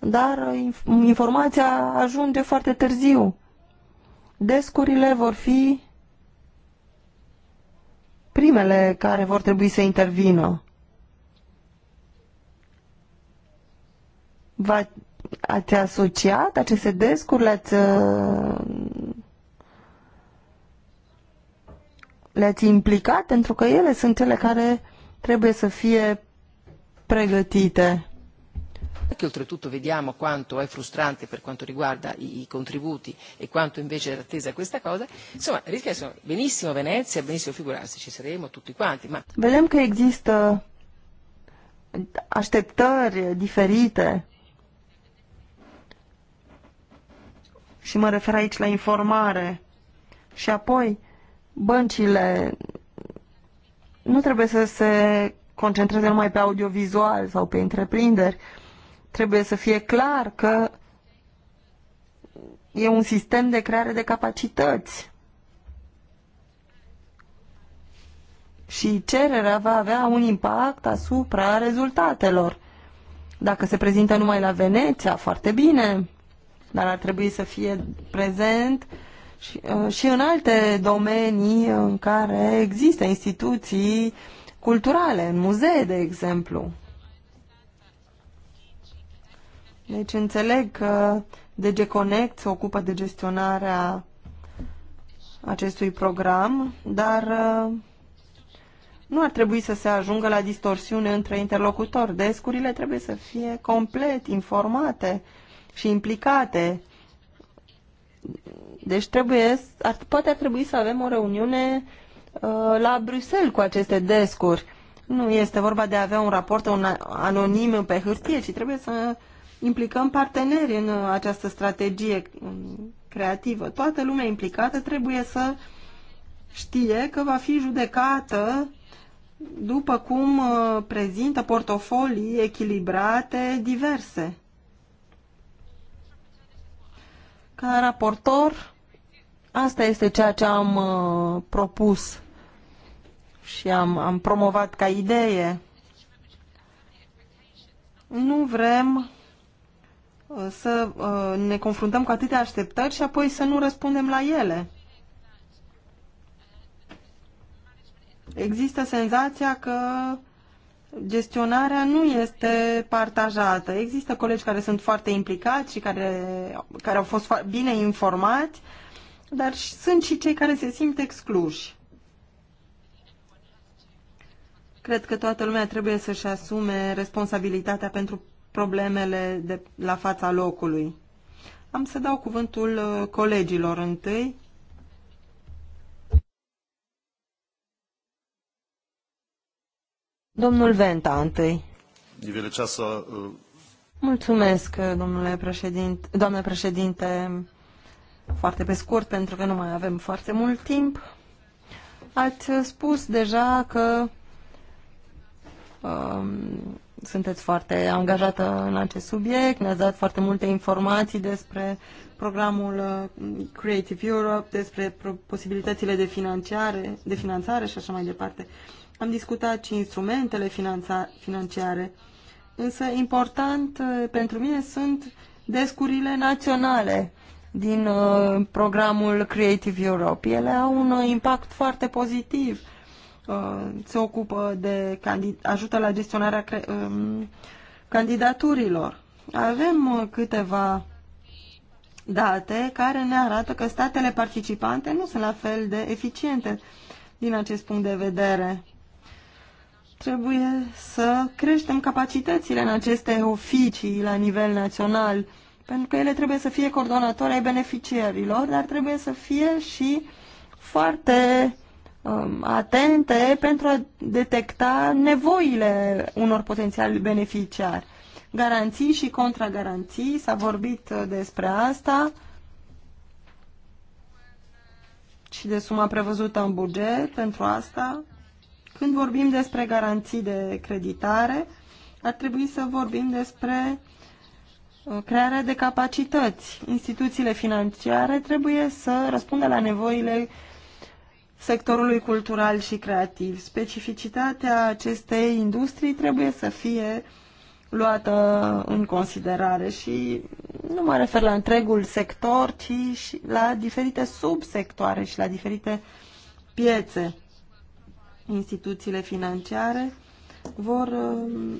dar informația ajunge foarte târziu. Descurile vor fi primele care vor trebui să intervină. v ați asociat aceste descuri, le-ați uh, le implicat pentru că ele sunt cele care trebuie să fie pregătite. Che oltretutto vediamo quanto è frustrante per quanto riguarda i contributi e quanto invece era attesa questa cosa, insomma rischia benissimo Venezia, benissimo figurarsi, ci saremo tutti quanti. Ma... Vedem că există așteptări diferite și mă refer aici la informare. Și apoi, băncile nu trebuie să se concentreze numai pe audiovizual sau pe întreprinderi. Trebuie să fie clar că e un sistem de creare de capacități. Și cererea va avea un impact asupra rezultatelor. Dacă se prezintă numai la Veneția, foarte bine dar ar trebui să fie prezent și, uh, și în alte domenii în care există instituții culturale, în muzee, de exemplu. Deci înțeleg că DG Connect se ocupă de gestionarea acestui program, dar uh, nu ar trebui să se ajungă la distorsiune între interlocutori. Descurile trebuie să fie complet informate și implicate. Deci trebuie, ar, poate ar trebui să avem o reuniune uh, la Bruxelles cu aceste descuri. Nu este vorba de a avea un raport un anonim pe hârtie, ci trebuie să implicăm parteneri în această strategie um, creativă. Toată lumea implicată trebuie să știe că va fi judecată după cum uh, prezintă portofolii echilibrate, diverse. Ca raportor, asta este ceea ce am uh, propus și am, am promovat ca idee. Nu vrem uh, să uh, ne confruntăm cu atâtea așteptări și apoi să nu răspundem la ele. Există senzația că gestionarea nu este partajată. Există colegi care sunt foarte implicați și care, care au fost bine informați, dar sunt și cei care se simt excluși. Cred că toată lumea trebuie să-și asume responsabilitatea pentru problemele de la fața locului. Am să dau cuvântul uh, colegilor întâi. Domnul Venta întâi. Uh, Mulțumesc, domnule președinte, doamne președinte, foarte pe scurt, pentru că nu mai avem foarte mult timp. Ați spus deja că um, sunteți foarte angajată în acest subiect, ne-ați dat foarte multe informații despre programul uh, Creative Europe, despre posibilitățile de, financiare, de finanțare și așa mai departe. Am discutat și instrumentele financiare, însă important uh, pentru mine sunt descurile naționale din uh, programul Creative Europe. Ele au un impact foarte pozitiv. Uh, se ocupă de ajută la gestionarea um, candidaturilor. Avem câteva date care ne arată că statele participante nu sunt la fel de eficiente din acest punct de vedere. Trebuie să creștem capacitățile în aceste oficii la nivel național, pentru că ele trebuie să fie coordonatoare ai beneficiarilor, dar trebuie să fie și foarte um, atente pentru a detecta nevoile unor potențiali beneficiari. Garanții și contragaranții, s-a vorbit uh, despre asta și de suma prevăzută în buget pentru asta. Când vorbim despre garanții de creditare, ar trebui să vorbim despre uh, crearea de capacități. Instituțiile financiare trebuie să răspundă la nevoile sectorului cultural și creativ. Specificitatea acestei industrii trebuie să fie luată în considerare și nu mă refer la întregul sector, ci și la diferite subsectoare și la diferite piețe instituțiile financiare vor uh,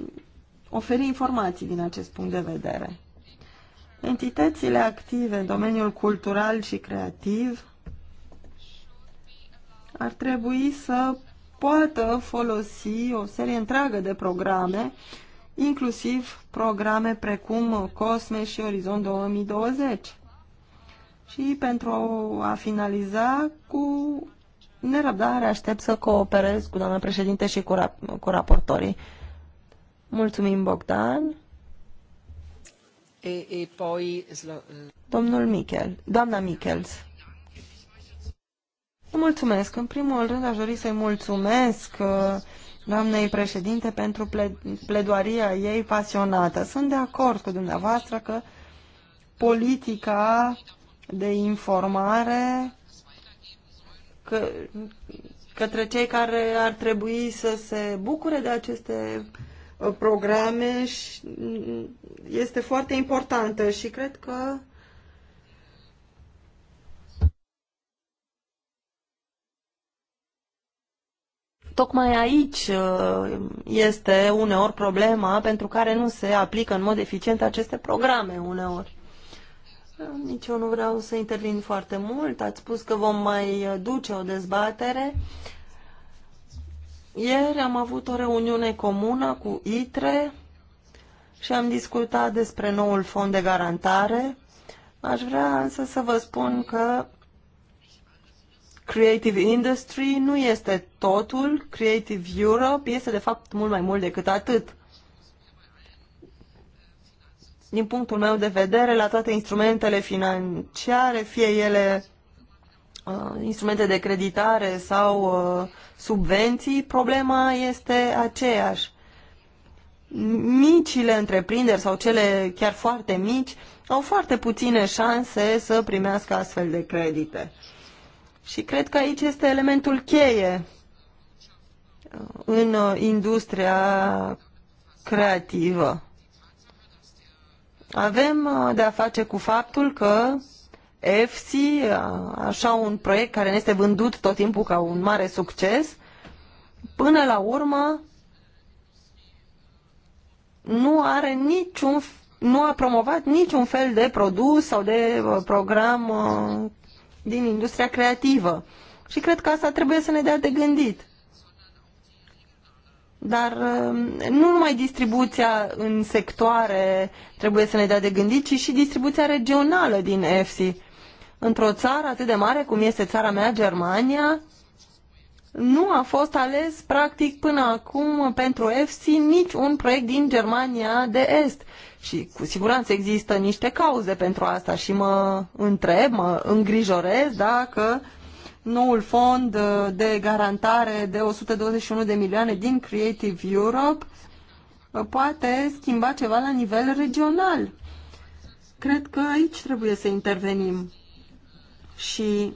oferi informații din acest punct de vedere. Entitățile active în domeniul cultural și creativ ar trebui să poată folosi o serie întreagă de programe, inclusiv programe precum COSME și Orizont 2020. Și pentru a finaliza cu nerăbdare aștept să cooperez cu doamna președinte și cu, rap- cu raportorii. Mulțumim, Bogdan. E, e poi... Domnul Michel, doamna Michels. Mulțumesc. În primul rând aș dori să-i mulțumesc uh, doamnei președinte pentru pledoaria ei pasionată. Sunt de acord cu dumneavoastră că politica de informare că, către cei care ar trebui să se bucure de aceste uh, programe și mm, este foarte importantă și cred că tocmai aici uh, este uneori problema pentru care nu se aplică în mod eficient aceste programe uneori. Nici eu nu vreau să intervin foarte mult. Ați spus că vom mai duce o dezbatere. Ieri am avut o reuniune comună cu ITRE și am discutat despre noul fond de garantare. Aș vrea însă să vă spun că Creative Industry nu este totul. Creative Europe este de fapt mult mai mult decât atât din punctul meu de vedere, la toate instrumentele financiare, fie ele uh, instrumente de creditare sau uh, subvenții, problema este aceeași. Micile întreprinderi sau cele chiar foarte mici au foarte puține șanse să primească astfel de credite. Și cred că aici este elementul cheie uh, în uh, industria creativă avem uh, de a face cu faptul că EFSI, uh, așa un proiect care ne este vândut tot timpul ca un mare succes, până la urmă nu are niciun nu a promovat niciun fel de produs sau de uh, program din industria creativă. Și cred că asta trebuie să ne dea de gândit. Dar uh, nu numai distribuția în sectoare trebuie să ne dea de gândit, ci și distribuția regională din EFSI. Într-o țară atât de mare cum este țara mea, Germania, nu a fost ales practic până acum pentru EFSI nici un proiect din Germania de Est. Și cu siguranță există niște cauze pentru asta și mă întreb, mă îngrijorez dacă noul fond uh, de garantare de 121 de milioane din Creative Europe uh, poate schimba ceva la nivel regional. Cred că aici trebuie să intervenim și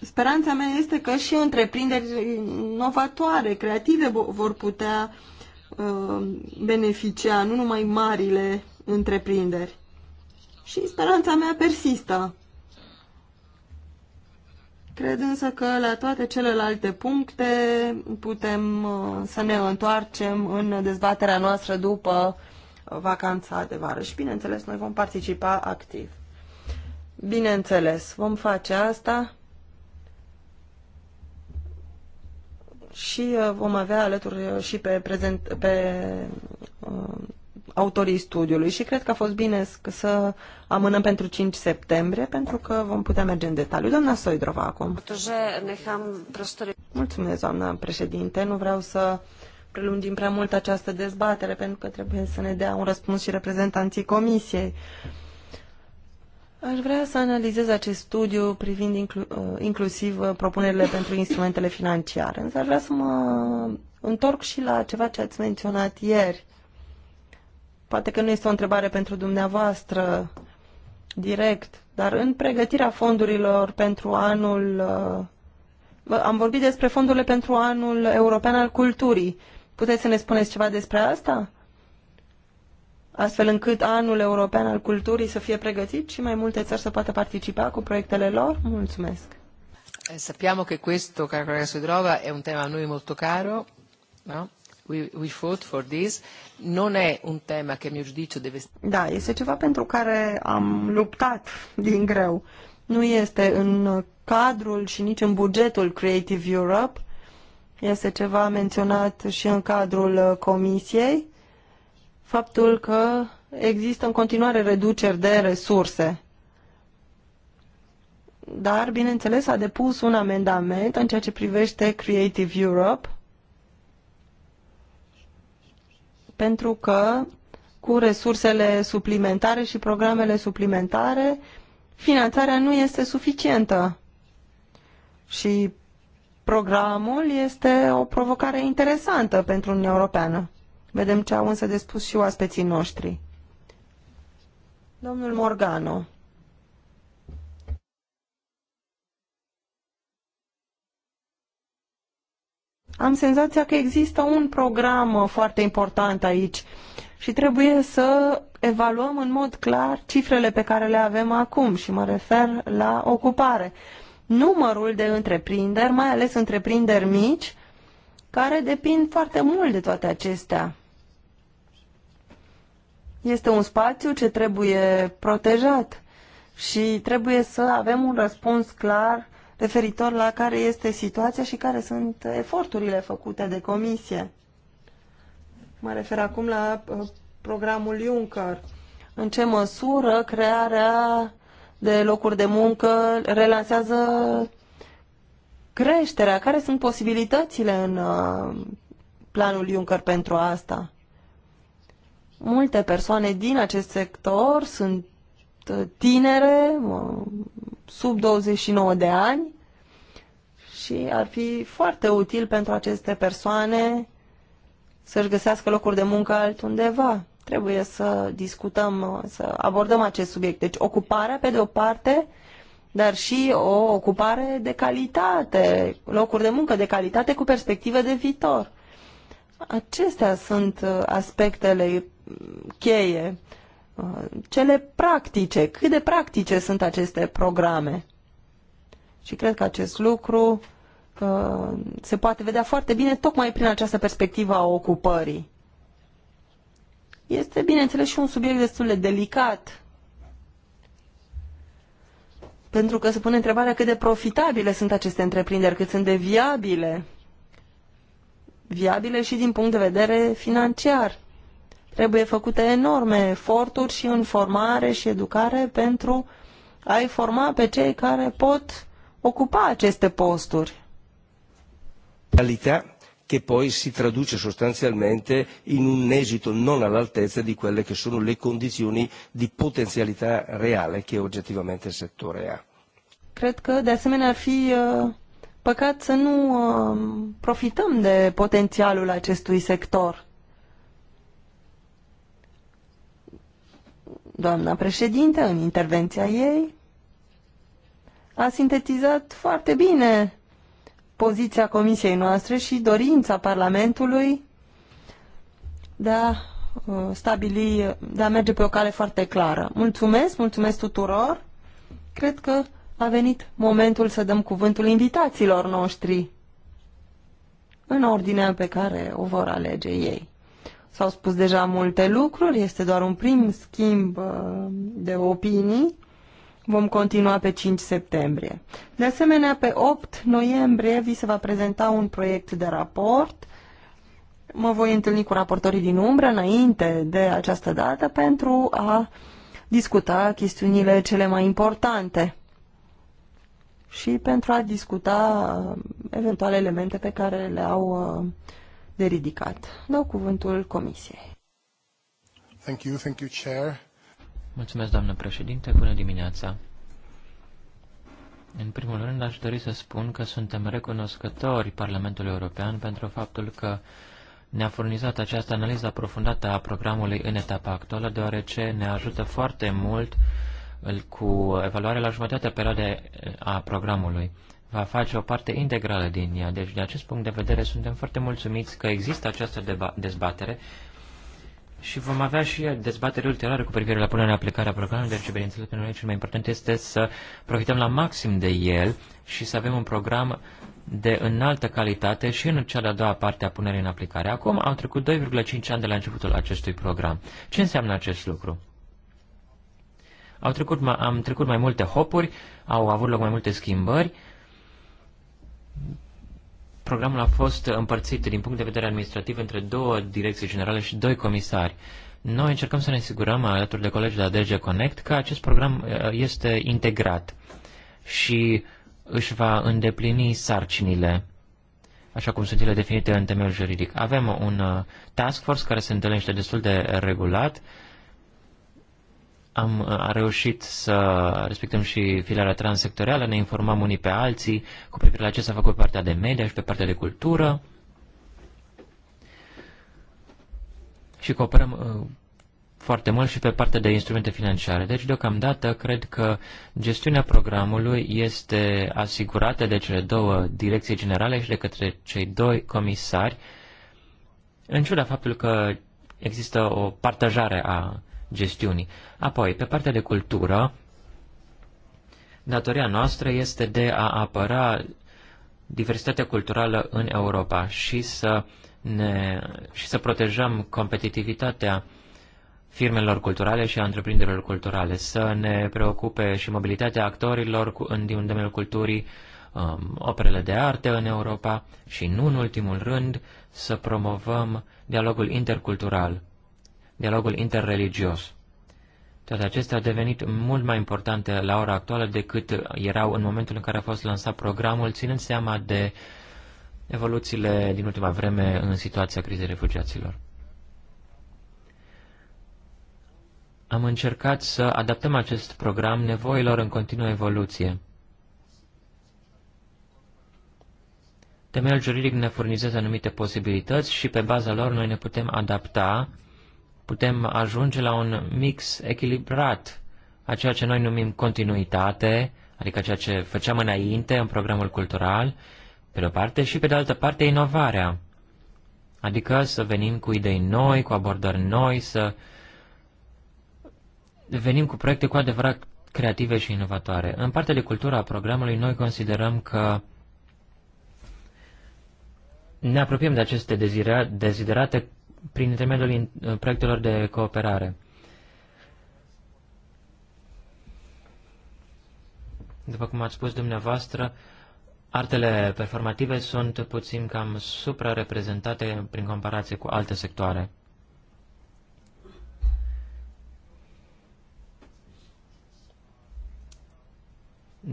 speranța mea este că și întreprinderi inovatoare, creative vor putea uh, beneficia, nu numai marile întreprinderi și speranța mea persistă. Cred însă că la toate celelalte puncte putem uh, să ne întoarcem în dezbaterea noastră după uh, vacanța de vară și, bineînțeles, noi vom participa activ. Bineînțeles, vom face asta și uh, vom avea alături și pe, prezent, pe autorii studiului și cred că a fost bine să amânăm pentru 5 septembrie, pentru că vom putea merge în detaliu. Doamna Soidrova acum. Mulțumesc, doamna președinte. Nu vreau să prelungim prea mult această dezbatere, pentru că trebuie să ne dea un răspuns și reprezentanții comisiei. Aș vrea să analizez acest studiu privind inclu uh, inclusiv uh, propunerile pentru instrumentele financiare, însă aș vrea să mă întorc și la ceva ce ați menționat ieri Poate că nu este o întrebare pentru dumneavoastră direct, dar în pregătirea fondurilor pentru anul... Uh, am vorbit despre fondurile pentru anul european al culturii. Puteți să ne spuneți ceva despre asta? Astfel încât anul european al culturii să fie pregătit și mai multe țări să poată participa cu proiectele lor? Mulțumesc! Eh, sappiamo che questo, caro collega Sudrova, è un tema a noi molto caro, no? We, fought for this. Non è un tema che mio giudizio deve... Da, este ceva pentru care am luptat din greu. Nu este în cadrul și nici în bugetul Creative Europe. Este ceva menționat și în cadrul uh, comisiei. Faptul că există în continuare reduceri de resurse. Dar, bineînțeles, a depus un amendament în ceea ce privește Creative Europe pentru că cu resursele suplimentare și programele suplimentare, finanțarea nu este suficientă. Și programul este o provocare interesantă pentru Uniunea Europeană. Vedem ce au însă de spus și oaspeții noștri. Domnul Morgano. am senzația că există un program uh, foarte important aici și trebuie să evaluăm în mod clar cifrele pe care le avem acum și mă refer la ocupare. Numărul de întreprinderi, mai ales întreprinderi mici, care depind foarte mult de toate acestea. Este un spațiu ce trebuie protejat și trebuie să avem un răspuns clar referitor la care este situația și care sunt eforturile făcute de comisie. Mă refer acum la uh, programul Juncker. În ce măsură crearea de locuri de muncă relansează creșterea? Care sunt posibilitățile în uh, planul Juncker pentru asta? Multe persoane din acest sector sunt tinere, sub 29 de ani și ar fi foarte util pentru aceste persoane să-și găsească locuri de muncă altundeva. Trebuie să discutăm, să abordăm acest subiect. Deci ocuparea, pe de o parte, dar și o ocupare de calitate, locuri de muncă de calitate cu perspectivă de viitor. Acestea sunt uh, aspectele cheie Uh, cele practice, cât de practice sunt aceste programe. Și cred că acest lucru uh, se poate vedea foarte bine tocmai prin această perspectivă a ocupării. Este, bineînțeles, și un subiect destul de delicat, pentru că se pune întrebarea cât de profitabile sunt aceste întreprinderi, cât sunt de viabile. Viabile și din punct de vedere financiar. Trebuie făcute enorme eforturi și în formare și educare pentru a-i forma pe cei care pot ocupa aceste posturi. Realitatea che poi si traduce sostanzialmente in un esito non all'altezza di quelle che sono le condizioni di potenzialità reale che oggettivamente il settore ha. Cred că de asemenea ar fi uh, păcat să nu uh, profităm de potențialul acestui sector. Doamna președinte, în intervenția ei, a sintetizat foarte bine poziția comisiei noastre și dorința Parlamentului de a uh, stabili, de a merge pe o cale foarte clară. Mulțumesc, mulțumesc tuturor. Cred că a venit momentul să dăm cuvântul invitațiilor noștri în ordinea pe care o vor alege ei. S-au spus deja multe lucruri, este doar un prim schimb uh, de opinii. Vom continua pe 5 septembrie. De asemenea, pe 8 noiembrie vi se va prezenta un proiect de raport. Mă voi întâlni cu raportorii din umbră înainte de această dată pentru a discuta chestiunile cele mai importante și pentru a discuta uh, eventuale elemente pe care le au uh, de ridicat. Dau cuvântul Comisiei. Thank you, thank you, Chair. Mulțumesc, doamnă președinte. Bună dimineața. În primul rând, aș dori să spun că suntem recunoscători Parlamentului European pentru faptul că ne-a furnizat această analiză aprofundată a programului în etapa actuală, deoarece ne ajută foarte mult cu evaluarea la jumătatea perioadei a programului va face o parte integrală din ea. Deci, de acest punct de vedere, suntem foarte mulțumiți că există această dezbatere și vom avea și dezbatere ulterioară cu privire la punerea în aplicare a programului, deci, bineînțeles, pentru noi cel mai important este să profităm la maxim de el și să avem un program de înaltă calitate și în cea de-a doua parte a punerii în aplicare. Acum au trecut 2,5 ani de la începutul acestui program. Ce înseamnă acest lucru? Au trecut, am trecut mai multe hopuri, au avut loc mai multe schimbări, Programul a fost împărțit din punct de vedere administrativ între două direcții generale și doi comisari. Noi încercăm să ne asigurăm, alături de colegi de la DG Connect, că acest program uh, este integrat și își va îndeplini sarcinile, așa cum sunt ele definite în temeiul juridic. Avem un uh, task force care se întâlnește destul de regulat, am a reușit să respectăm și filarea transsectorială, ne informăm unii pe alții cu privire la ce s-a făcut pe partea de media și pe partea de cultură și cooperăm uh, foarte mult și pe partea de instrumente financiare. Deci, deocamdată, cred că gestiunea programului este asigurată de cele două direcții generale și de către cei doi comisari, în ciuda faptului că există o partajare a gestiunii. Apoi, pe partea de cultură, datoria noastră este de a apăra diversitatea culturală în Europa și să, ne, și să protejăm competitivitatea firmelor culturale și a întreprinderilor culturale, să ne preocupe și mobilitatea actorilor cu, în domeniul culturii, um, operele de artă în Europa și, nu în ultimul rând, să promovăm dialogul intercultural dialogul interreligios. Toate acestea au devenit mult mai importante la ora actuală decât erau în momentul în care a fost lansat programul, ținând seama de evoluțiile din ultima vreme în situația crizei refugiaților. Am încercat să adaptăm acest program nevoilor în continuă evoluție. Temeiul juridic ne furnizează anumite posibilități și pe baza lor noi ne putem adapta putem ajunge la un mix echilibrat a ceea ce noi numim continuitate, adică ceea ce făceam înainte în programul cultural, pe de-o parte, și pe de altă parte inovarea, adică să venim cu idei noi, cu abordări noi, să venim cu proiecte cu adevărat creative și inovatoare. În partea de cultură a programului, noi considerăm că ne apropiem de aceste deziderate prin intermediul uh, proiectelor de cooperare. După cum ați spus dumneavoastră, artele performative sunt puțin cam suprareprezentate prin comparație cu alte sectoare.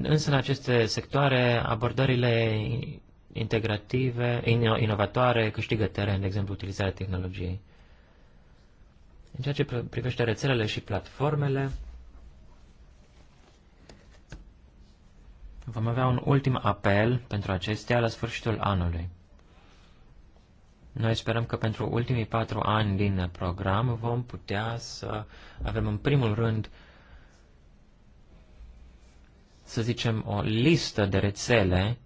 Însă în aceste sectoare abordările integrative, inovatoare, câștigă teren, de exemplu, utilizarea tehnologiei. În ceea ce privește rețelele și platformele, vom avea un ultim apel pentru acestea la sfârșitul anului. Noi sperăm că pentru ultimii patru ani din program vom putea să avem în primul rând, să zicem, o listă de rețele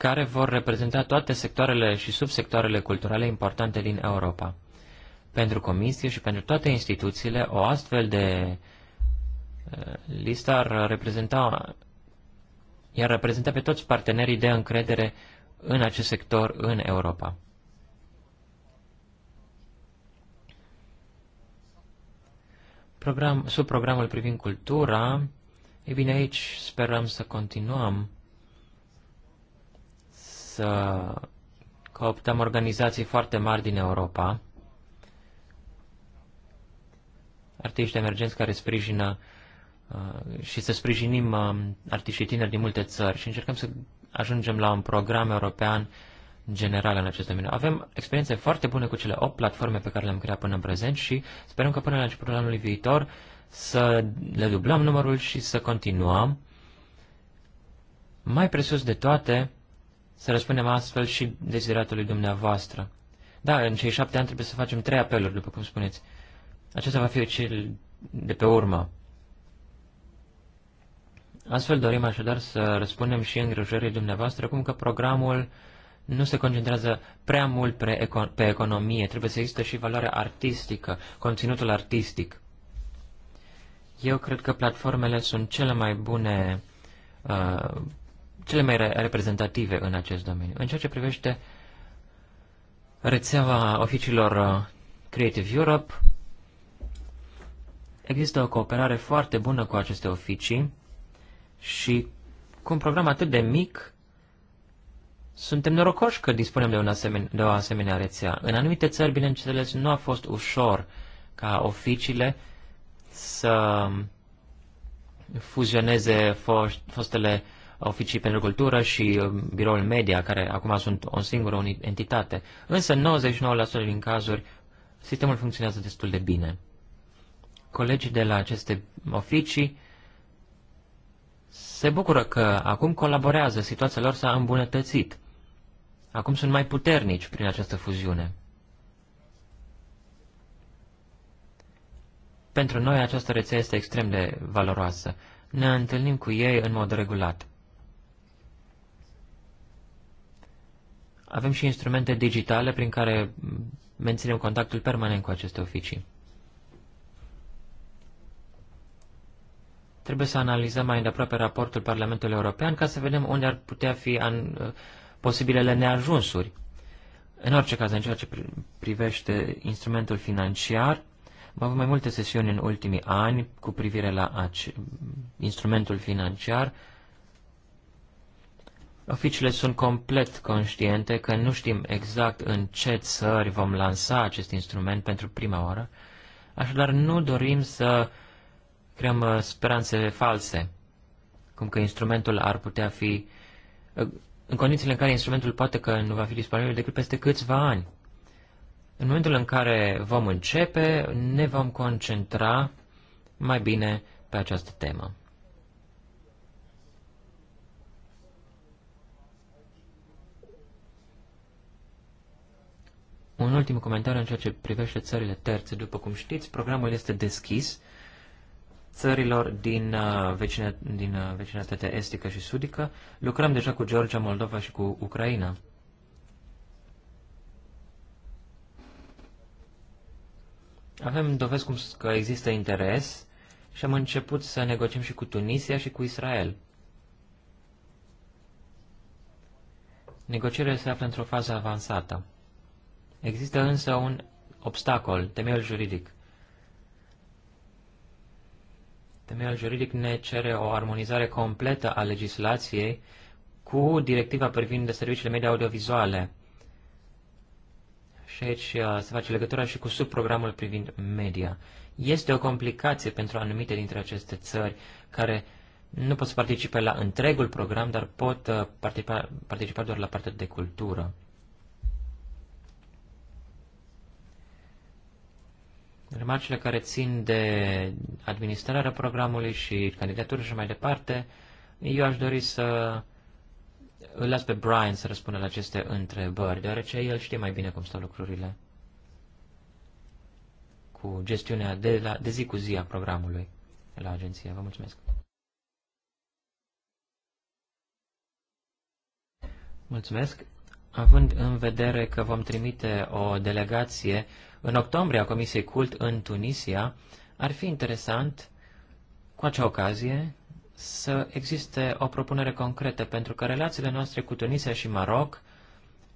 care vor reprezenta toate sectoarele și subsectoarele culturale importante din Europa. Pentru Comisie și pentru toate instituțiile, o astfel de eh, listă ar reprezenta, iar reprezenta pe toți partenerii de încredere în acest sector în Europa. Program, sub programul privind cultura, e bine aici sperăm să continuăm să cooptăm organizații foarte mari din Europa, artiști emergenți care sprijină uh, și să sprijinim uh, artiștii tineri din multe țări și încercăm să ajungem la un program european general în acest domeniu. Avem experiențe foarte bune cu cele 8 platforme pe care le-am creat până în prezent și sperăm că până la începutul anului viitor să le dublăm numărul și să continuăm. Mai presus de toate, să răspundem astfel și dezideratului dumneavoastră. Da, în cei șapte ani trebuie să facem trei apeluri, după cum spuneți. Acesta va fi cel de pe urmă. Astfel dorim așadar să răspundem și îngrijorării dumneavoastră, cum că programul nu se concentrează prea mult pe, econ- pe economie, trebuie să existe și valoare artistică, conținutul artistic. Eu cred că platformele sunt cele mai bune uh, cele mai reprezentative în acest domeniu. În ceea ce privește rețeaua oficiilor uh, Creative Europe, există o cooperare foarte bună cu aceste oficii și cu un program atât de mic, suntem norocoși că dispunem de, un asemen- de o asemenea rețea. În anumite țări, bineînțeles, nu a fost ușor ca oficiile să fuzioneze fostele oficii pentru cultură și uh, biroul media, care acum sunt o singură entitate. Însă, în 99% din cazuri, sistemul funcționează destul de bine. Colegii de la aceste oficii se bucură că acum colaborează, situația lor s-a îmbunătățit. Acum sunt mai puternici prin această fuziune. Pentru noi această rețea este extrem de valoroasă. Ne întâlnim cu ei în mod regulat. Avem și instrumente digitale prin care menținem contactul permanent cu aceste oficii. Trebuie să analizăm mai îndeaproape raportul Parlamentului European ca să vedem unde ar putea fi an, posibilele neajunsuri. În orice caz, în ceea ce privește instrumentul financiar, am avut mai multe sesiuni în ultimii ani cu privire la instrumentul financiar Oficiile sunt complet conștiente că nu știm exact în ce țări vom lansa acest instrument pentru prima oară, așadar nu dorim să creăm uh, speranțe false, cum că instrumentul ar putea fi, uh, în condițiile în care instrumentul poate că nu va fi disponibil decât peste câțiva ani. În momentul în care vom începe, ne vom concentra mai bine pe această temă. Un ultim comentariu în ceea ce privește țările terțe. După cum știți, programul este deschis țărilor din, uh, vecine, din uh, vecinătatea estică și sudică. Lucrăm deja cu Georgia, Moldova și cu Ucraina. Avem dovezi cum că există interes și am început să negociem și cu Tunisia și cu Israel. Negocierile se află într-o fază avansată. Există însă un obstacol, temeiul juridic. Temeiul juridic ne cere o armonizare completă a legislației cu directiva privind serviciile media audiovizuale. Și aici uh, se face legătura și cu subprogramul privind media. Este o complicație pentru anumite dintre aceste țări care nu pot să participe la întregul program, dar pot uh, participa, participa doar la partea de cultură. remarcile care țin de administrarea programului și candidaturile și mai departe, eu aș dori să îl las pe Brian să răspundă la aceste întrebări, deoarece el știe mai bine cum stau lucrurile cu gestiunea de, la, de zi cu zi a programului la agenție. Vă mulțumesc! Mulțumesc! Având în vedere că vom trimite o delegație în octombrie a Comisiei Cult în Tunisia, ar fi interesant, cu acea ocazie, să existe o propunere concretă, pentru că relațiile noastre cu Tunisia și Maroc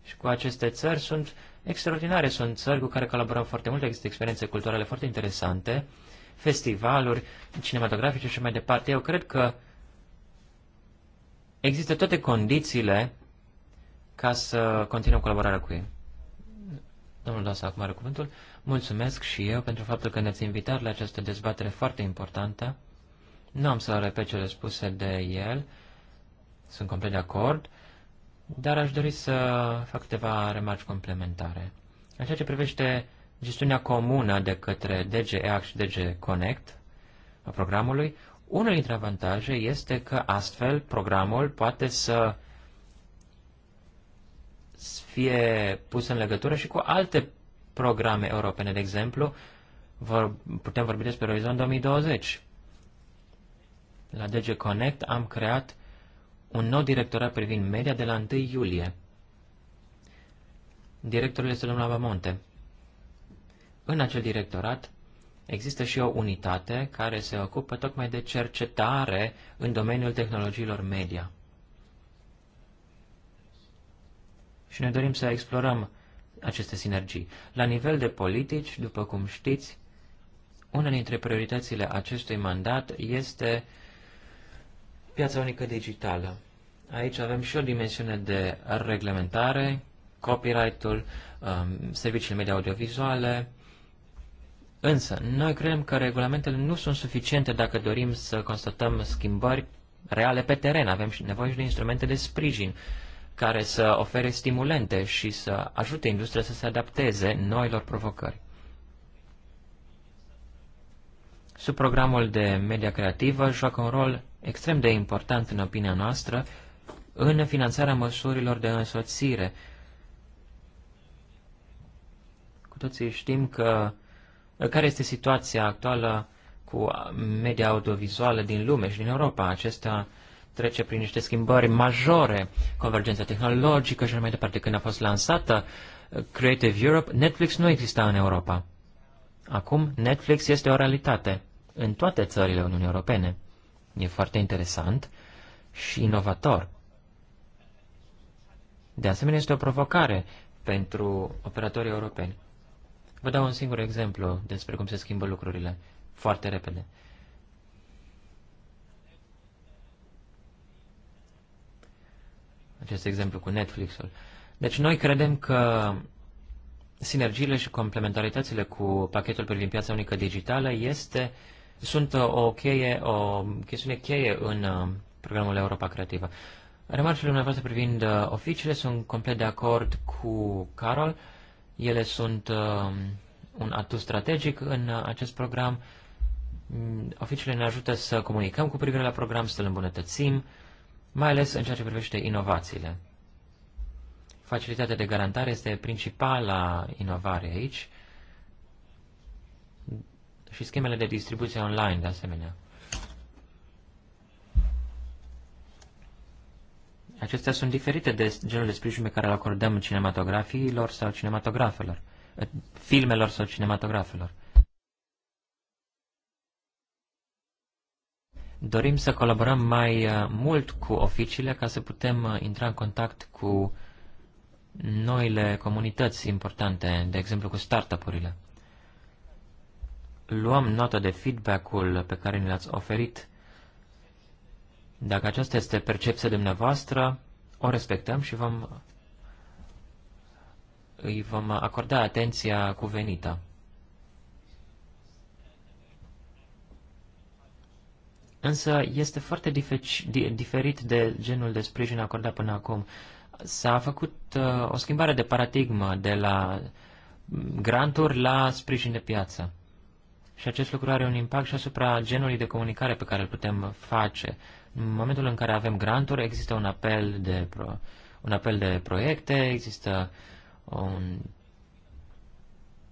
și cu aceste țări sunt extraordinare. Sunt țări cu care colaborăm foarte mult, există experiențe culturale foarte interesante, festivaluri cinematografice și mai departe. Eu cred că există toate condițiile ca să continuăm colaborarea cu ei. Domnul Lasa, acum are cuvântul. Mulțumesc și eu pentru faptul că ne-ați invitat la această dezbatere foarte importantă. Nu am să repet cele spuse de el, sunt complet de acord, dar aș dori să fac câteva remarci complementare. În ceea ce privește gestiunea comună de către DG EAC și DG Connect a programului, unul dintre avantaje este că astfel programul poate să fie pus în legătură și cu alte programe europene. De exemplu, vor, putem vorbi despre Orizont 2020. La DG Connect am creat un nou directorat privind media de la 1 iulie. Directorul este domnul Abamonte. În acel directorat există și o unitate care se ocupă tocmai de cercetare în domeniul tehnologiilor media. și ne dorim să explorăm aceste sinergii. La nivel de politici, după cum știți, una dintre prioritățile acestui mandat este piața unică digitală. Aici avem și o dimensiune de reglementare, copyright-ul, um, serviciile media audiovizuale, însă noi credem că regulamentele nu sunt suficiente dacă dorim să constatăm schimbări reale pe teren. Avem nevoie și de instrumente de sprijin care să ofere stimulente și să ajute industria să se adapteze noilor provocări. Sub programul de media creativă joacă un rol extrem de important în opinia noastră în finanțarea măsurilor de însoțire. Cu toții știm că care este situația actuală cu media audiovizuală din lume și din Europa. Acestea trece prin niște schimbări majore, convergența tehnologică și mai departe. Când a fost lansată uh, Creative Europe, Netflix nu exista în Europa. Acum Netflix este o realitate în toate țările Uniunii Europene. E foarte interesant și inovator. De asemenea, este o provocare pentru operatorii europeni. Vă dau un singur exemplu despre cum se schimbă lucrurile, foarte repede. acest exemplu cu Netflix-ul. Deci noi credem că sinergiile și complementaritățile cu pachetul privind piața unică digitală este, sunt o, cheie, o chestiune cheie în uh, programul Europa Creativă. Remarcile dumneavoastră privind uh, oficiile sunt complet de acord cu Carol. Ele sunt uh, un atu strategic în acest program. Mm, oficiile ne ajută să comunicăm cu privire la program, să-l îmbunătățim, mai ales în ceea ce privește inovațiile. Facilitatea de garantare este principala inovare aici și schemele de distribuție online, de asemenea. Acestea sunt diferite de genul de sprijin pe care îl acordăm cinematografiilor sau cinematografelor, eh, filmelor sau cinematografelor. Dorim să colaborăm mai uh, mult cu oficiile ca să putem uh, intra în contact cu noile comunități importante, de exemplu cu startup-urile. Luăm notă de feedback-ul pe care ni l-ați oferit. Dacă aceasta este percepția dumneavoastră, o respectăm și vom, îi vom acorda atenția cuvenită. însă este foarte diferit de genul de sprijin acordat până acum. S-a făcut uh, o schimbare de paradigmă de la granturi la sprijin de piață. Și acest lucru are un impact și asupra genului de comunicare pe care îl putem face. În momentul în care avem granturi, există un apel de, pro, un apel de proiecte, există o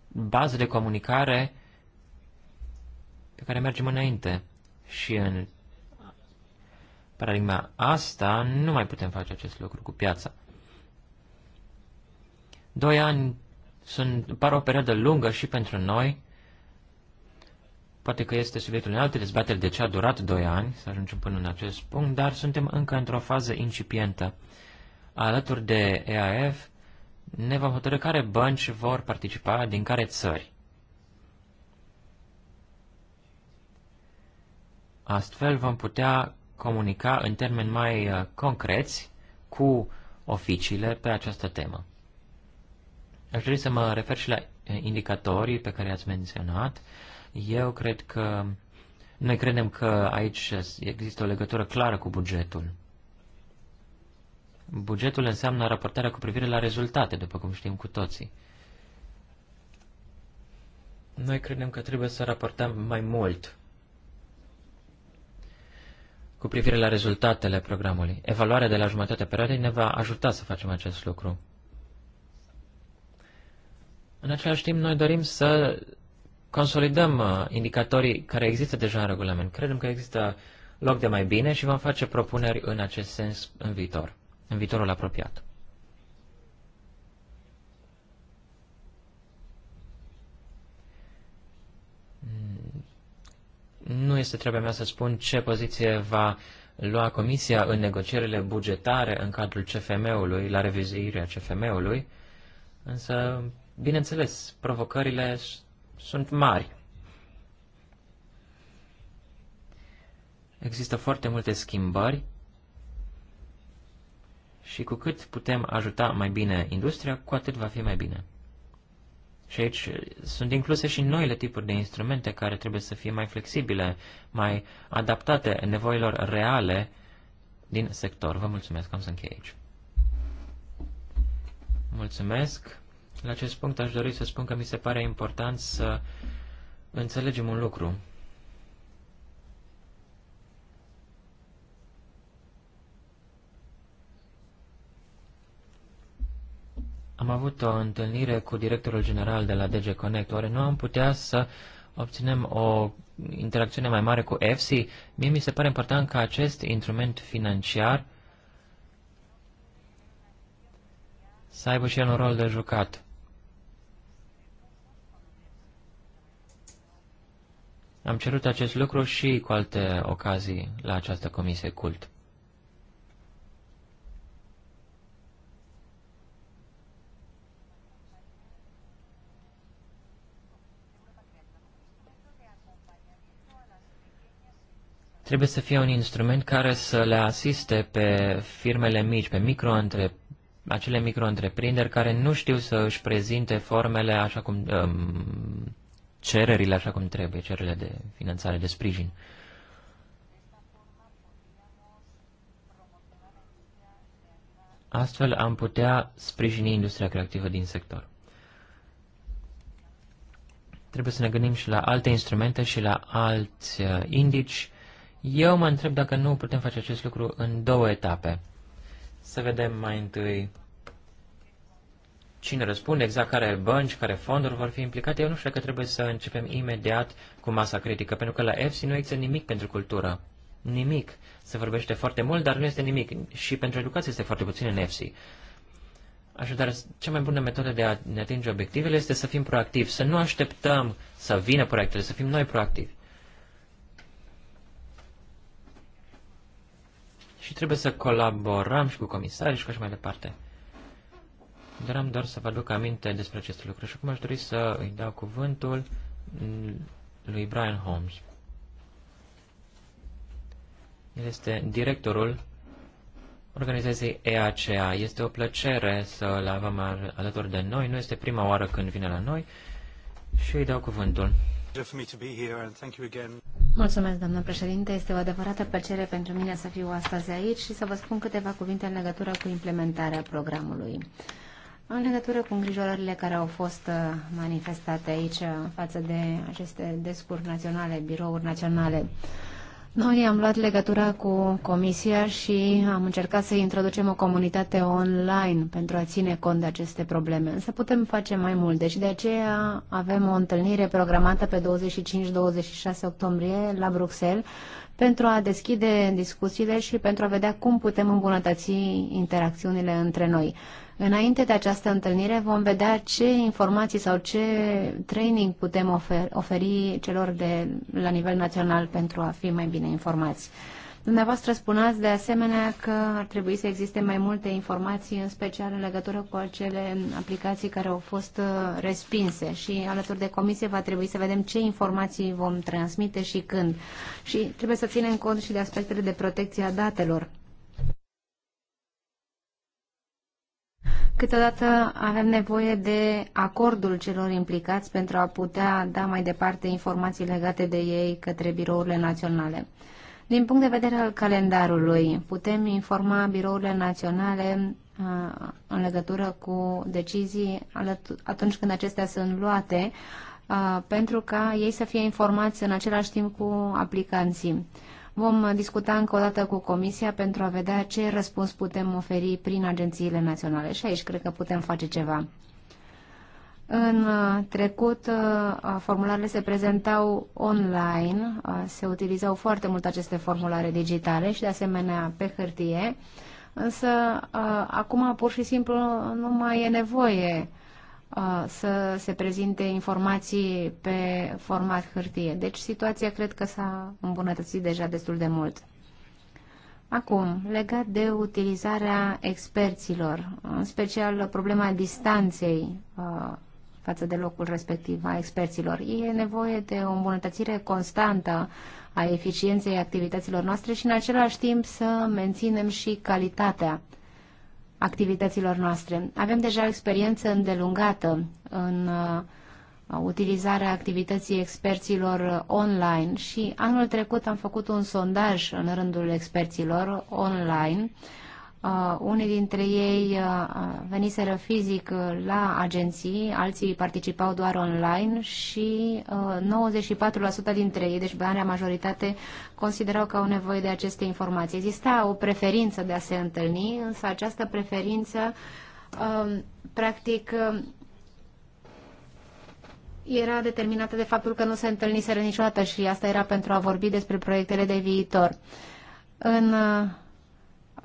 bază de comunicare pe care mergem înainte. Și în paradigma asta nu mai putem face acest lucru cu piața. Doi ani sunt, par o perioadă lungă și pentru noi. Poate că este subiectul în alte dezbateri de ce a durat doi ani să ajungem până în acest punct, dar suntem încă într-o fază incipientă. Alături de EAF ne vom hotărâ care bănci vor participa din care țări. Astfel vom putea comunica în termeni mai uh, concreți cu oficiile pe această temă. Aș dori să mă refer și la uh, indicatorii pe care i-ați menționat. Eu cred că noi credem că aici există o legătură clară cu bugetul. Bugetul înseamnă raportarea cu privire la rezultate, după cum știm cu toții. Noi credem că trebuie să raportăm mai mult cu privire la rezultatele programului. Evaluarea de la jumătatea perioadei ne va ajuta să facem acest lucru. În același timp, noi dorim să consolidăm uh, indicatorii care există deja în regulament. Credem că există loc de mai bine și vom face propuneri în acest sens în viitor, în viitorul apropiat. Nu este treaba mea să spun ce poziție va lua Comisia în negocierile bugetare în cadrul CFM-ului, la revizuirea CFM-ului, însă, bineînțeles, provocările sunt mari. Există foarte multe schimbări și cu cât putem ajuta mai bine industria, cu atât va fi mai bine. Și aici sunt incluse și noile tipuri de instrumente care trebuie să fie mai flexibile, mai adaptate nevoilor reale din sector. Vă mulțumesc, am să închei aici. Mulțumesc. La acest punct aș dori să spun că mi se pare important să înțelegem un lucru. Am avut o întâlnire cu directorul general de la DG Connect. Oare nu am putea să obținem o interacțiune mai mare cu EFSI? Mie mi se pare important ca acest instrument financiar să aibă și el un rol de jucat. Am cerut acest lucru și cu alte ocazii la această comisie cult. trebuie să fie un instrument care să le asiste pe firmele mici, pe micro între acele micro-întreprinderi care nu știu să își prezinte formele așa cum, um, cererile așa cum trebuie, cererile de finanțare, de sprijin. Astfel am putea sprijini industria creativă din sector. Trebuie să ne gândim și la alte instrumente și la alți uh, indici eu mă întreb dacă nu putem face acest lucru în două etape. Să vedem mai întâi cine răspunde, exact care bănci, care fonduri vor fi implicate. Eu nu știu că trebuie să începem imediat cu masa critică, pentru că la EFSI nu există nimic pentru cultură. Nimic. Se vorbește foarte mult, dar nu este nimic. Și pentru educație este foarte puțin în EFSI. Așadar, cea mai bună metodă de a ne atinge obiectivele este să fim proactivi, să nu așteptăm să vină proiectele, să fim noi proactivi. și trebuie să colaborăm și cu comisarii și cu așa mai departe. Dar am doar să vă aduc aminte despre acest lucru și acum aș dori să îi dau cuvântul lui Brian Holmes. El este directorul organizației EACA. Este o plăcere să-l avem alături de noi. Nu este prima oară când vine la noi și îi dau cuvântul. Mulțumesc, doamnă președinte. Este o adevărată plăcere pentru mine să fiu astăzi aici și să vă spun câteva cuvinte în legătură cu implementarea programului. În legătură cu îngrijorările care au fost uh, manifestate aici uh, față de aceste descuri naționale, birouri naționale, uh, noi am luat legătura cu Comisia și am încercat să introducem o comunitate online pentru a ține cont de aceste probleme, însă putem face mai mult. Deci de aceea avem o întâlnire programată pe 25-26 octombrie la Bruxelles pentru a deschide discuțiile și pentru a vedea cum putem îmbunătăți interacțiunile între noi. Înainte de această întâlnire vom vedea ce informații sau ce training putem ofer, oferi celor de la nivel național pentru a fi mai bine informați. Dumneavoastră spuneați de asemenea că ar trebui să existe mai multe informații, în special în legătură cu acele aplicații care au fost uh, respinse și alături de comisie va trebui să vedem ce informații vom transmite și când. Și trebuie să ținem cont și de aspectele de protecție a datelor Câteodată avem nevoie de acordul celor implicați pentru a putea da mai departe informații legate de ei către birourile naționale. Din punct de vedere al calendarului, putem informa birourile naționale uh, în legătură cu decizii atunci când acestea sunt luate, uh, pentru ca ei să fie informați în același timp cu aplicanții. Vom discuta încă o dată cu Comisia pentru a vedea ce răspuns putem oferi prin agențiile naționale și aici cred că putem face ceva. În uh, trecut, uh, formularele se prezentau online, uh, se utilizau foarte mult aceste formulare digitale și, de asemenea, pe hârtie, însă acum pur și simplu nu mai e nevoie să se prezinte informații pe format hârtie. Deci situația cred că s-a îmbunătățit deja destul de mult. Acum, legat de utilizarea experților, în special problema distanței față de locul respectiv a experților. E nevoie de o îmbunătățire constantă a eficienței activităților noastre și în același timp să menținem și calitatea activităților noastre. Avem deja experiență îndelungată în uh, utilizarea activității experților online și anul trecut am făcut un sondaj în rândul experților online Uh, unii dintre ei uh, uh, veniseră fizic uh, la agenții, alții participau doar online și uh, 94% dintre ei, deci banii majoritate, considerau că au nevoie de aceste informații. Exista o preferință de a se întâlni, însă această preferință, uh, practic, uh, era determinată de faptul că nu se întâlniseră niciodată și asta era pentru a vorbi despre proiectele de viitor. În uh,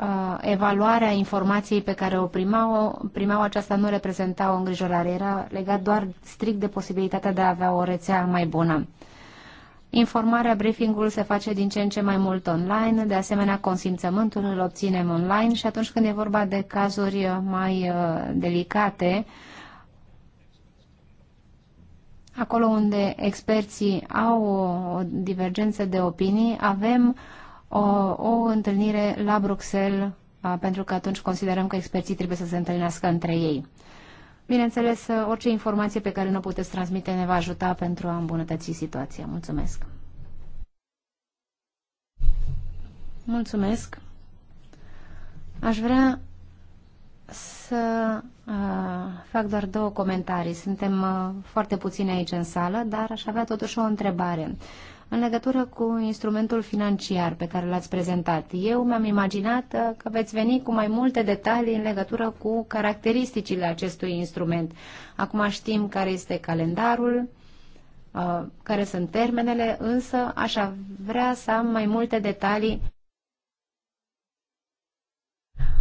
Uh, evaluarea informației pe care o primau, primau aceasta nu reprezenta o îngrijorare, era legat doar strict de posibilitatea de a avea o rețea mai bună. Informarea, briefingul se face din ce în ce mai mult online, de asemenea consimțământul îl obținem online și atunci când e vorba de cazuri uh, mai uh, delicate, acolo unde experții au o divergență de opinii, avem uh, o, o întâlnire la Bruxelles, pentru că atunci considerăm că experții trebuie să se întâlnească între ei. Bineînțeles, orice informație pe care nu puteți transmite ne va ajuta pentru a îmbunătăți situația. Mulțumesc! Mulțumesc! Aș vrea să uh, fac doar două comentarii. Suntem uh, foarte puțini aici în sală, dar aș avea totuși o întrebare. În legătură cu instrumentul financiar pe care l-ați prezentat, eu mi-am imaginat uh, că veți veni cu mai multe detalii în legătură cu caracteristicile acestui instrument. Acum știm care este calendarul, uh, care sunt termenele, însă aș vrea să am mai multe detalii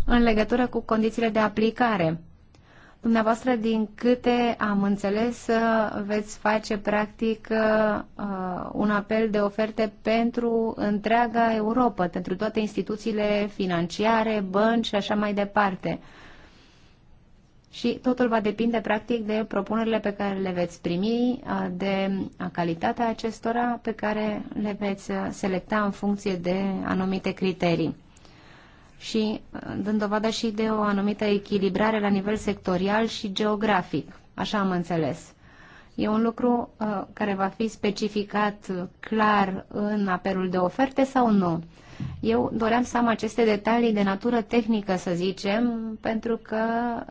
în legătură cu condițiile de aplicare. Dumneavoastră, din câte am înțeles, uh, veți face practic uh, uh, un apel de oferte pentru întreaga Europa, pentru toate instituțiile financiare, bănci și așa mai departe. Și totul va depinde practic de propunerile pe care le veți primi, de calitatea acestora pe care le veți selecta în funcție de anumite criterii și uh, dând dovadă și de o anumită echilibrare la nivel sectorial și geografic. Așa am înțeles. E un lucru uh, care va fi specificat uh, clar în apelul de oferte sau nu? Eu doream să am aceste detalii de natură tehnică, să zicem, pentru că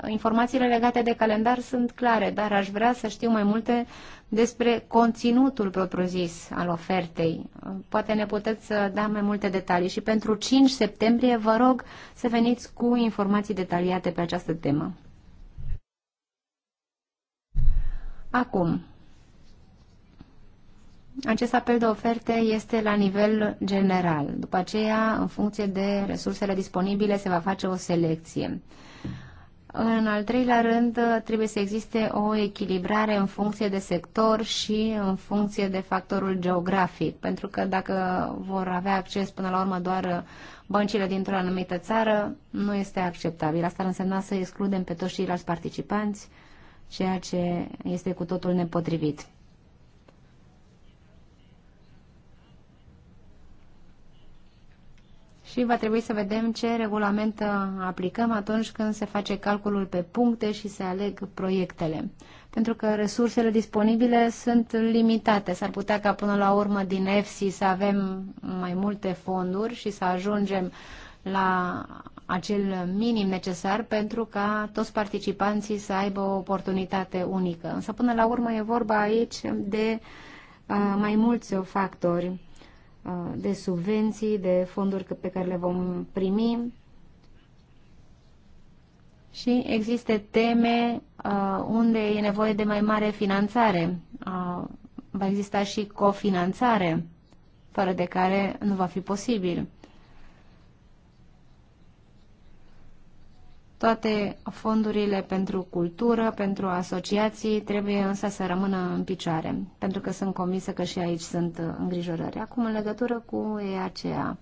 informațiile legate de calendar sunt clare, dar aș vrea să știu mai multe despre conținutul propriu-zis al ofertei. Poate ne puteți uh, da mai multe detalii și pentru 5 septembrie vă rog să veniți cu informații detaliate pe această temă. Acum, acest apel de oferte este la nivel general. După aceea, în funcție de resursele disponibile, se va face o selecție. În al treilea rând, trebuie să existe o echilibrare în funcție de sector și în funcție de factorul geografic, pentru că dacă vor avea acces până la urmă doar băncile dintr-o anumită țară, nu este acceptabil. Asta ar însemna să excludem pe toți ceilalți participanți ceea ce este cu totul nepotrivit. și va trebui să vedem ce regulament uh, aplicăm atunci când se face calculul pe puncte și se aleg proiectele. Pentru că resursele disponibile sunt limitate. S-ar putea ca până la urmă din EFSI să avem mai multe fonduri și să ajungem la acel minim necesar pentru ca toți participanții să aibă o oportunitate unică. Însă până la urmă e vorba aici de uh, mai mulți factori, uh, de subvenții, de fonduri pe care le vom primi, și există teme uh, unde e nevoie de mai mare finanțare. Uh, va exista și cofinanțare, fără de care nu va fi posibil. Toate fondurile pentru cultură, pentru asociații, trebuie însă să rămână în picioare, pentru că sunt convinsă că și aici sunt uh, îngrijorări. Acum, în legătură cu aceea.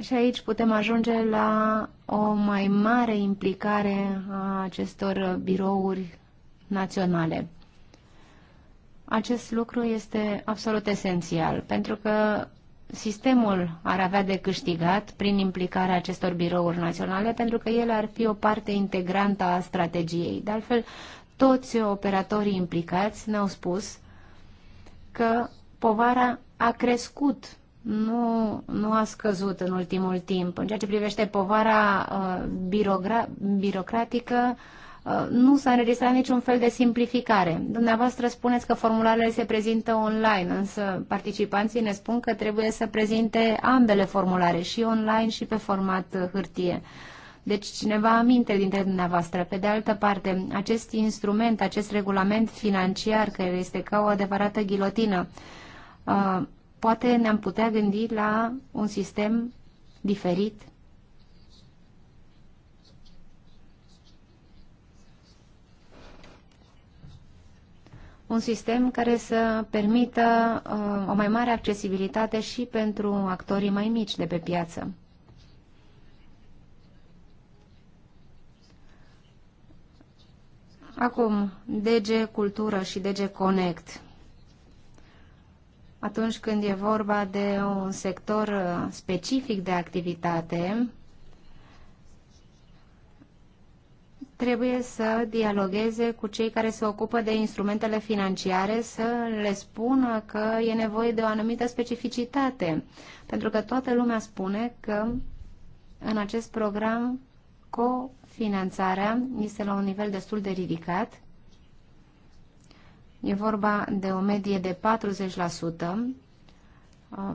Și aici putem ajunge la o mai mare implicare a acestor birouri naționale. Acest lucru este absolut esențial, pentru că sistemul ar avea de câștigat prin implicarea acestor birouri naționale, pentru că ele ar fi o parte integrantă a strategiei. De altfel, toți operatorii implicați ne-au spus că povara a crescut, nu, nu a scăzut în ultimul timp. În ceea ce privește povara uh, birocratică, Uh, nu s-a înregistrat niciun fel de simplificare. Dumneavoastră spuneți că formularele se prezintă online, însă participanții ne spun că trebuie să prezinte ambele formulare, și online și pe format uh, hârtie. Deci cineva aminte dintre dumneavoastră. Pe de altă parte, acest instrument, acest regulament financiar, care este ca o adevărată ghilotină, uh, poate ne-am putea gândi la un sistem diferit un sistem care să permită uh, o mai mare accesibilitate și pentru actorii mai mici de pe piață. Acum, DG Cultură și DG Connect. Atunci când e vorba de un sector uh, specific de activitate, trebuie să dialogueze cu cei care se ocupă de instrumentele financiare, să le spună că e nevoie de o anumită specificitate, pentru că toată lumea spune că în acest program cofinanțarea este la un nivel destul de ridicat. E vorba de o medie de 40%.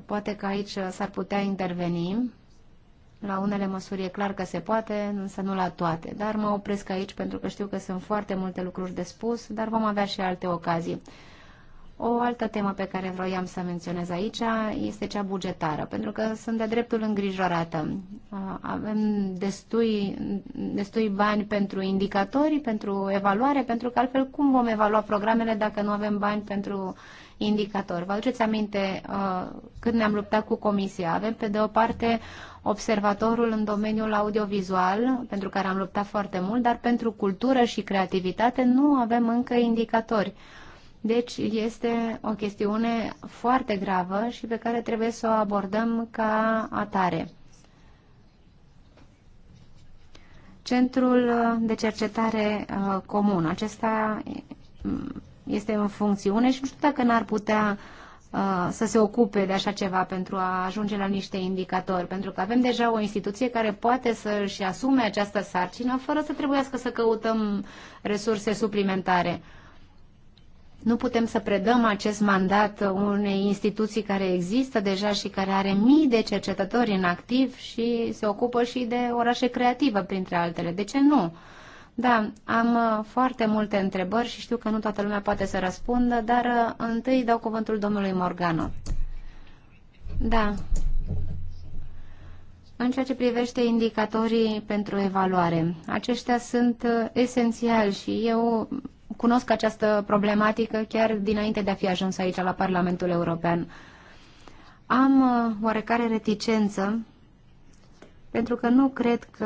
Poate că aici s-ar putea interveni la unele măsuri e clar că se poate, însă nu la toate. Dar mă opresc aici pentru că știu că sunt foarte multe lucruri de spus, dar vom avea și alte ocazii. O altă temă pe care vroiam să menționez aici este cea bugetară, pentru că sunt de dreptul îngrijorată. Avem destui, destui bani pentru indicatori, pentru evaluare, pentru că altfel cum vom evalua programele dacă nu avem bani pentru indicatori? Vă aduceți aminte când ne-am luptat cu Comisia? Avem pe de o parte observatorul în domeniul audiovizual, pentru care am luptat foarte mult, dar pentru cultură și creativitate nu avem încă indicatori. Deci este o chestiune foarte gravă și pe care trebuie să o abordăm ca atare. Centrul de cercetare uh, comun, acesta mm, este în funcțiune și nu știu dacă n-ar putea uh, Uh, să se ocupe de așa ceva pentru a ajunge la niște indicatori, pentru că avem deja o instituție care poate să-și asume această sarcină fără să trebuiască să căutăm resurse suplimentare. Nu putem să predăm acest mandat unei instituții care există deja și care are mii de cercetători în activ și se ocupă și de orașe creative, printre altele. De ce nu? Da, am uh, foarte multe întrebări și știu că nu toată lumea poate să răspundă, dar uh, întâi dau cuvântul domnului Morgano. Da. În ceea ce privește indicatorii pentru evaluare, aceștia sunt uh, esențiali și eu cunosc această problematică chiar dinainte de a fi ajuns aici la Parlamentul European. Am oarecare reticență pentru că nu cred că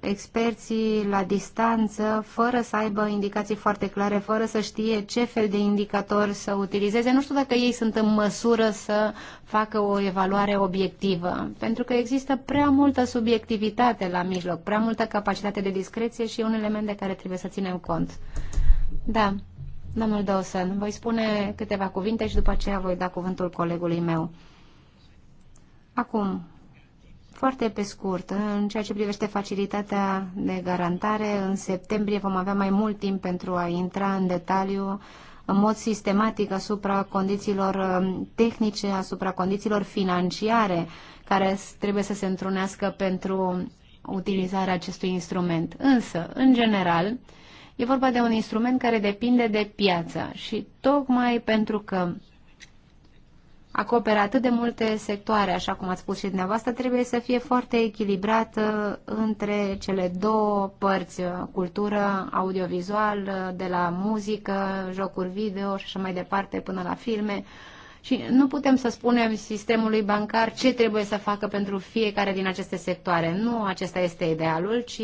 experții la distanță, fără să aibă indicații foarte clare, fără să știe ce fel de indicator să utilizeze, nu știu dacă ei sunt în măsură să facă o evaluare obiectivă, pentru că există prea multă subiectivitate la mijloc, prea multă capacitate de discreție și un element de care trebuie să ținem cont. Da, domnul Dawson, voi spune câteva cuvinte și după aceea voi da cuvântul colegului meu. Acum, foarte pe scurt, în ceea ce privește facilitatea de garantare, în septembrie vom avea mai mult timp pentru a intra în detaliu în mod sistematic asupra condițiilor um, tehnice, asupra condițiilor financiare care trebuie să se întrunească pentru utilizarea acestui instrument. Însă, în general, e vorba de un instrument care depinde de piață și tocmai pentru că acoperă atât de multe sectoare, așa cum ați spus și dumneavoastră, trebuie să fie foarte echilibrată uh, între cele două părți, uh, cultură, audiovizual, uh, de la muzică, jocuri video și așa mai departe până la filme. Și nu putem să spunem sistemului bancar ce trebuie să facă pentru fiecare din aceste sectoare. Nu acesta este idealul, ci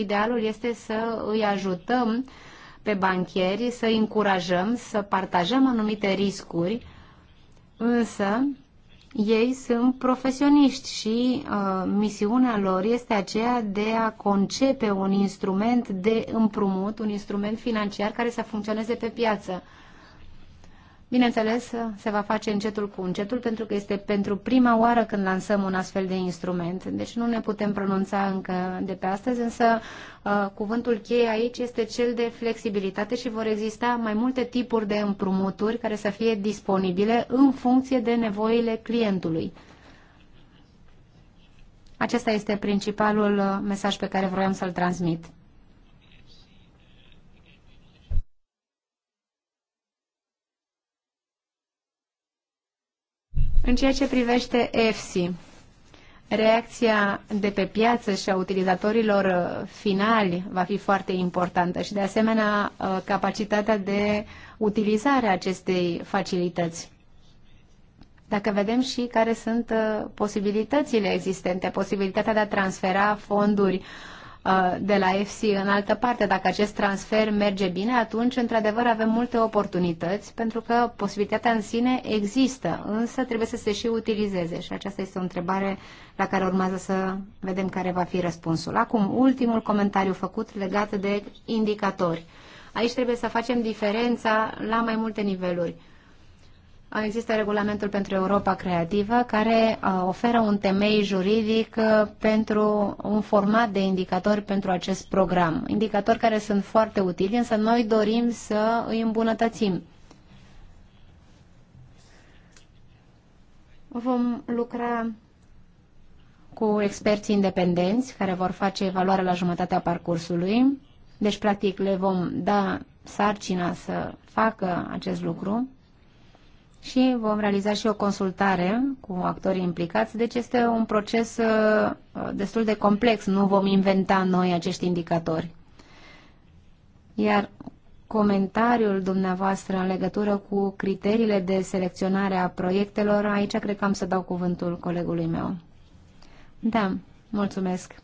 idealul este să îi ajutăm pe banchieri, să îi încurajăm să partajăm anumite riscuri Însă, ei sunt profesioniști și uh, misiunea lor este aceea de a concepe un instrument de împrumut, un instrument financiar care să funcționeze pe piață. Uh, Bineînțeles, se va face încetul cu încetul, pentru că este pentru prima oară când lansăm un astfel de instrument. Deci nu ne putem pronunța încă de pe astăzi, însă uh, cuvântul cheie aici este cel de flexibilitate și vor exista mai multe tipuri de împrumuturi care să fie disponibile în funcție de nevoile clientului. Acesta este principalul uh, mesaj pe care vroiam să-l transmit. În ceea ce privește EFSI, reacția de pe piață și a utilizatorilor uh, finali va fi foarte importantă și, de asemenea, uh, capacitatea de utilizare a acestei facilități. Dacă vedem și care sunt uh, posibilitățile existente, posibilitatea de a transfera fonduri uh, Uh, de la FC în altă parte. Dacă acest transfer merge bine, atunci, într-adevăr, avem multe oportunități, pentru că posibilitatea în sine există, însă trebuie să se și utilizeze. Și aceasta este o întrebare la care urmează să vedem care va fi răspunsul. Acum, ultimul comentariu făcut legat de indicatori. Aici trebuie să facem diferența la mai multe niveluri. Există regulamentul pentru Europa Creativă care uh, oferă un temei juridic uh, pentru un format de indicatori pentru acest program. Indicatori care sunt foarte utili, însă noi dorim să îi îmbunătățim. Vom lucra cu experți independenți care vor face evaluare la jumătatea parcursului. Deci, practic, le vom da sarcina să facă acest lucru și vom realiza și o consultare cu actorii implicați, deci este un proces uh, destul de complex, nu vom inventa noi acești indicatori. Iar comentariul dumneavoastră în legătură cu criteriile de selecționare a proiectelor, aici cred că am să dau cuvântul colegului meu. Da, mulțumesc.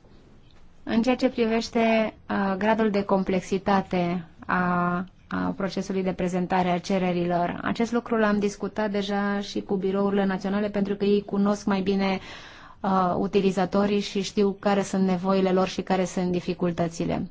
În ceea ce privește uh, gradul de complexitate a a procesului de prezentare a cererilor. Acest lucru l-am discutat deja și cu birourile naționale pentru că ei cunosc mai bine uh, utilizatorii și știu care sunt nevoile lor și care sunt dificultățile.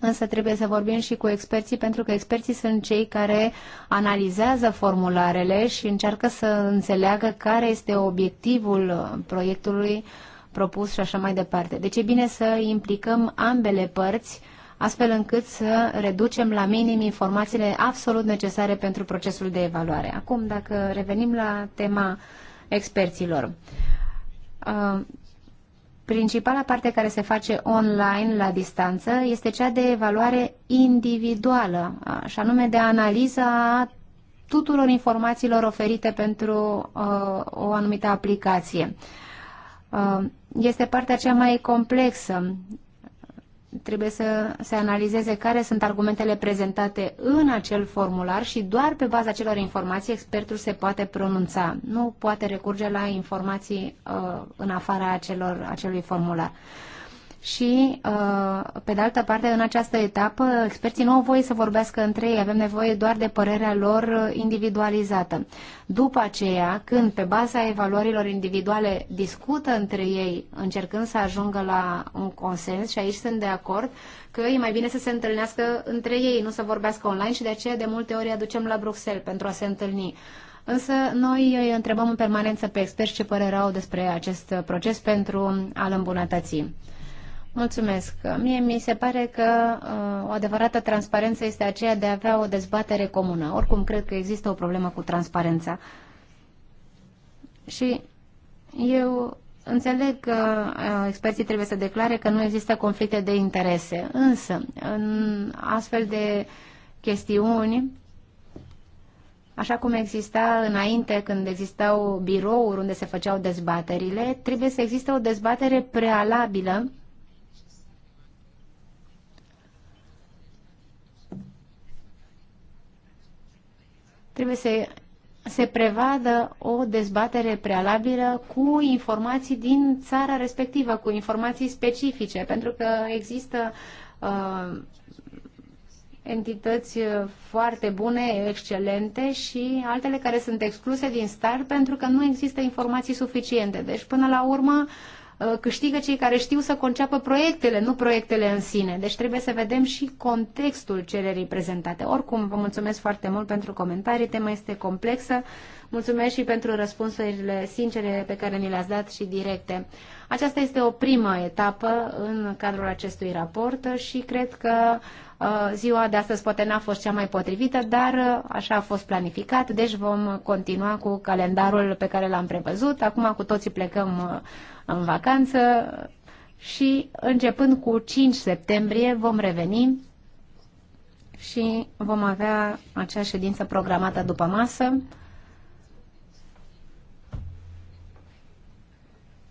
Însă trebuie să vorbim și cu experții pentru că experții sunt cei care analizează formularele și încearcă să înțeleagă care este obiectivul proiectului propus și așa mai departe. Deci e bine să implicăm ambele părți uh, astfel încât să reducem la minim informațiile absolut necesare pentru procesul de evaluare. Acum, dacă revenim la tema experților. Uh, principala parte care se face online, la distanță, este cea de evaluare individuală, uh, și anume de analiza tuturor informațiilor oferite pentru uh, o anumită aplicație. Uh, este partea cea mai complexă trebuie să se analizeze care sunt argumentele prezentate în acel formular și doar pe baza acelor informații expertul se poate pronunța. Nu poate recurge la informații uh, în afara acelor, acelui formular. Uh, și, uh, pe de altă parte, în această etapă, experții nu au voie să vorbească între ei, avem nevoie doar de părerea lor uh, individualizată. După aceea, când pe baza evaluărilor individuale discută între ei, încercând să ajungă la un consens, și aici sunt de acord, că e mai bine să se întâlnească între ei, nu să vorbească online și de aceea de multe ori aducem la Bruxelles pentru a se întâlni. Însă noi îi întrebăm în permanență pe experți ce părere au despre acest proces pentru a-l îmbunătăți. Mulțumesc. Mie mi se pare că uh, o adevărată transparență este aceea de a avea o dezbatere comună. Oricum, cred că există o problemă cu transparența. Și eu înțeleg că uh, experții trebuie să declare că nu există conflicte de interese. Însă, în astfel de chestiuni, Așa cum exista înainte, când existau birouri unde se făceau dezbaterile, trebuie să existe o dezbatere prealabilă Trebuie să se prevadă o dezbatere prealabilă cu informații din țara respectivă, cu informații specifice, pentru că există uh, entități foarte bune, excelente și altele care sunt excluse din start pentru că nu există informații suficiente. Deci, până la urmă, uh, Uh, câștigă cei care știu să conceapă proiectele, nu proiectele în sine. Deci trebuie să vedem și contextul cererii prezentate. Oricum, vă mulțumesc foarte mult pentru comentarii, tema este complexă. Mulțumesc și pentru răspunsurile sincere pe care ni le-ați dat și directe. Aceasta este o primă etapă în cadrul acestui raport și cred că uh, ziua de astăzi poate n-a fost cea mai potrivită, dar uh, așa a fost planificat, deci vom continua cu calendarul pe care l-am prevăzut. Acum cu toții plecăm uh, în vacanță și începând cu 5 septembrie vom reveni și vom avea acea ședință programată după masă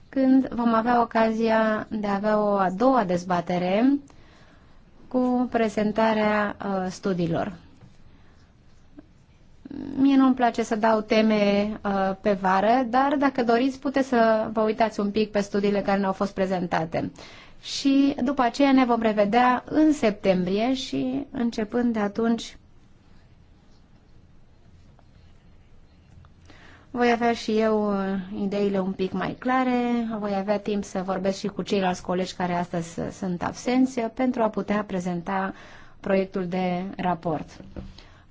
când vom avea ocazia de a avea o a doua dezbatere cu prezentarea uh, studiilor. Mie nu-mi place să dau teme uh, pe vară, dar dacă doriți puteți să vă uitați un pic pe studiile care ne-au fost prezentate. Și după aceea ne vom revedea în septembrie și începând de atunci Voi avea și eu uh, ideile un pic mai clare, voi avea timp să vorbesc și cu ceilalți colegi care astăzi sunt absenți uh, pentru a putea prezenta proiectul de raport.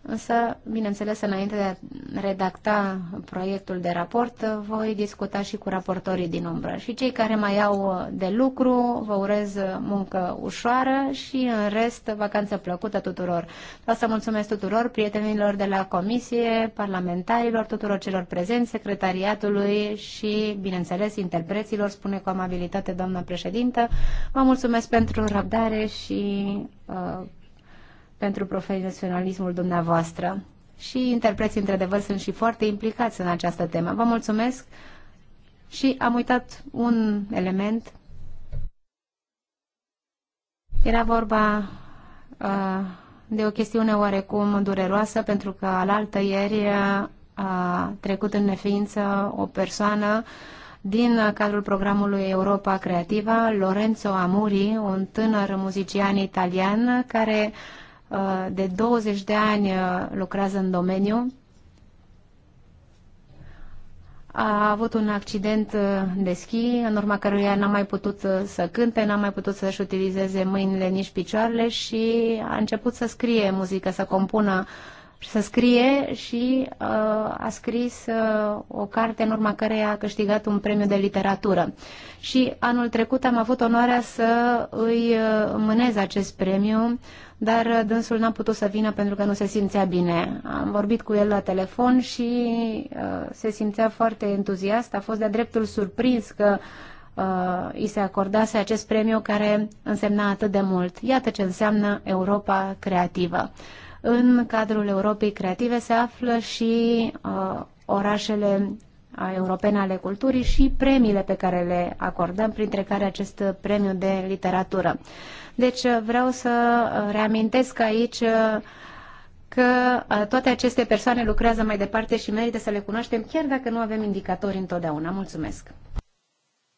Însă, bineînțeles, înainte de a redacta proiectul de raport, voi discuta și cu raportorii din umbră. Și cei care mai au de lucru, vă urez muncă ușoară și, în rest, vacanță plăcută tuturor. Vreau să mulțumesc tuturor prietenilor de la comisie, parlamentarilor, tuturor celor prezenți, secretariatului și, bineînțeles, interpreților, spune cu amabilitate doamna președintă. Vă mulțumesc pentru răbdare și uh, pentru profesionalismul dumneavoastră. Și interpreții, într-adevăr, sunt și foarte implicați în această temă. Vă mulțumesc și am uitat un element. Era vorba uh, de o chestiune oarecum dureroasă, pentru că alaltă ieri uh, a trecut în neființă o persoană din cadrul programului Europa Creativă, Lorenzo Amuri, un tânăr muzician italian care uh, Uh, de 20 de ani uh, lucrează în domeniu. A avut un accident uh, de schi, în urma căruia n-a mai putut să cânte, n-a mai putut să-și utilizeze mâinile nici picioarele și a început să scrie muzică, să compună uh, să scrie și uh, a scris uh, o carte în urma care a câștigat un premiu de literatură. Și anul trecut am avut onoarea să îi uh, mânez acest premiu, dar uh, dânsul n-a putut să vină pentru că nu se simțea bine. Am vorbit cu el la telefon și uh, se simțea foarte entuziast. A fost de-a dreptul surprins că uh, îi se acordase acest premiu care însemna atât de mult. Iată ce înseamnă Europa creativă. În cadrul Europei Creative se află și uh, orașele uh, europene ale culturii și premiile pe care le acordăm, printre care acest premiu de literatură. Deci uh, vreau să uh, reamintesc aici că toate aceste persoane lucrează mai departe și merită să le cunoaștem, chiar dacă nu avem indicatori întotdeauna. Mulțumesc!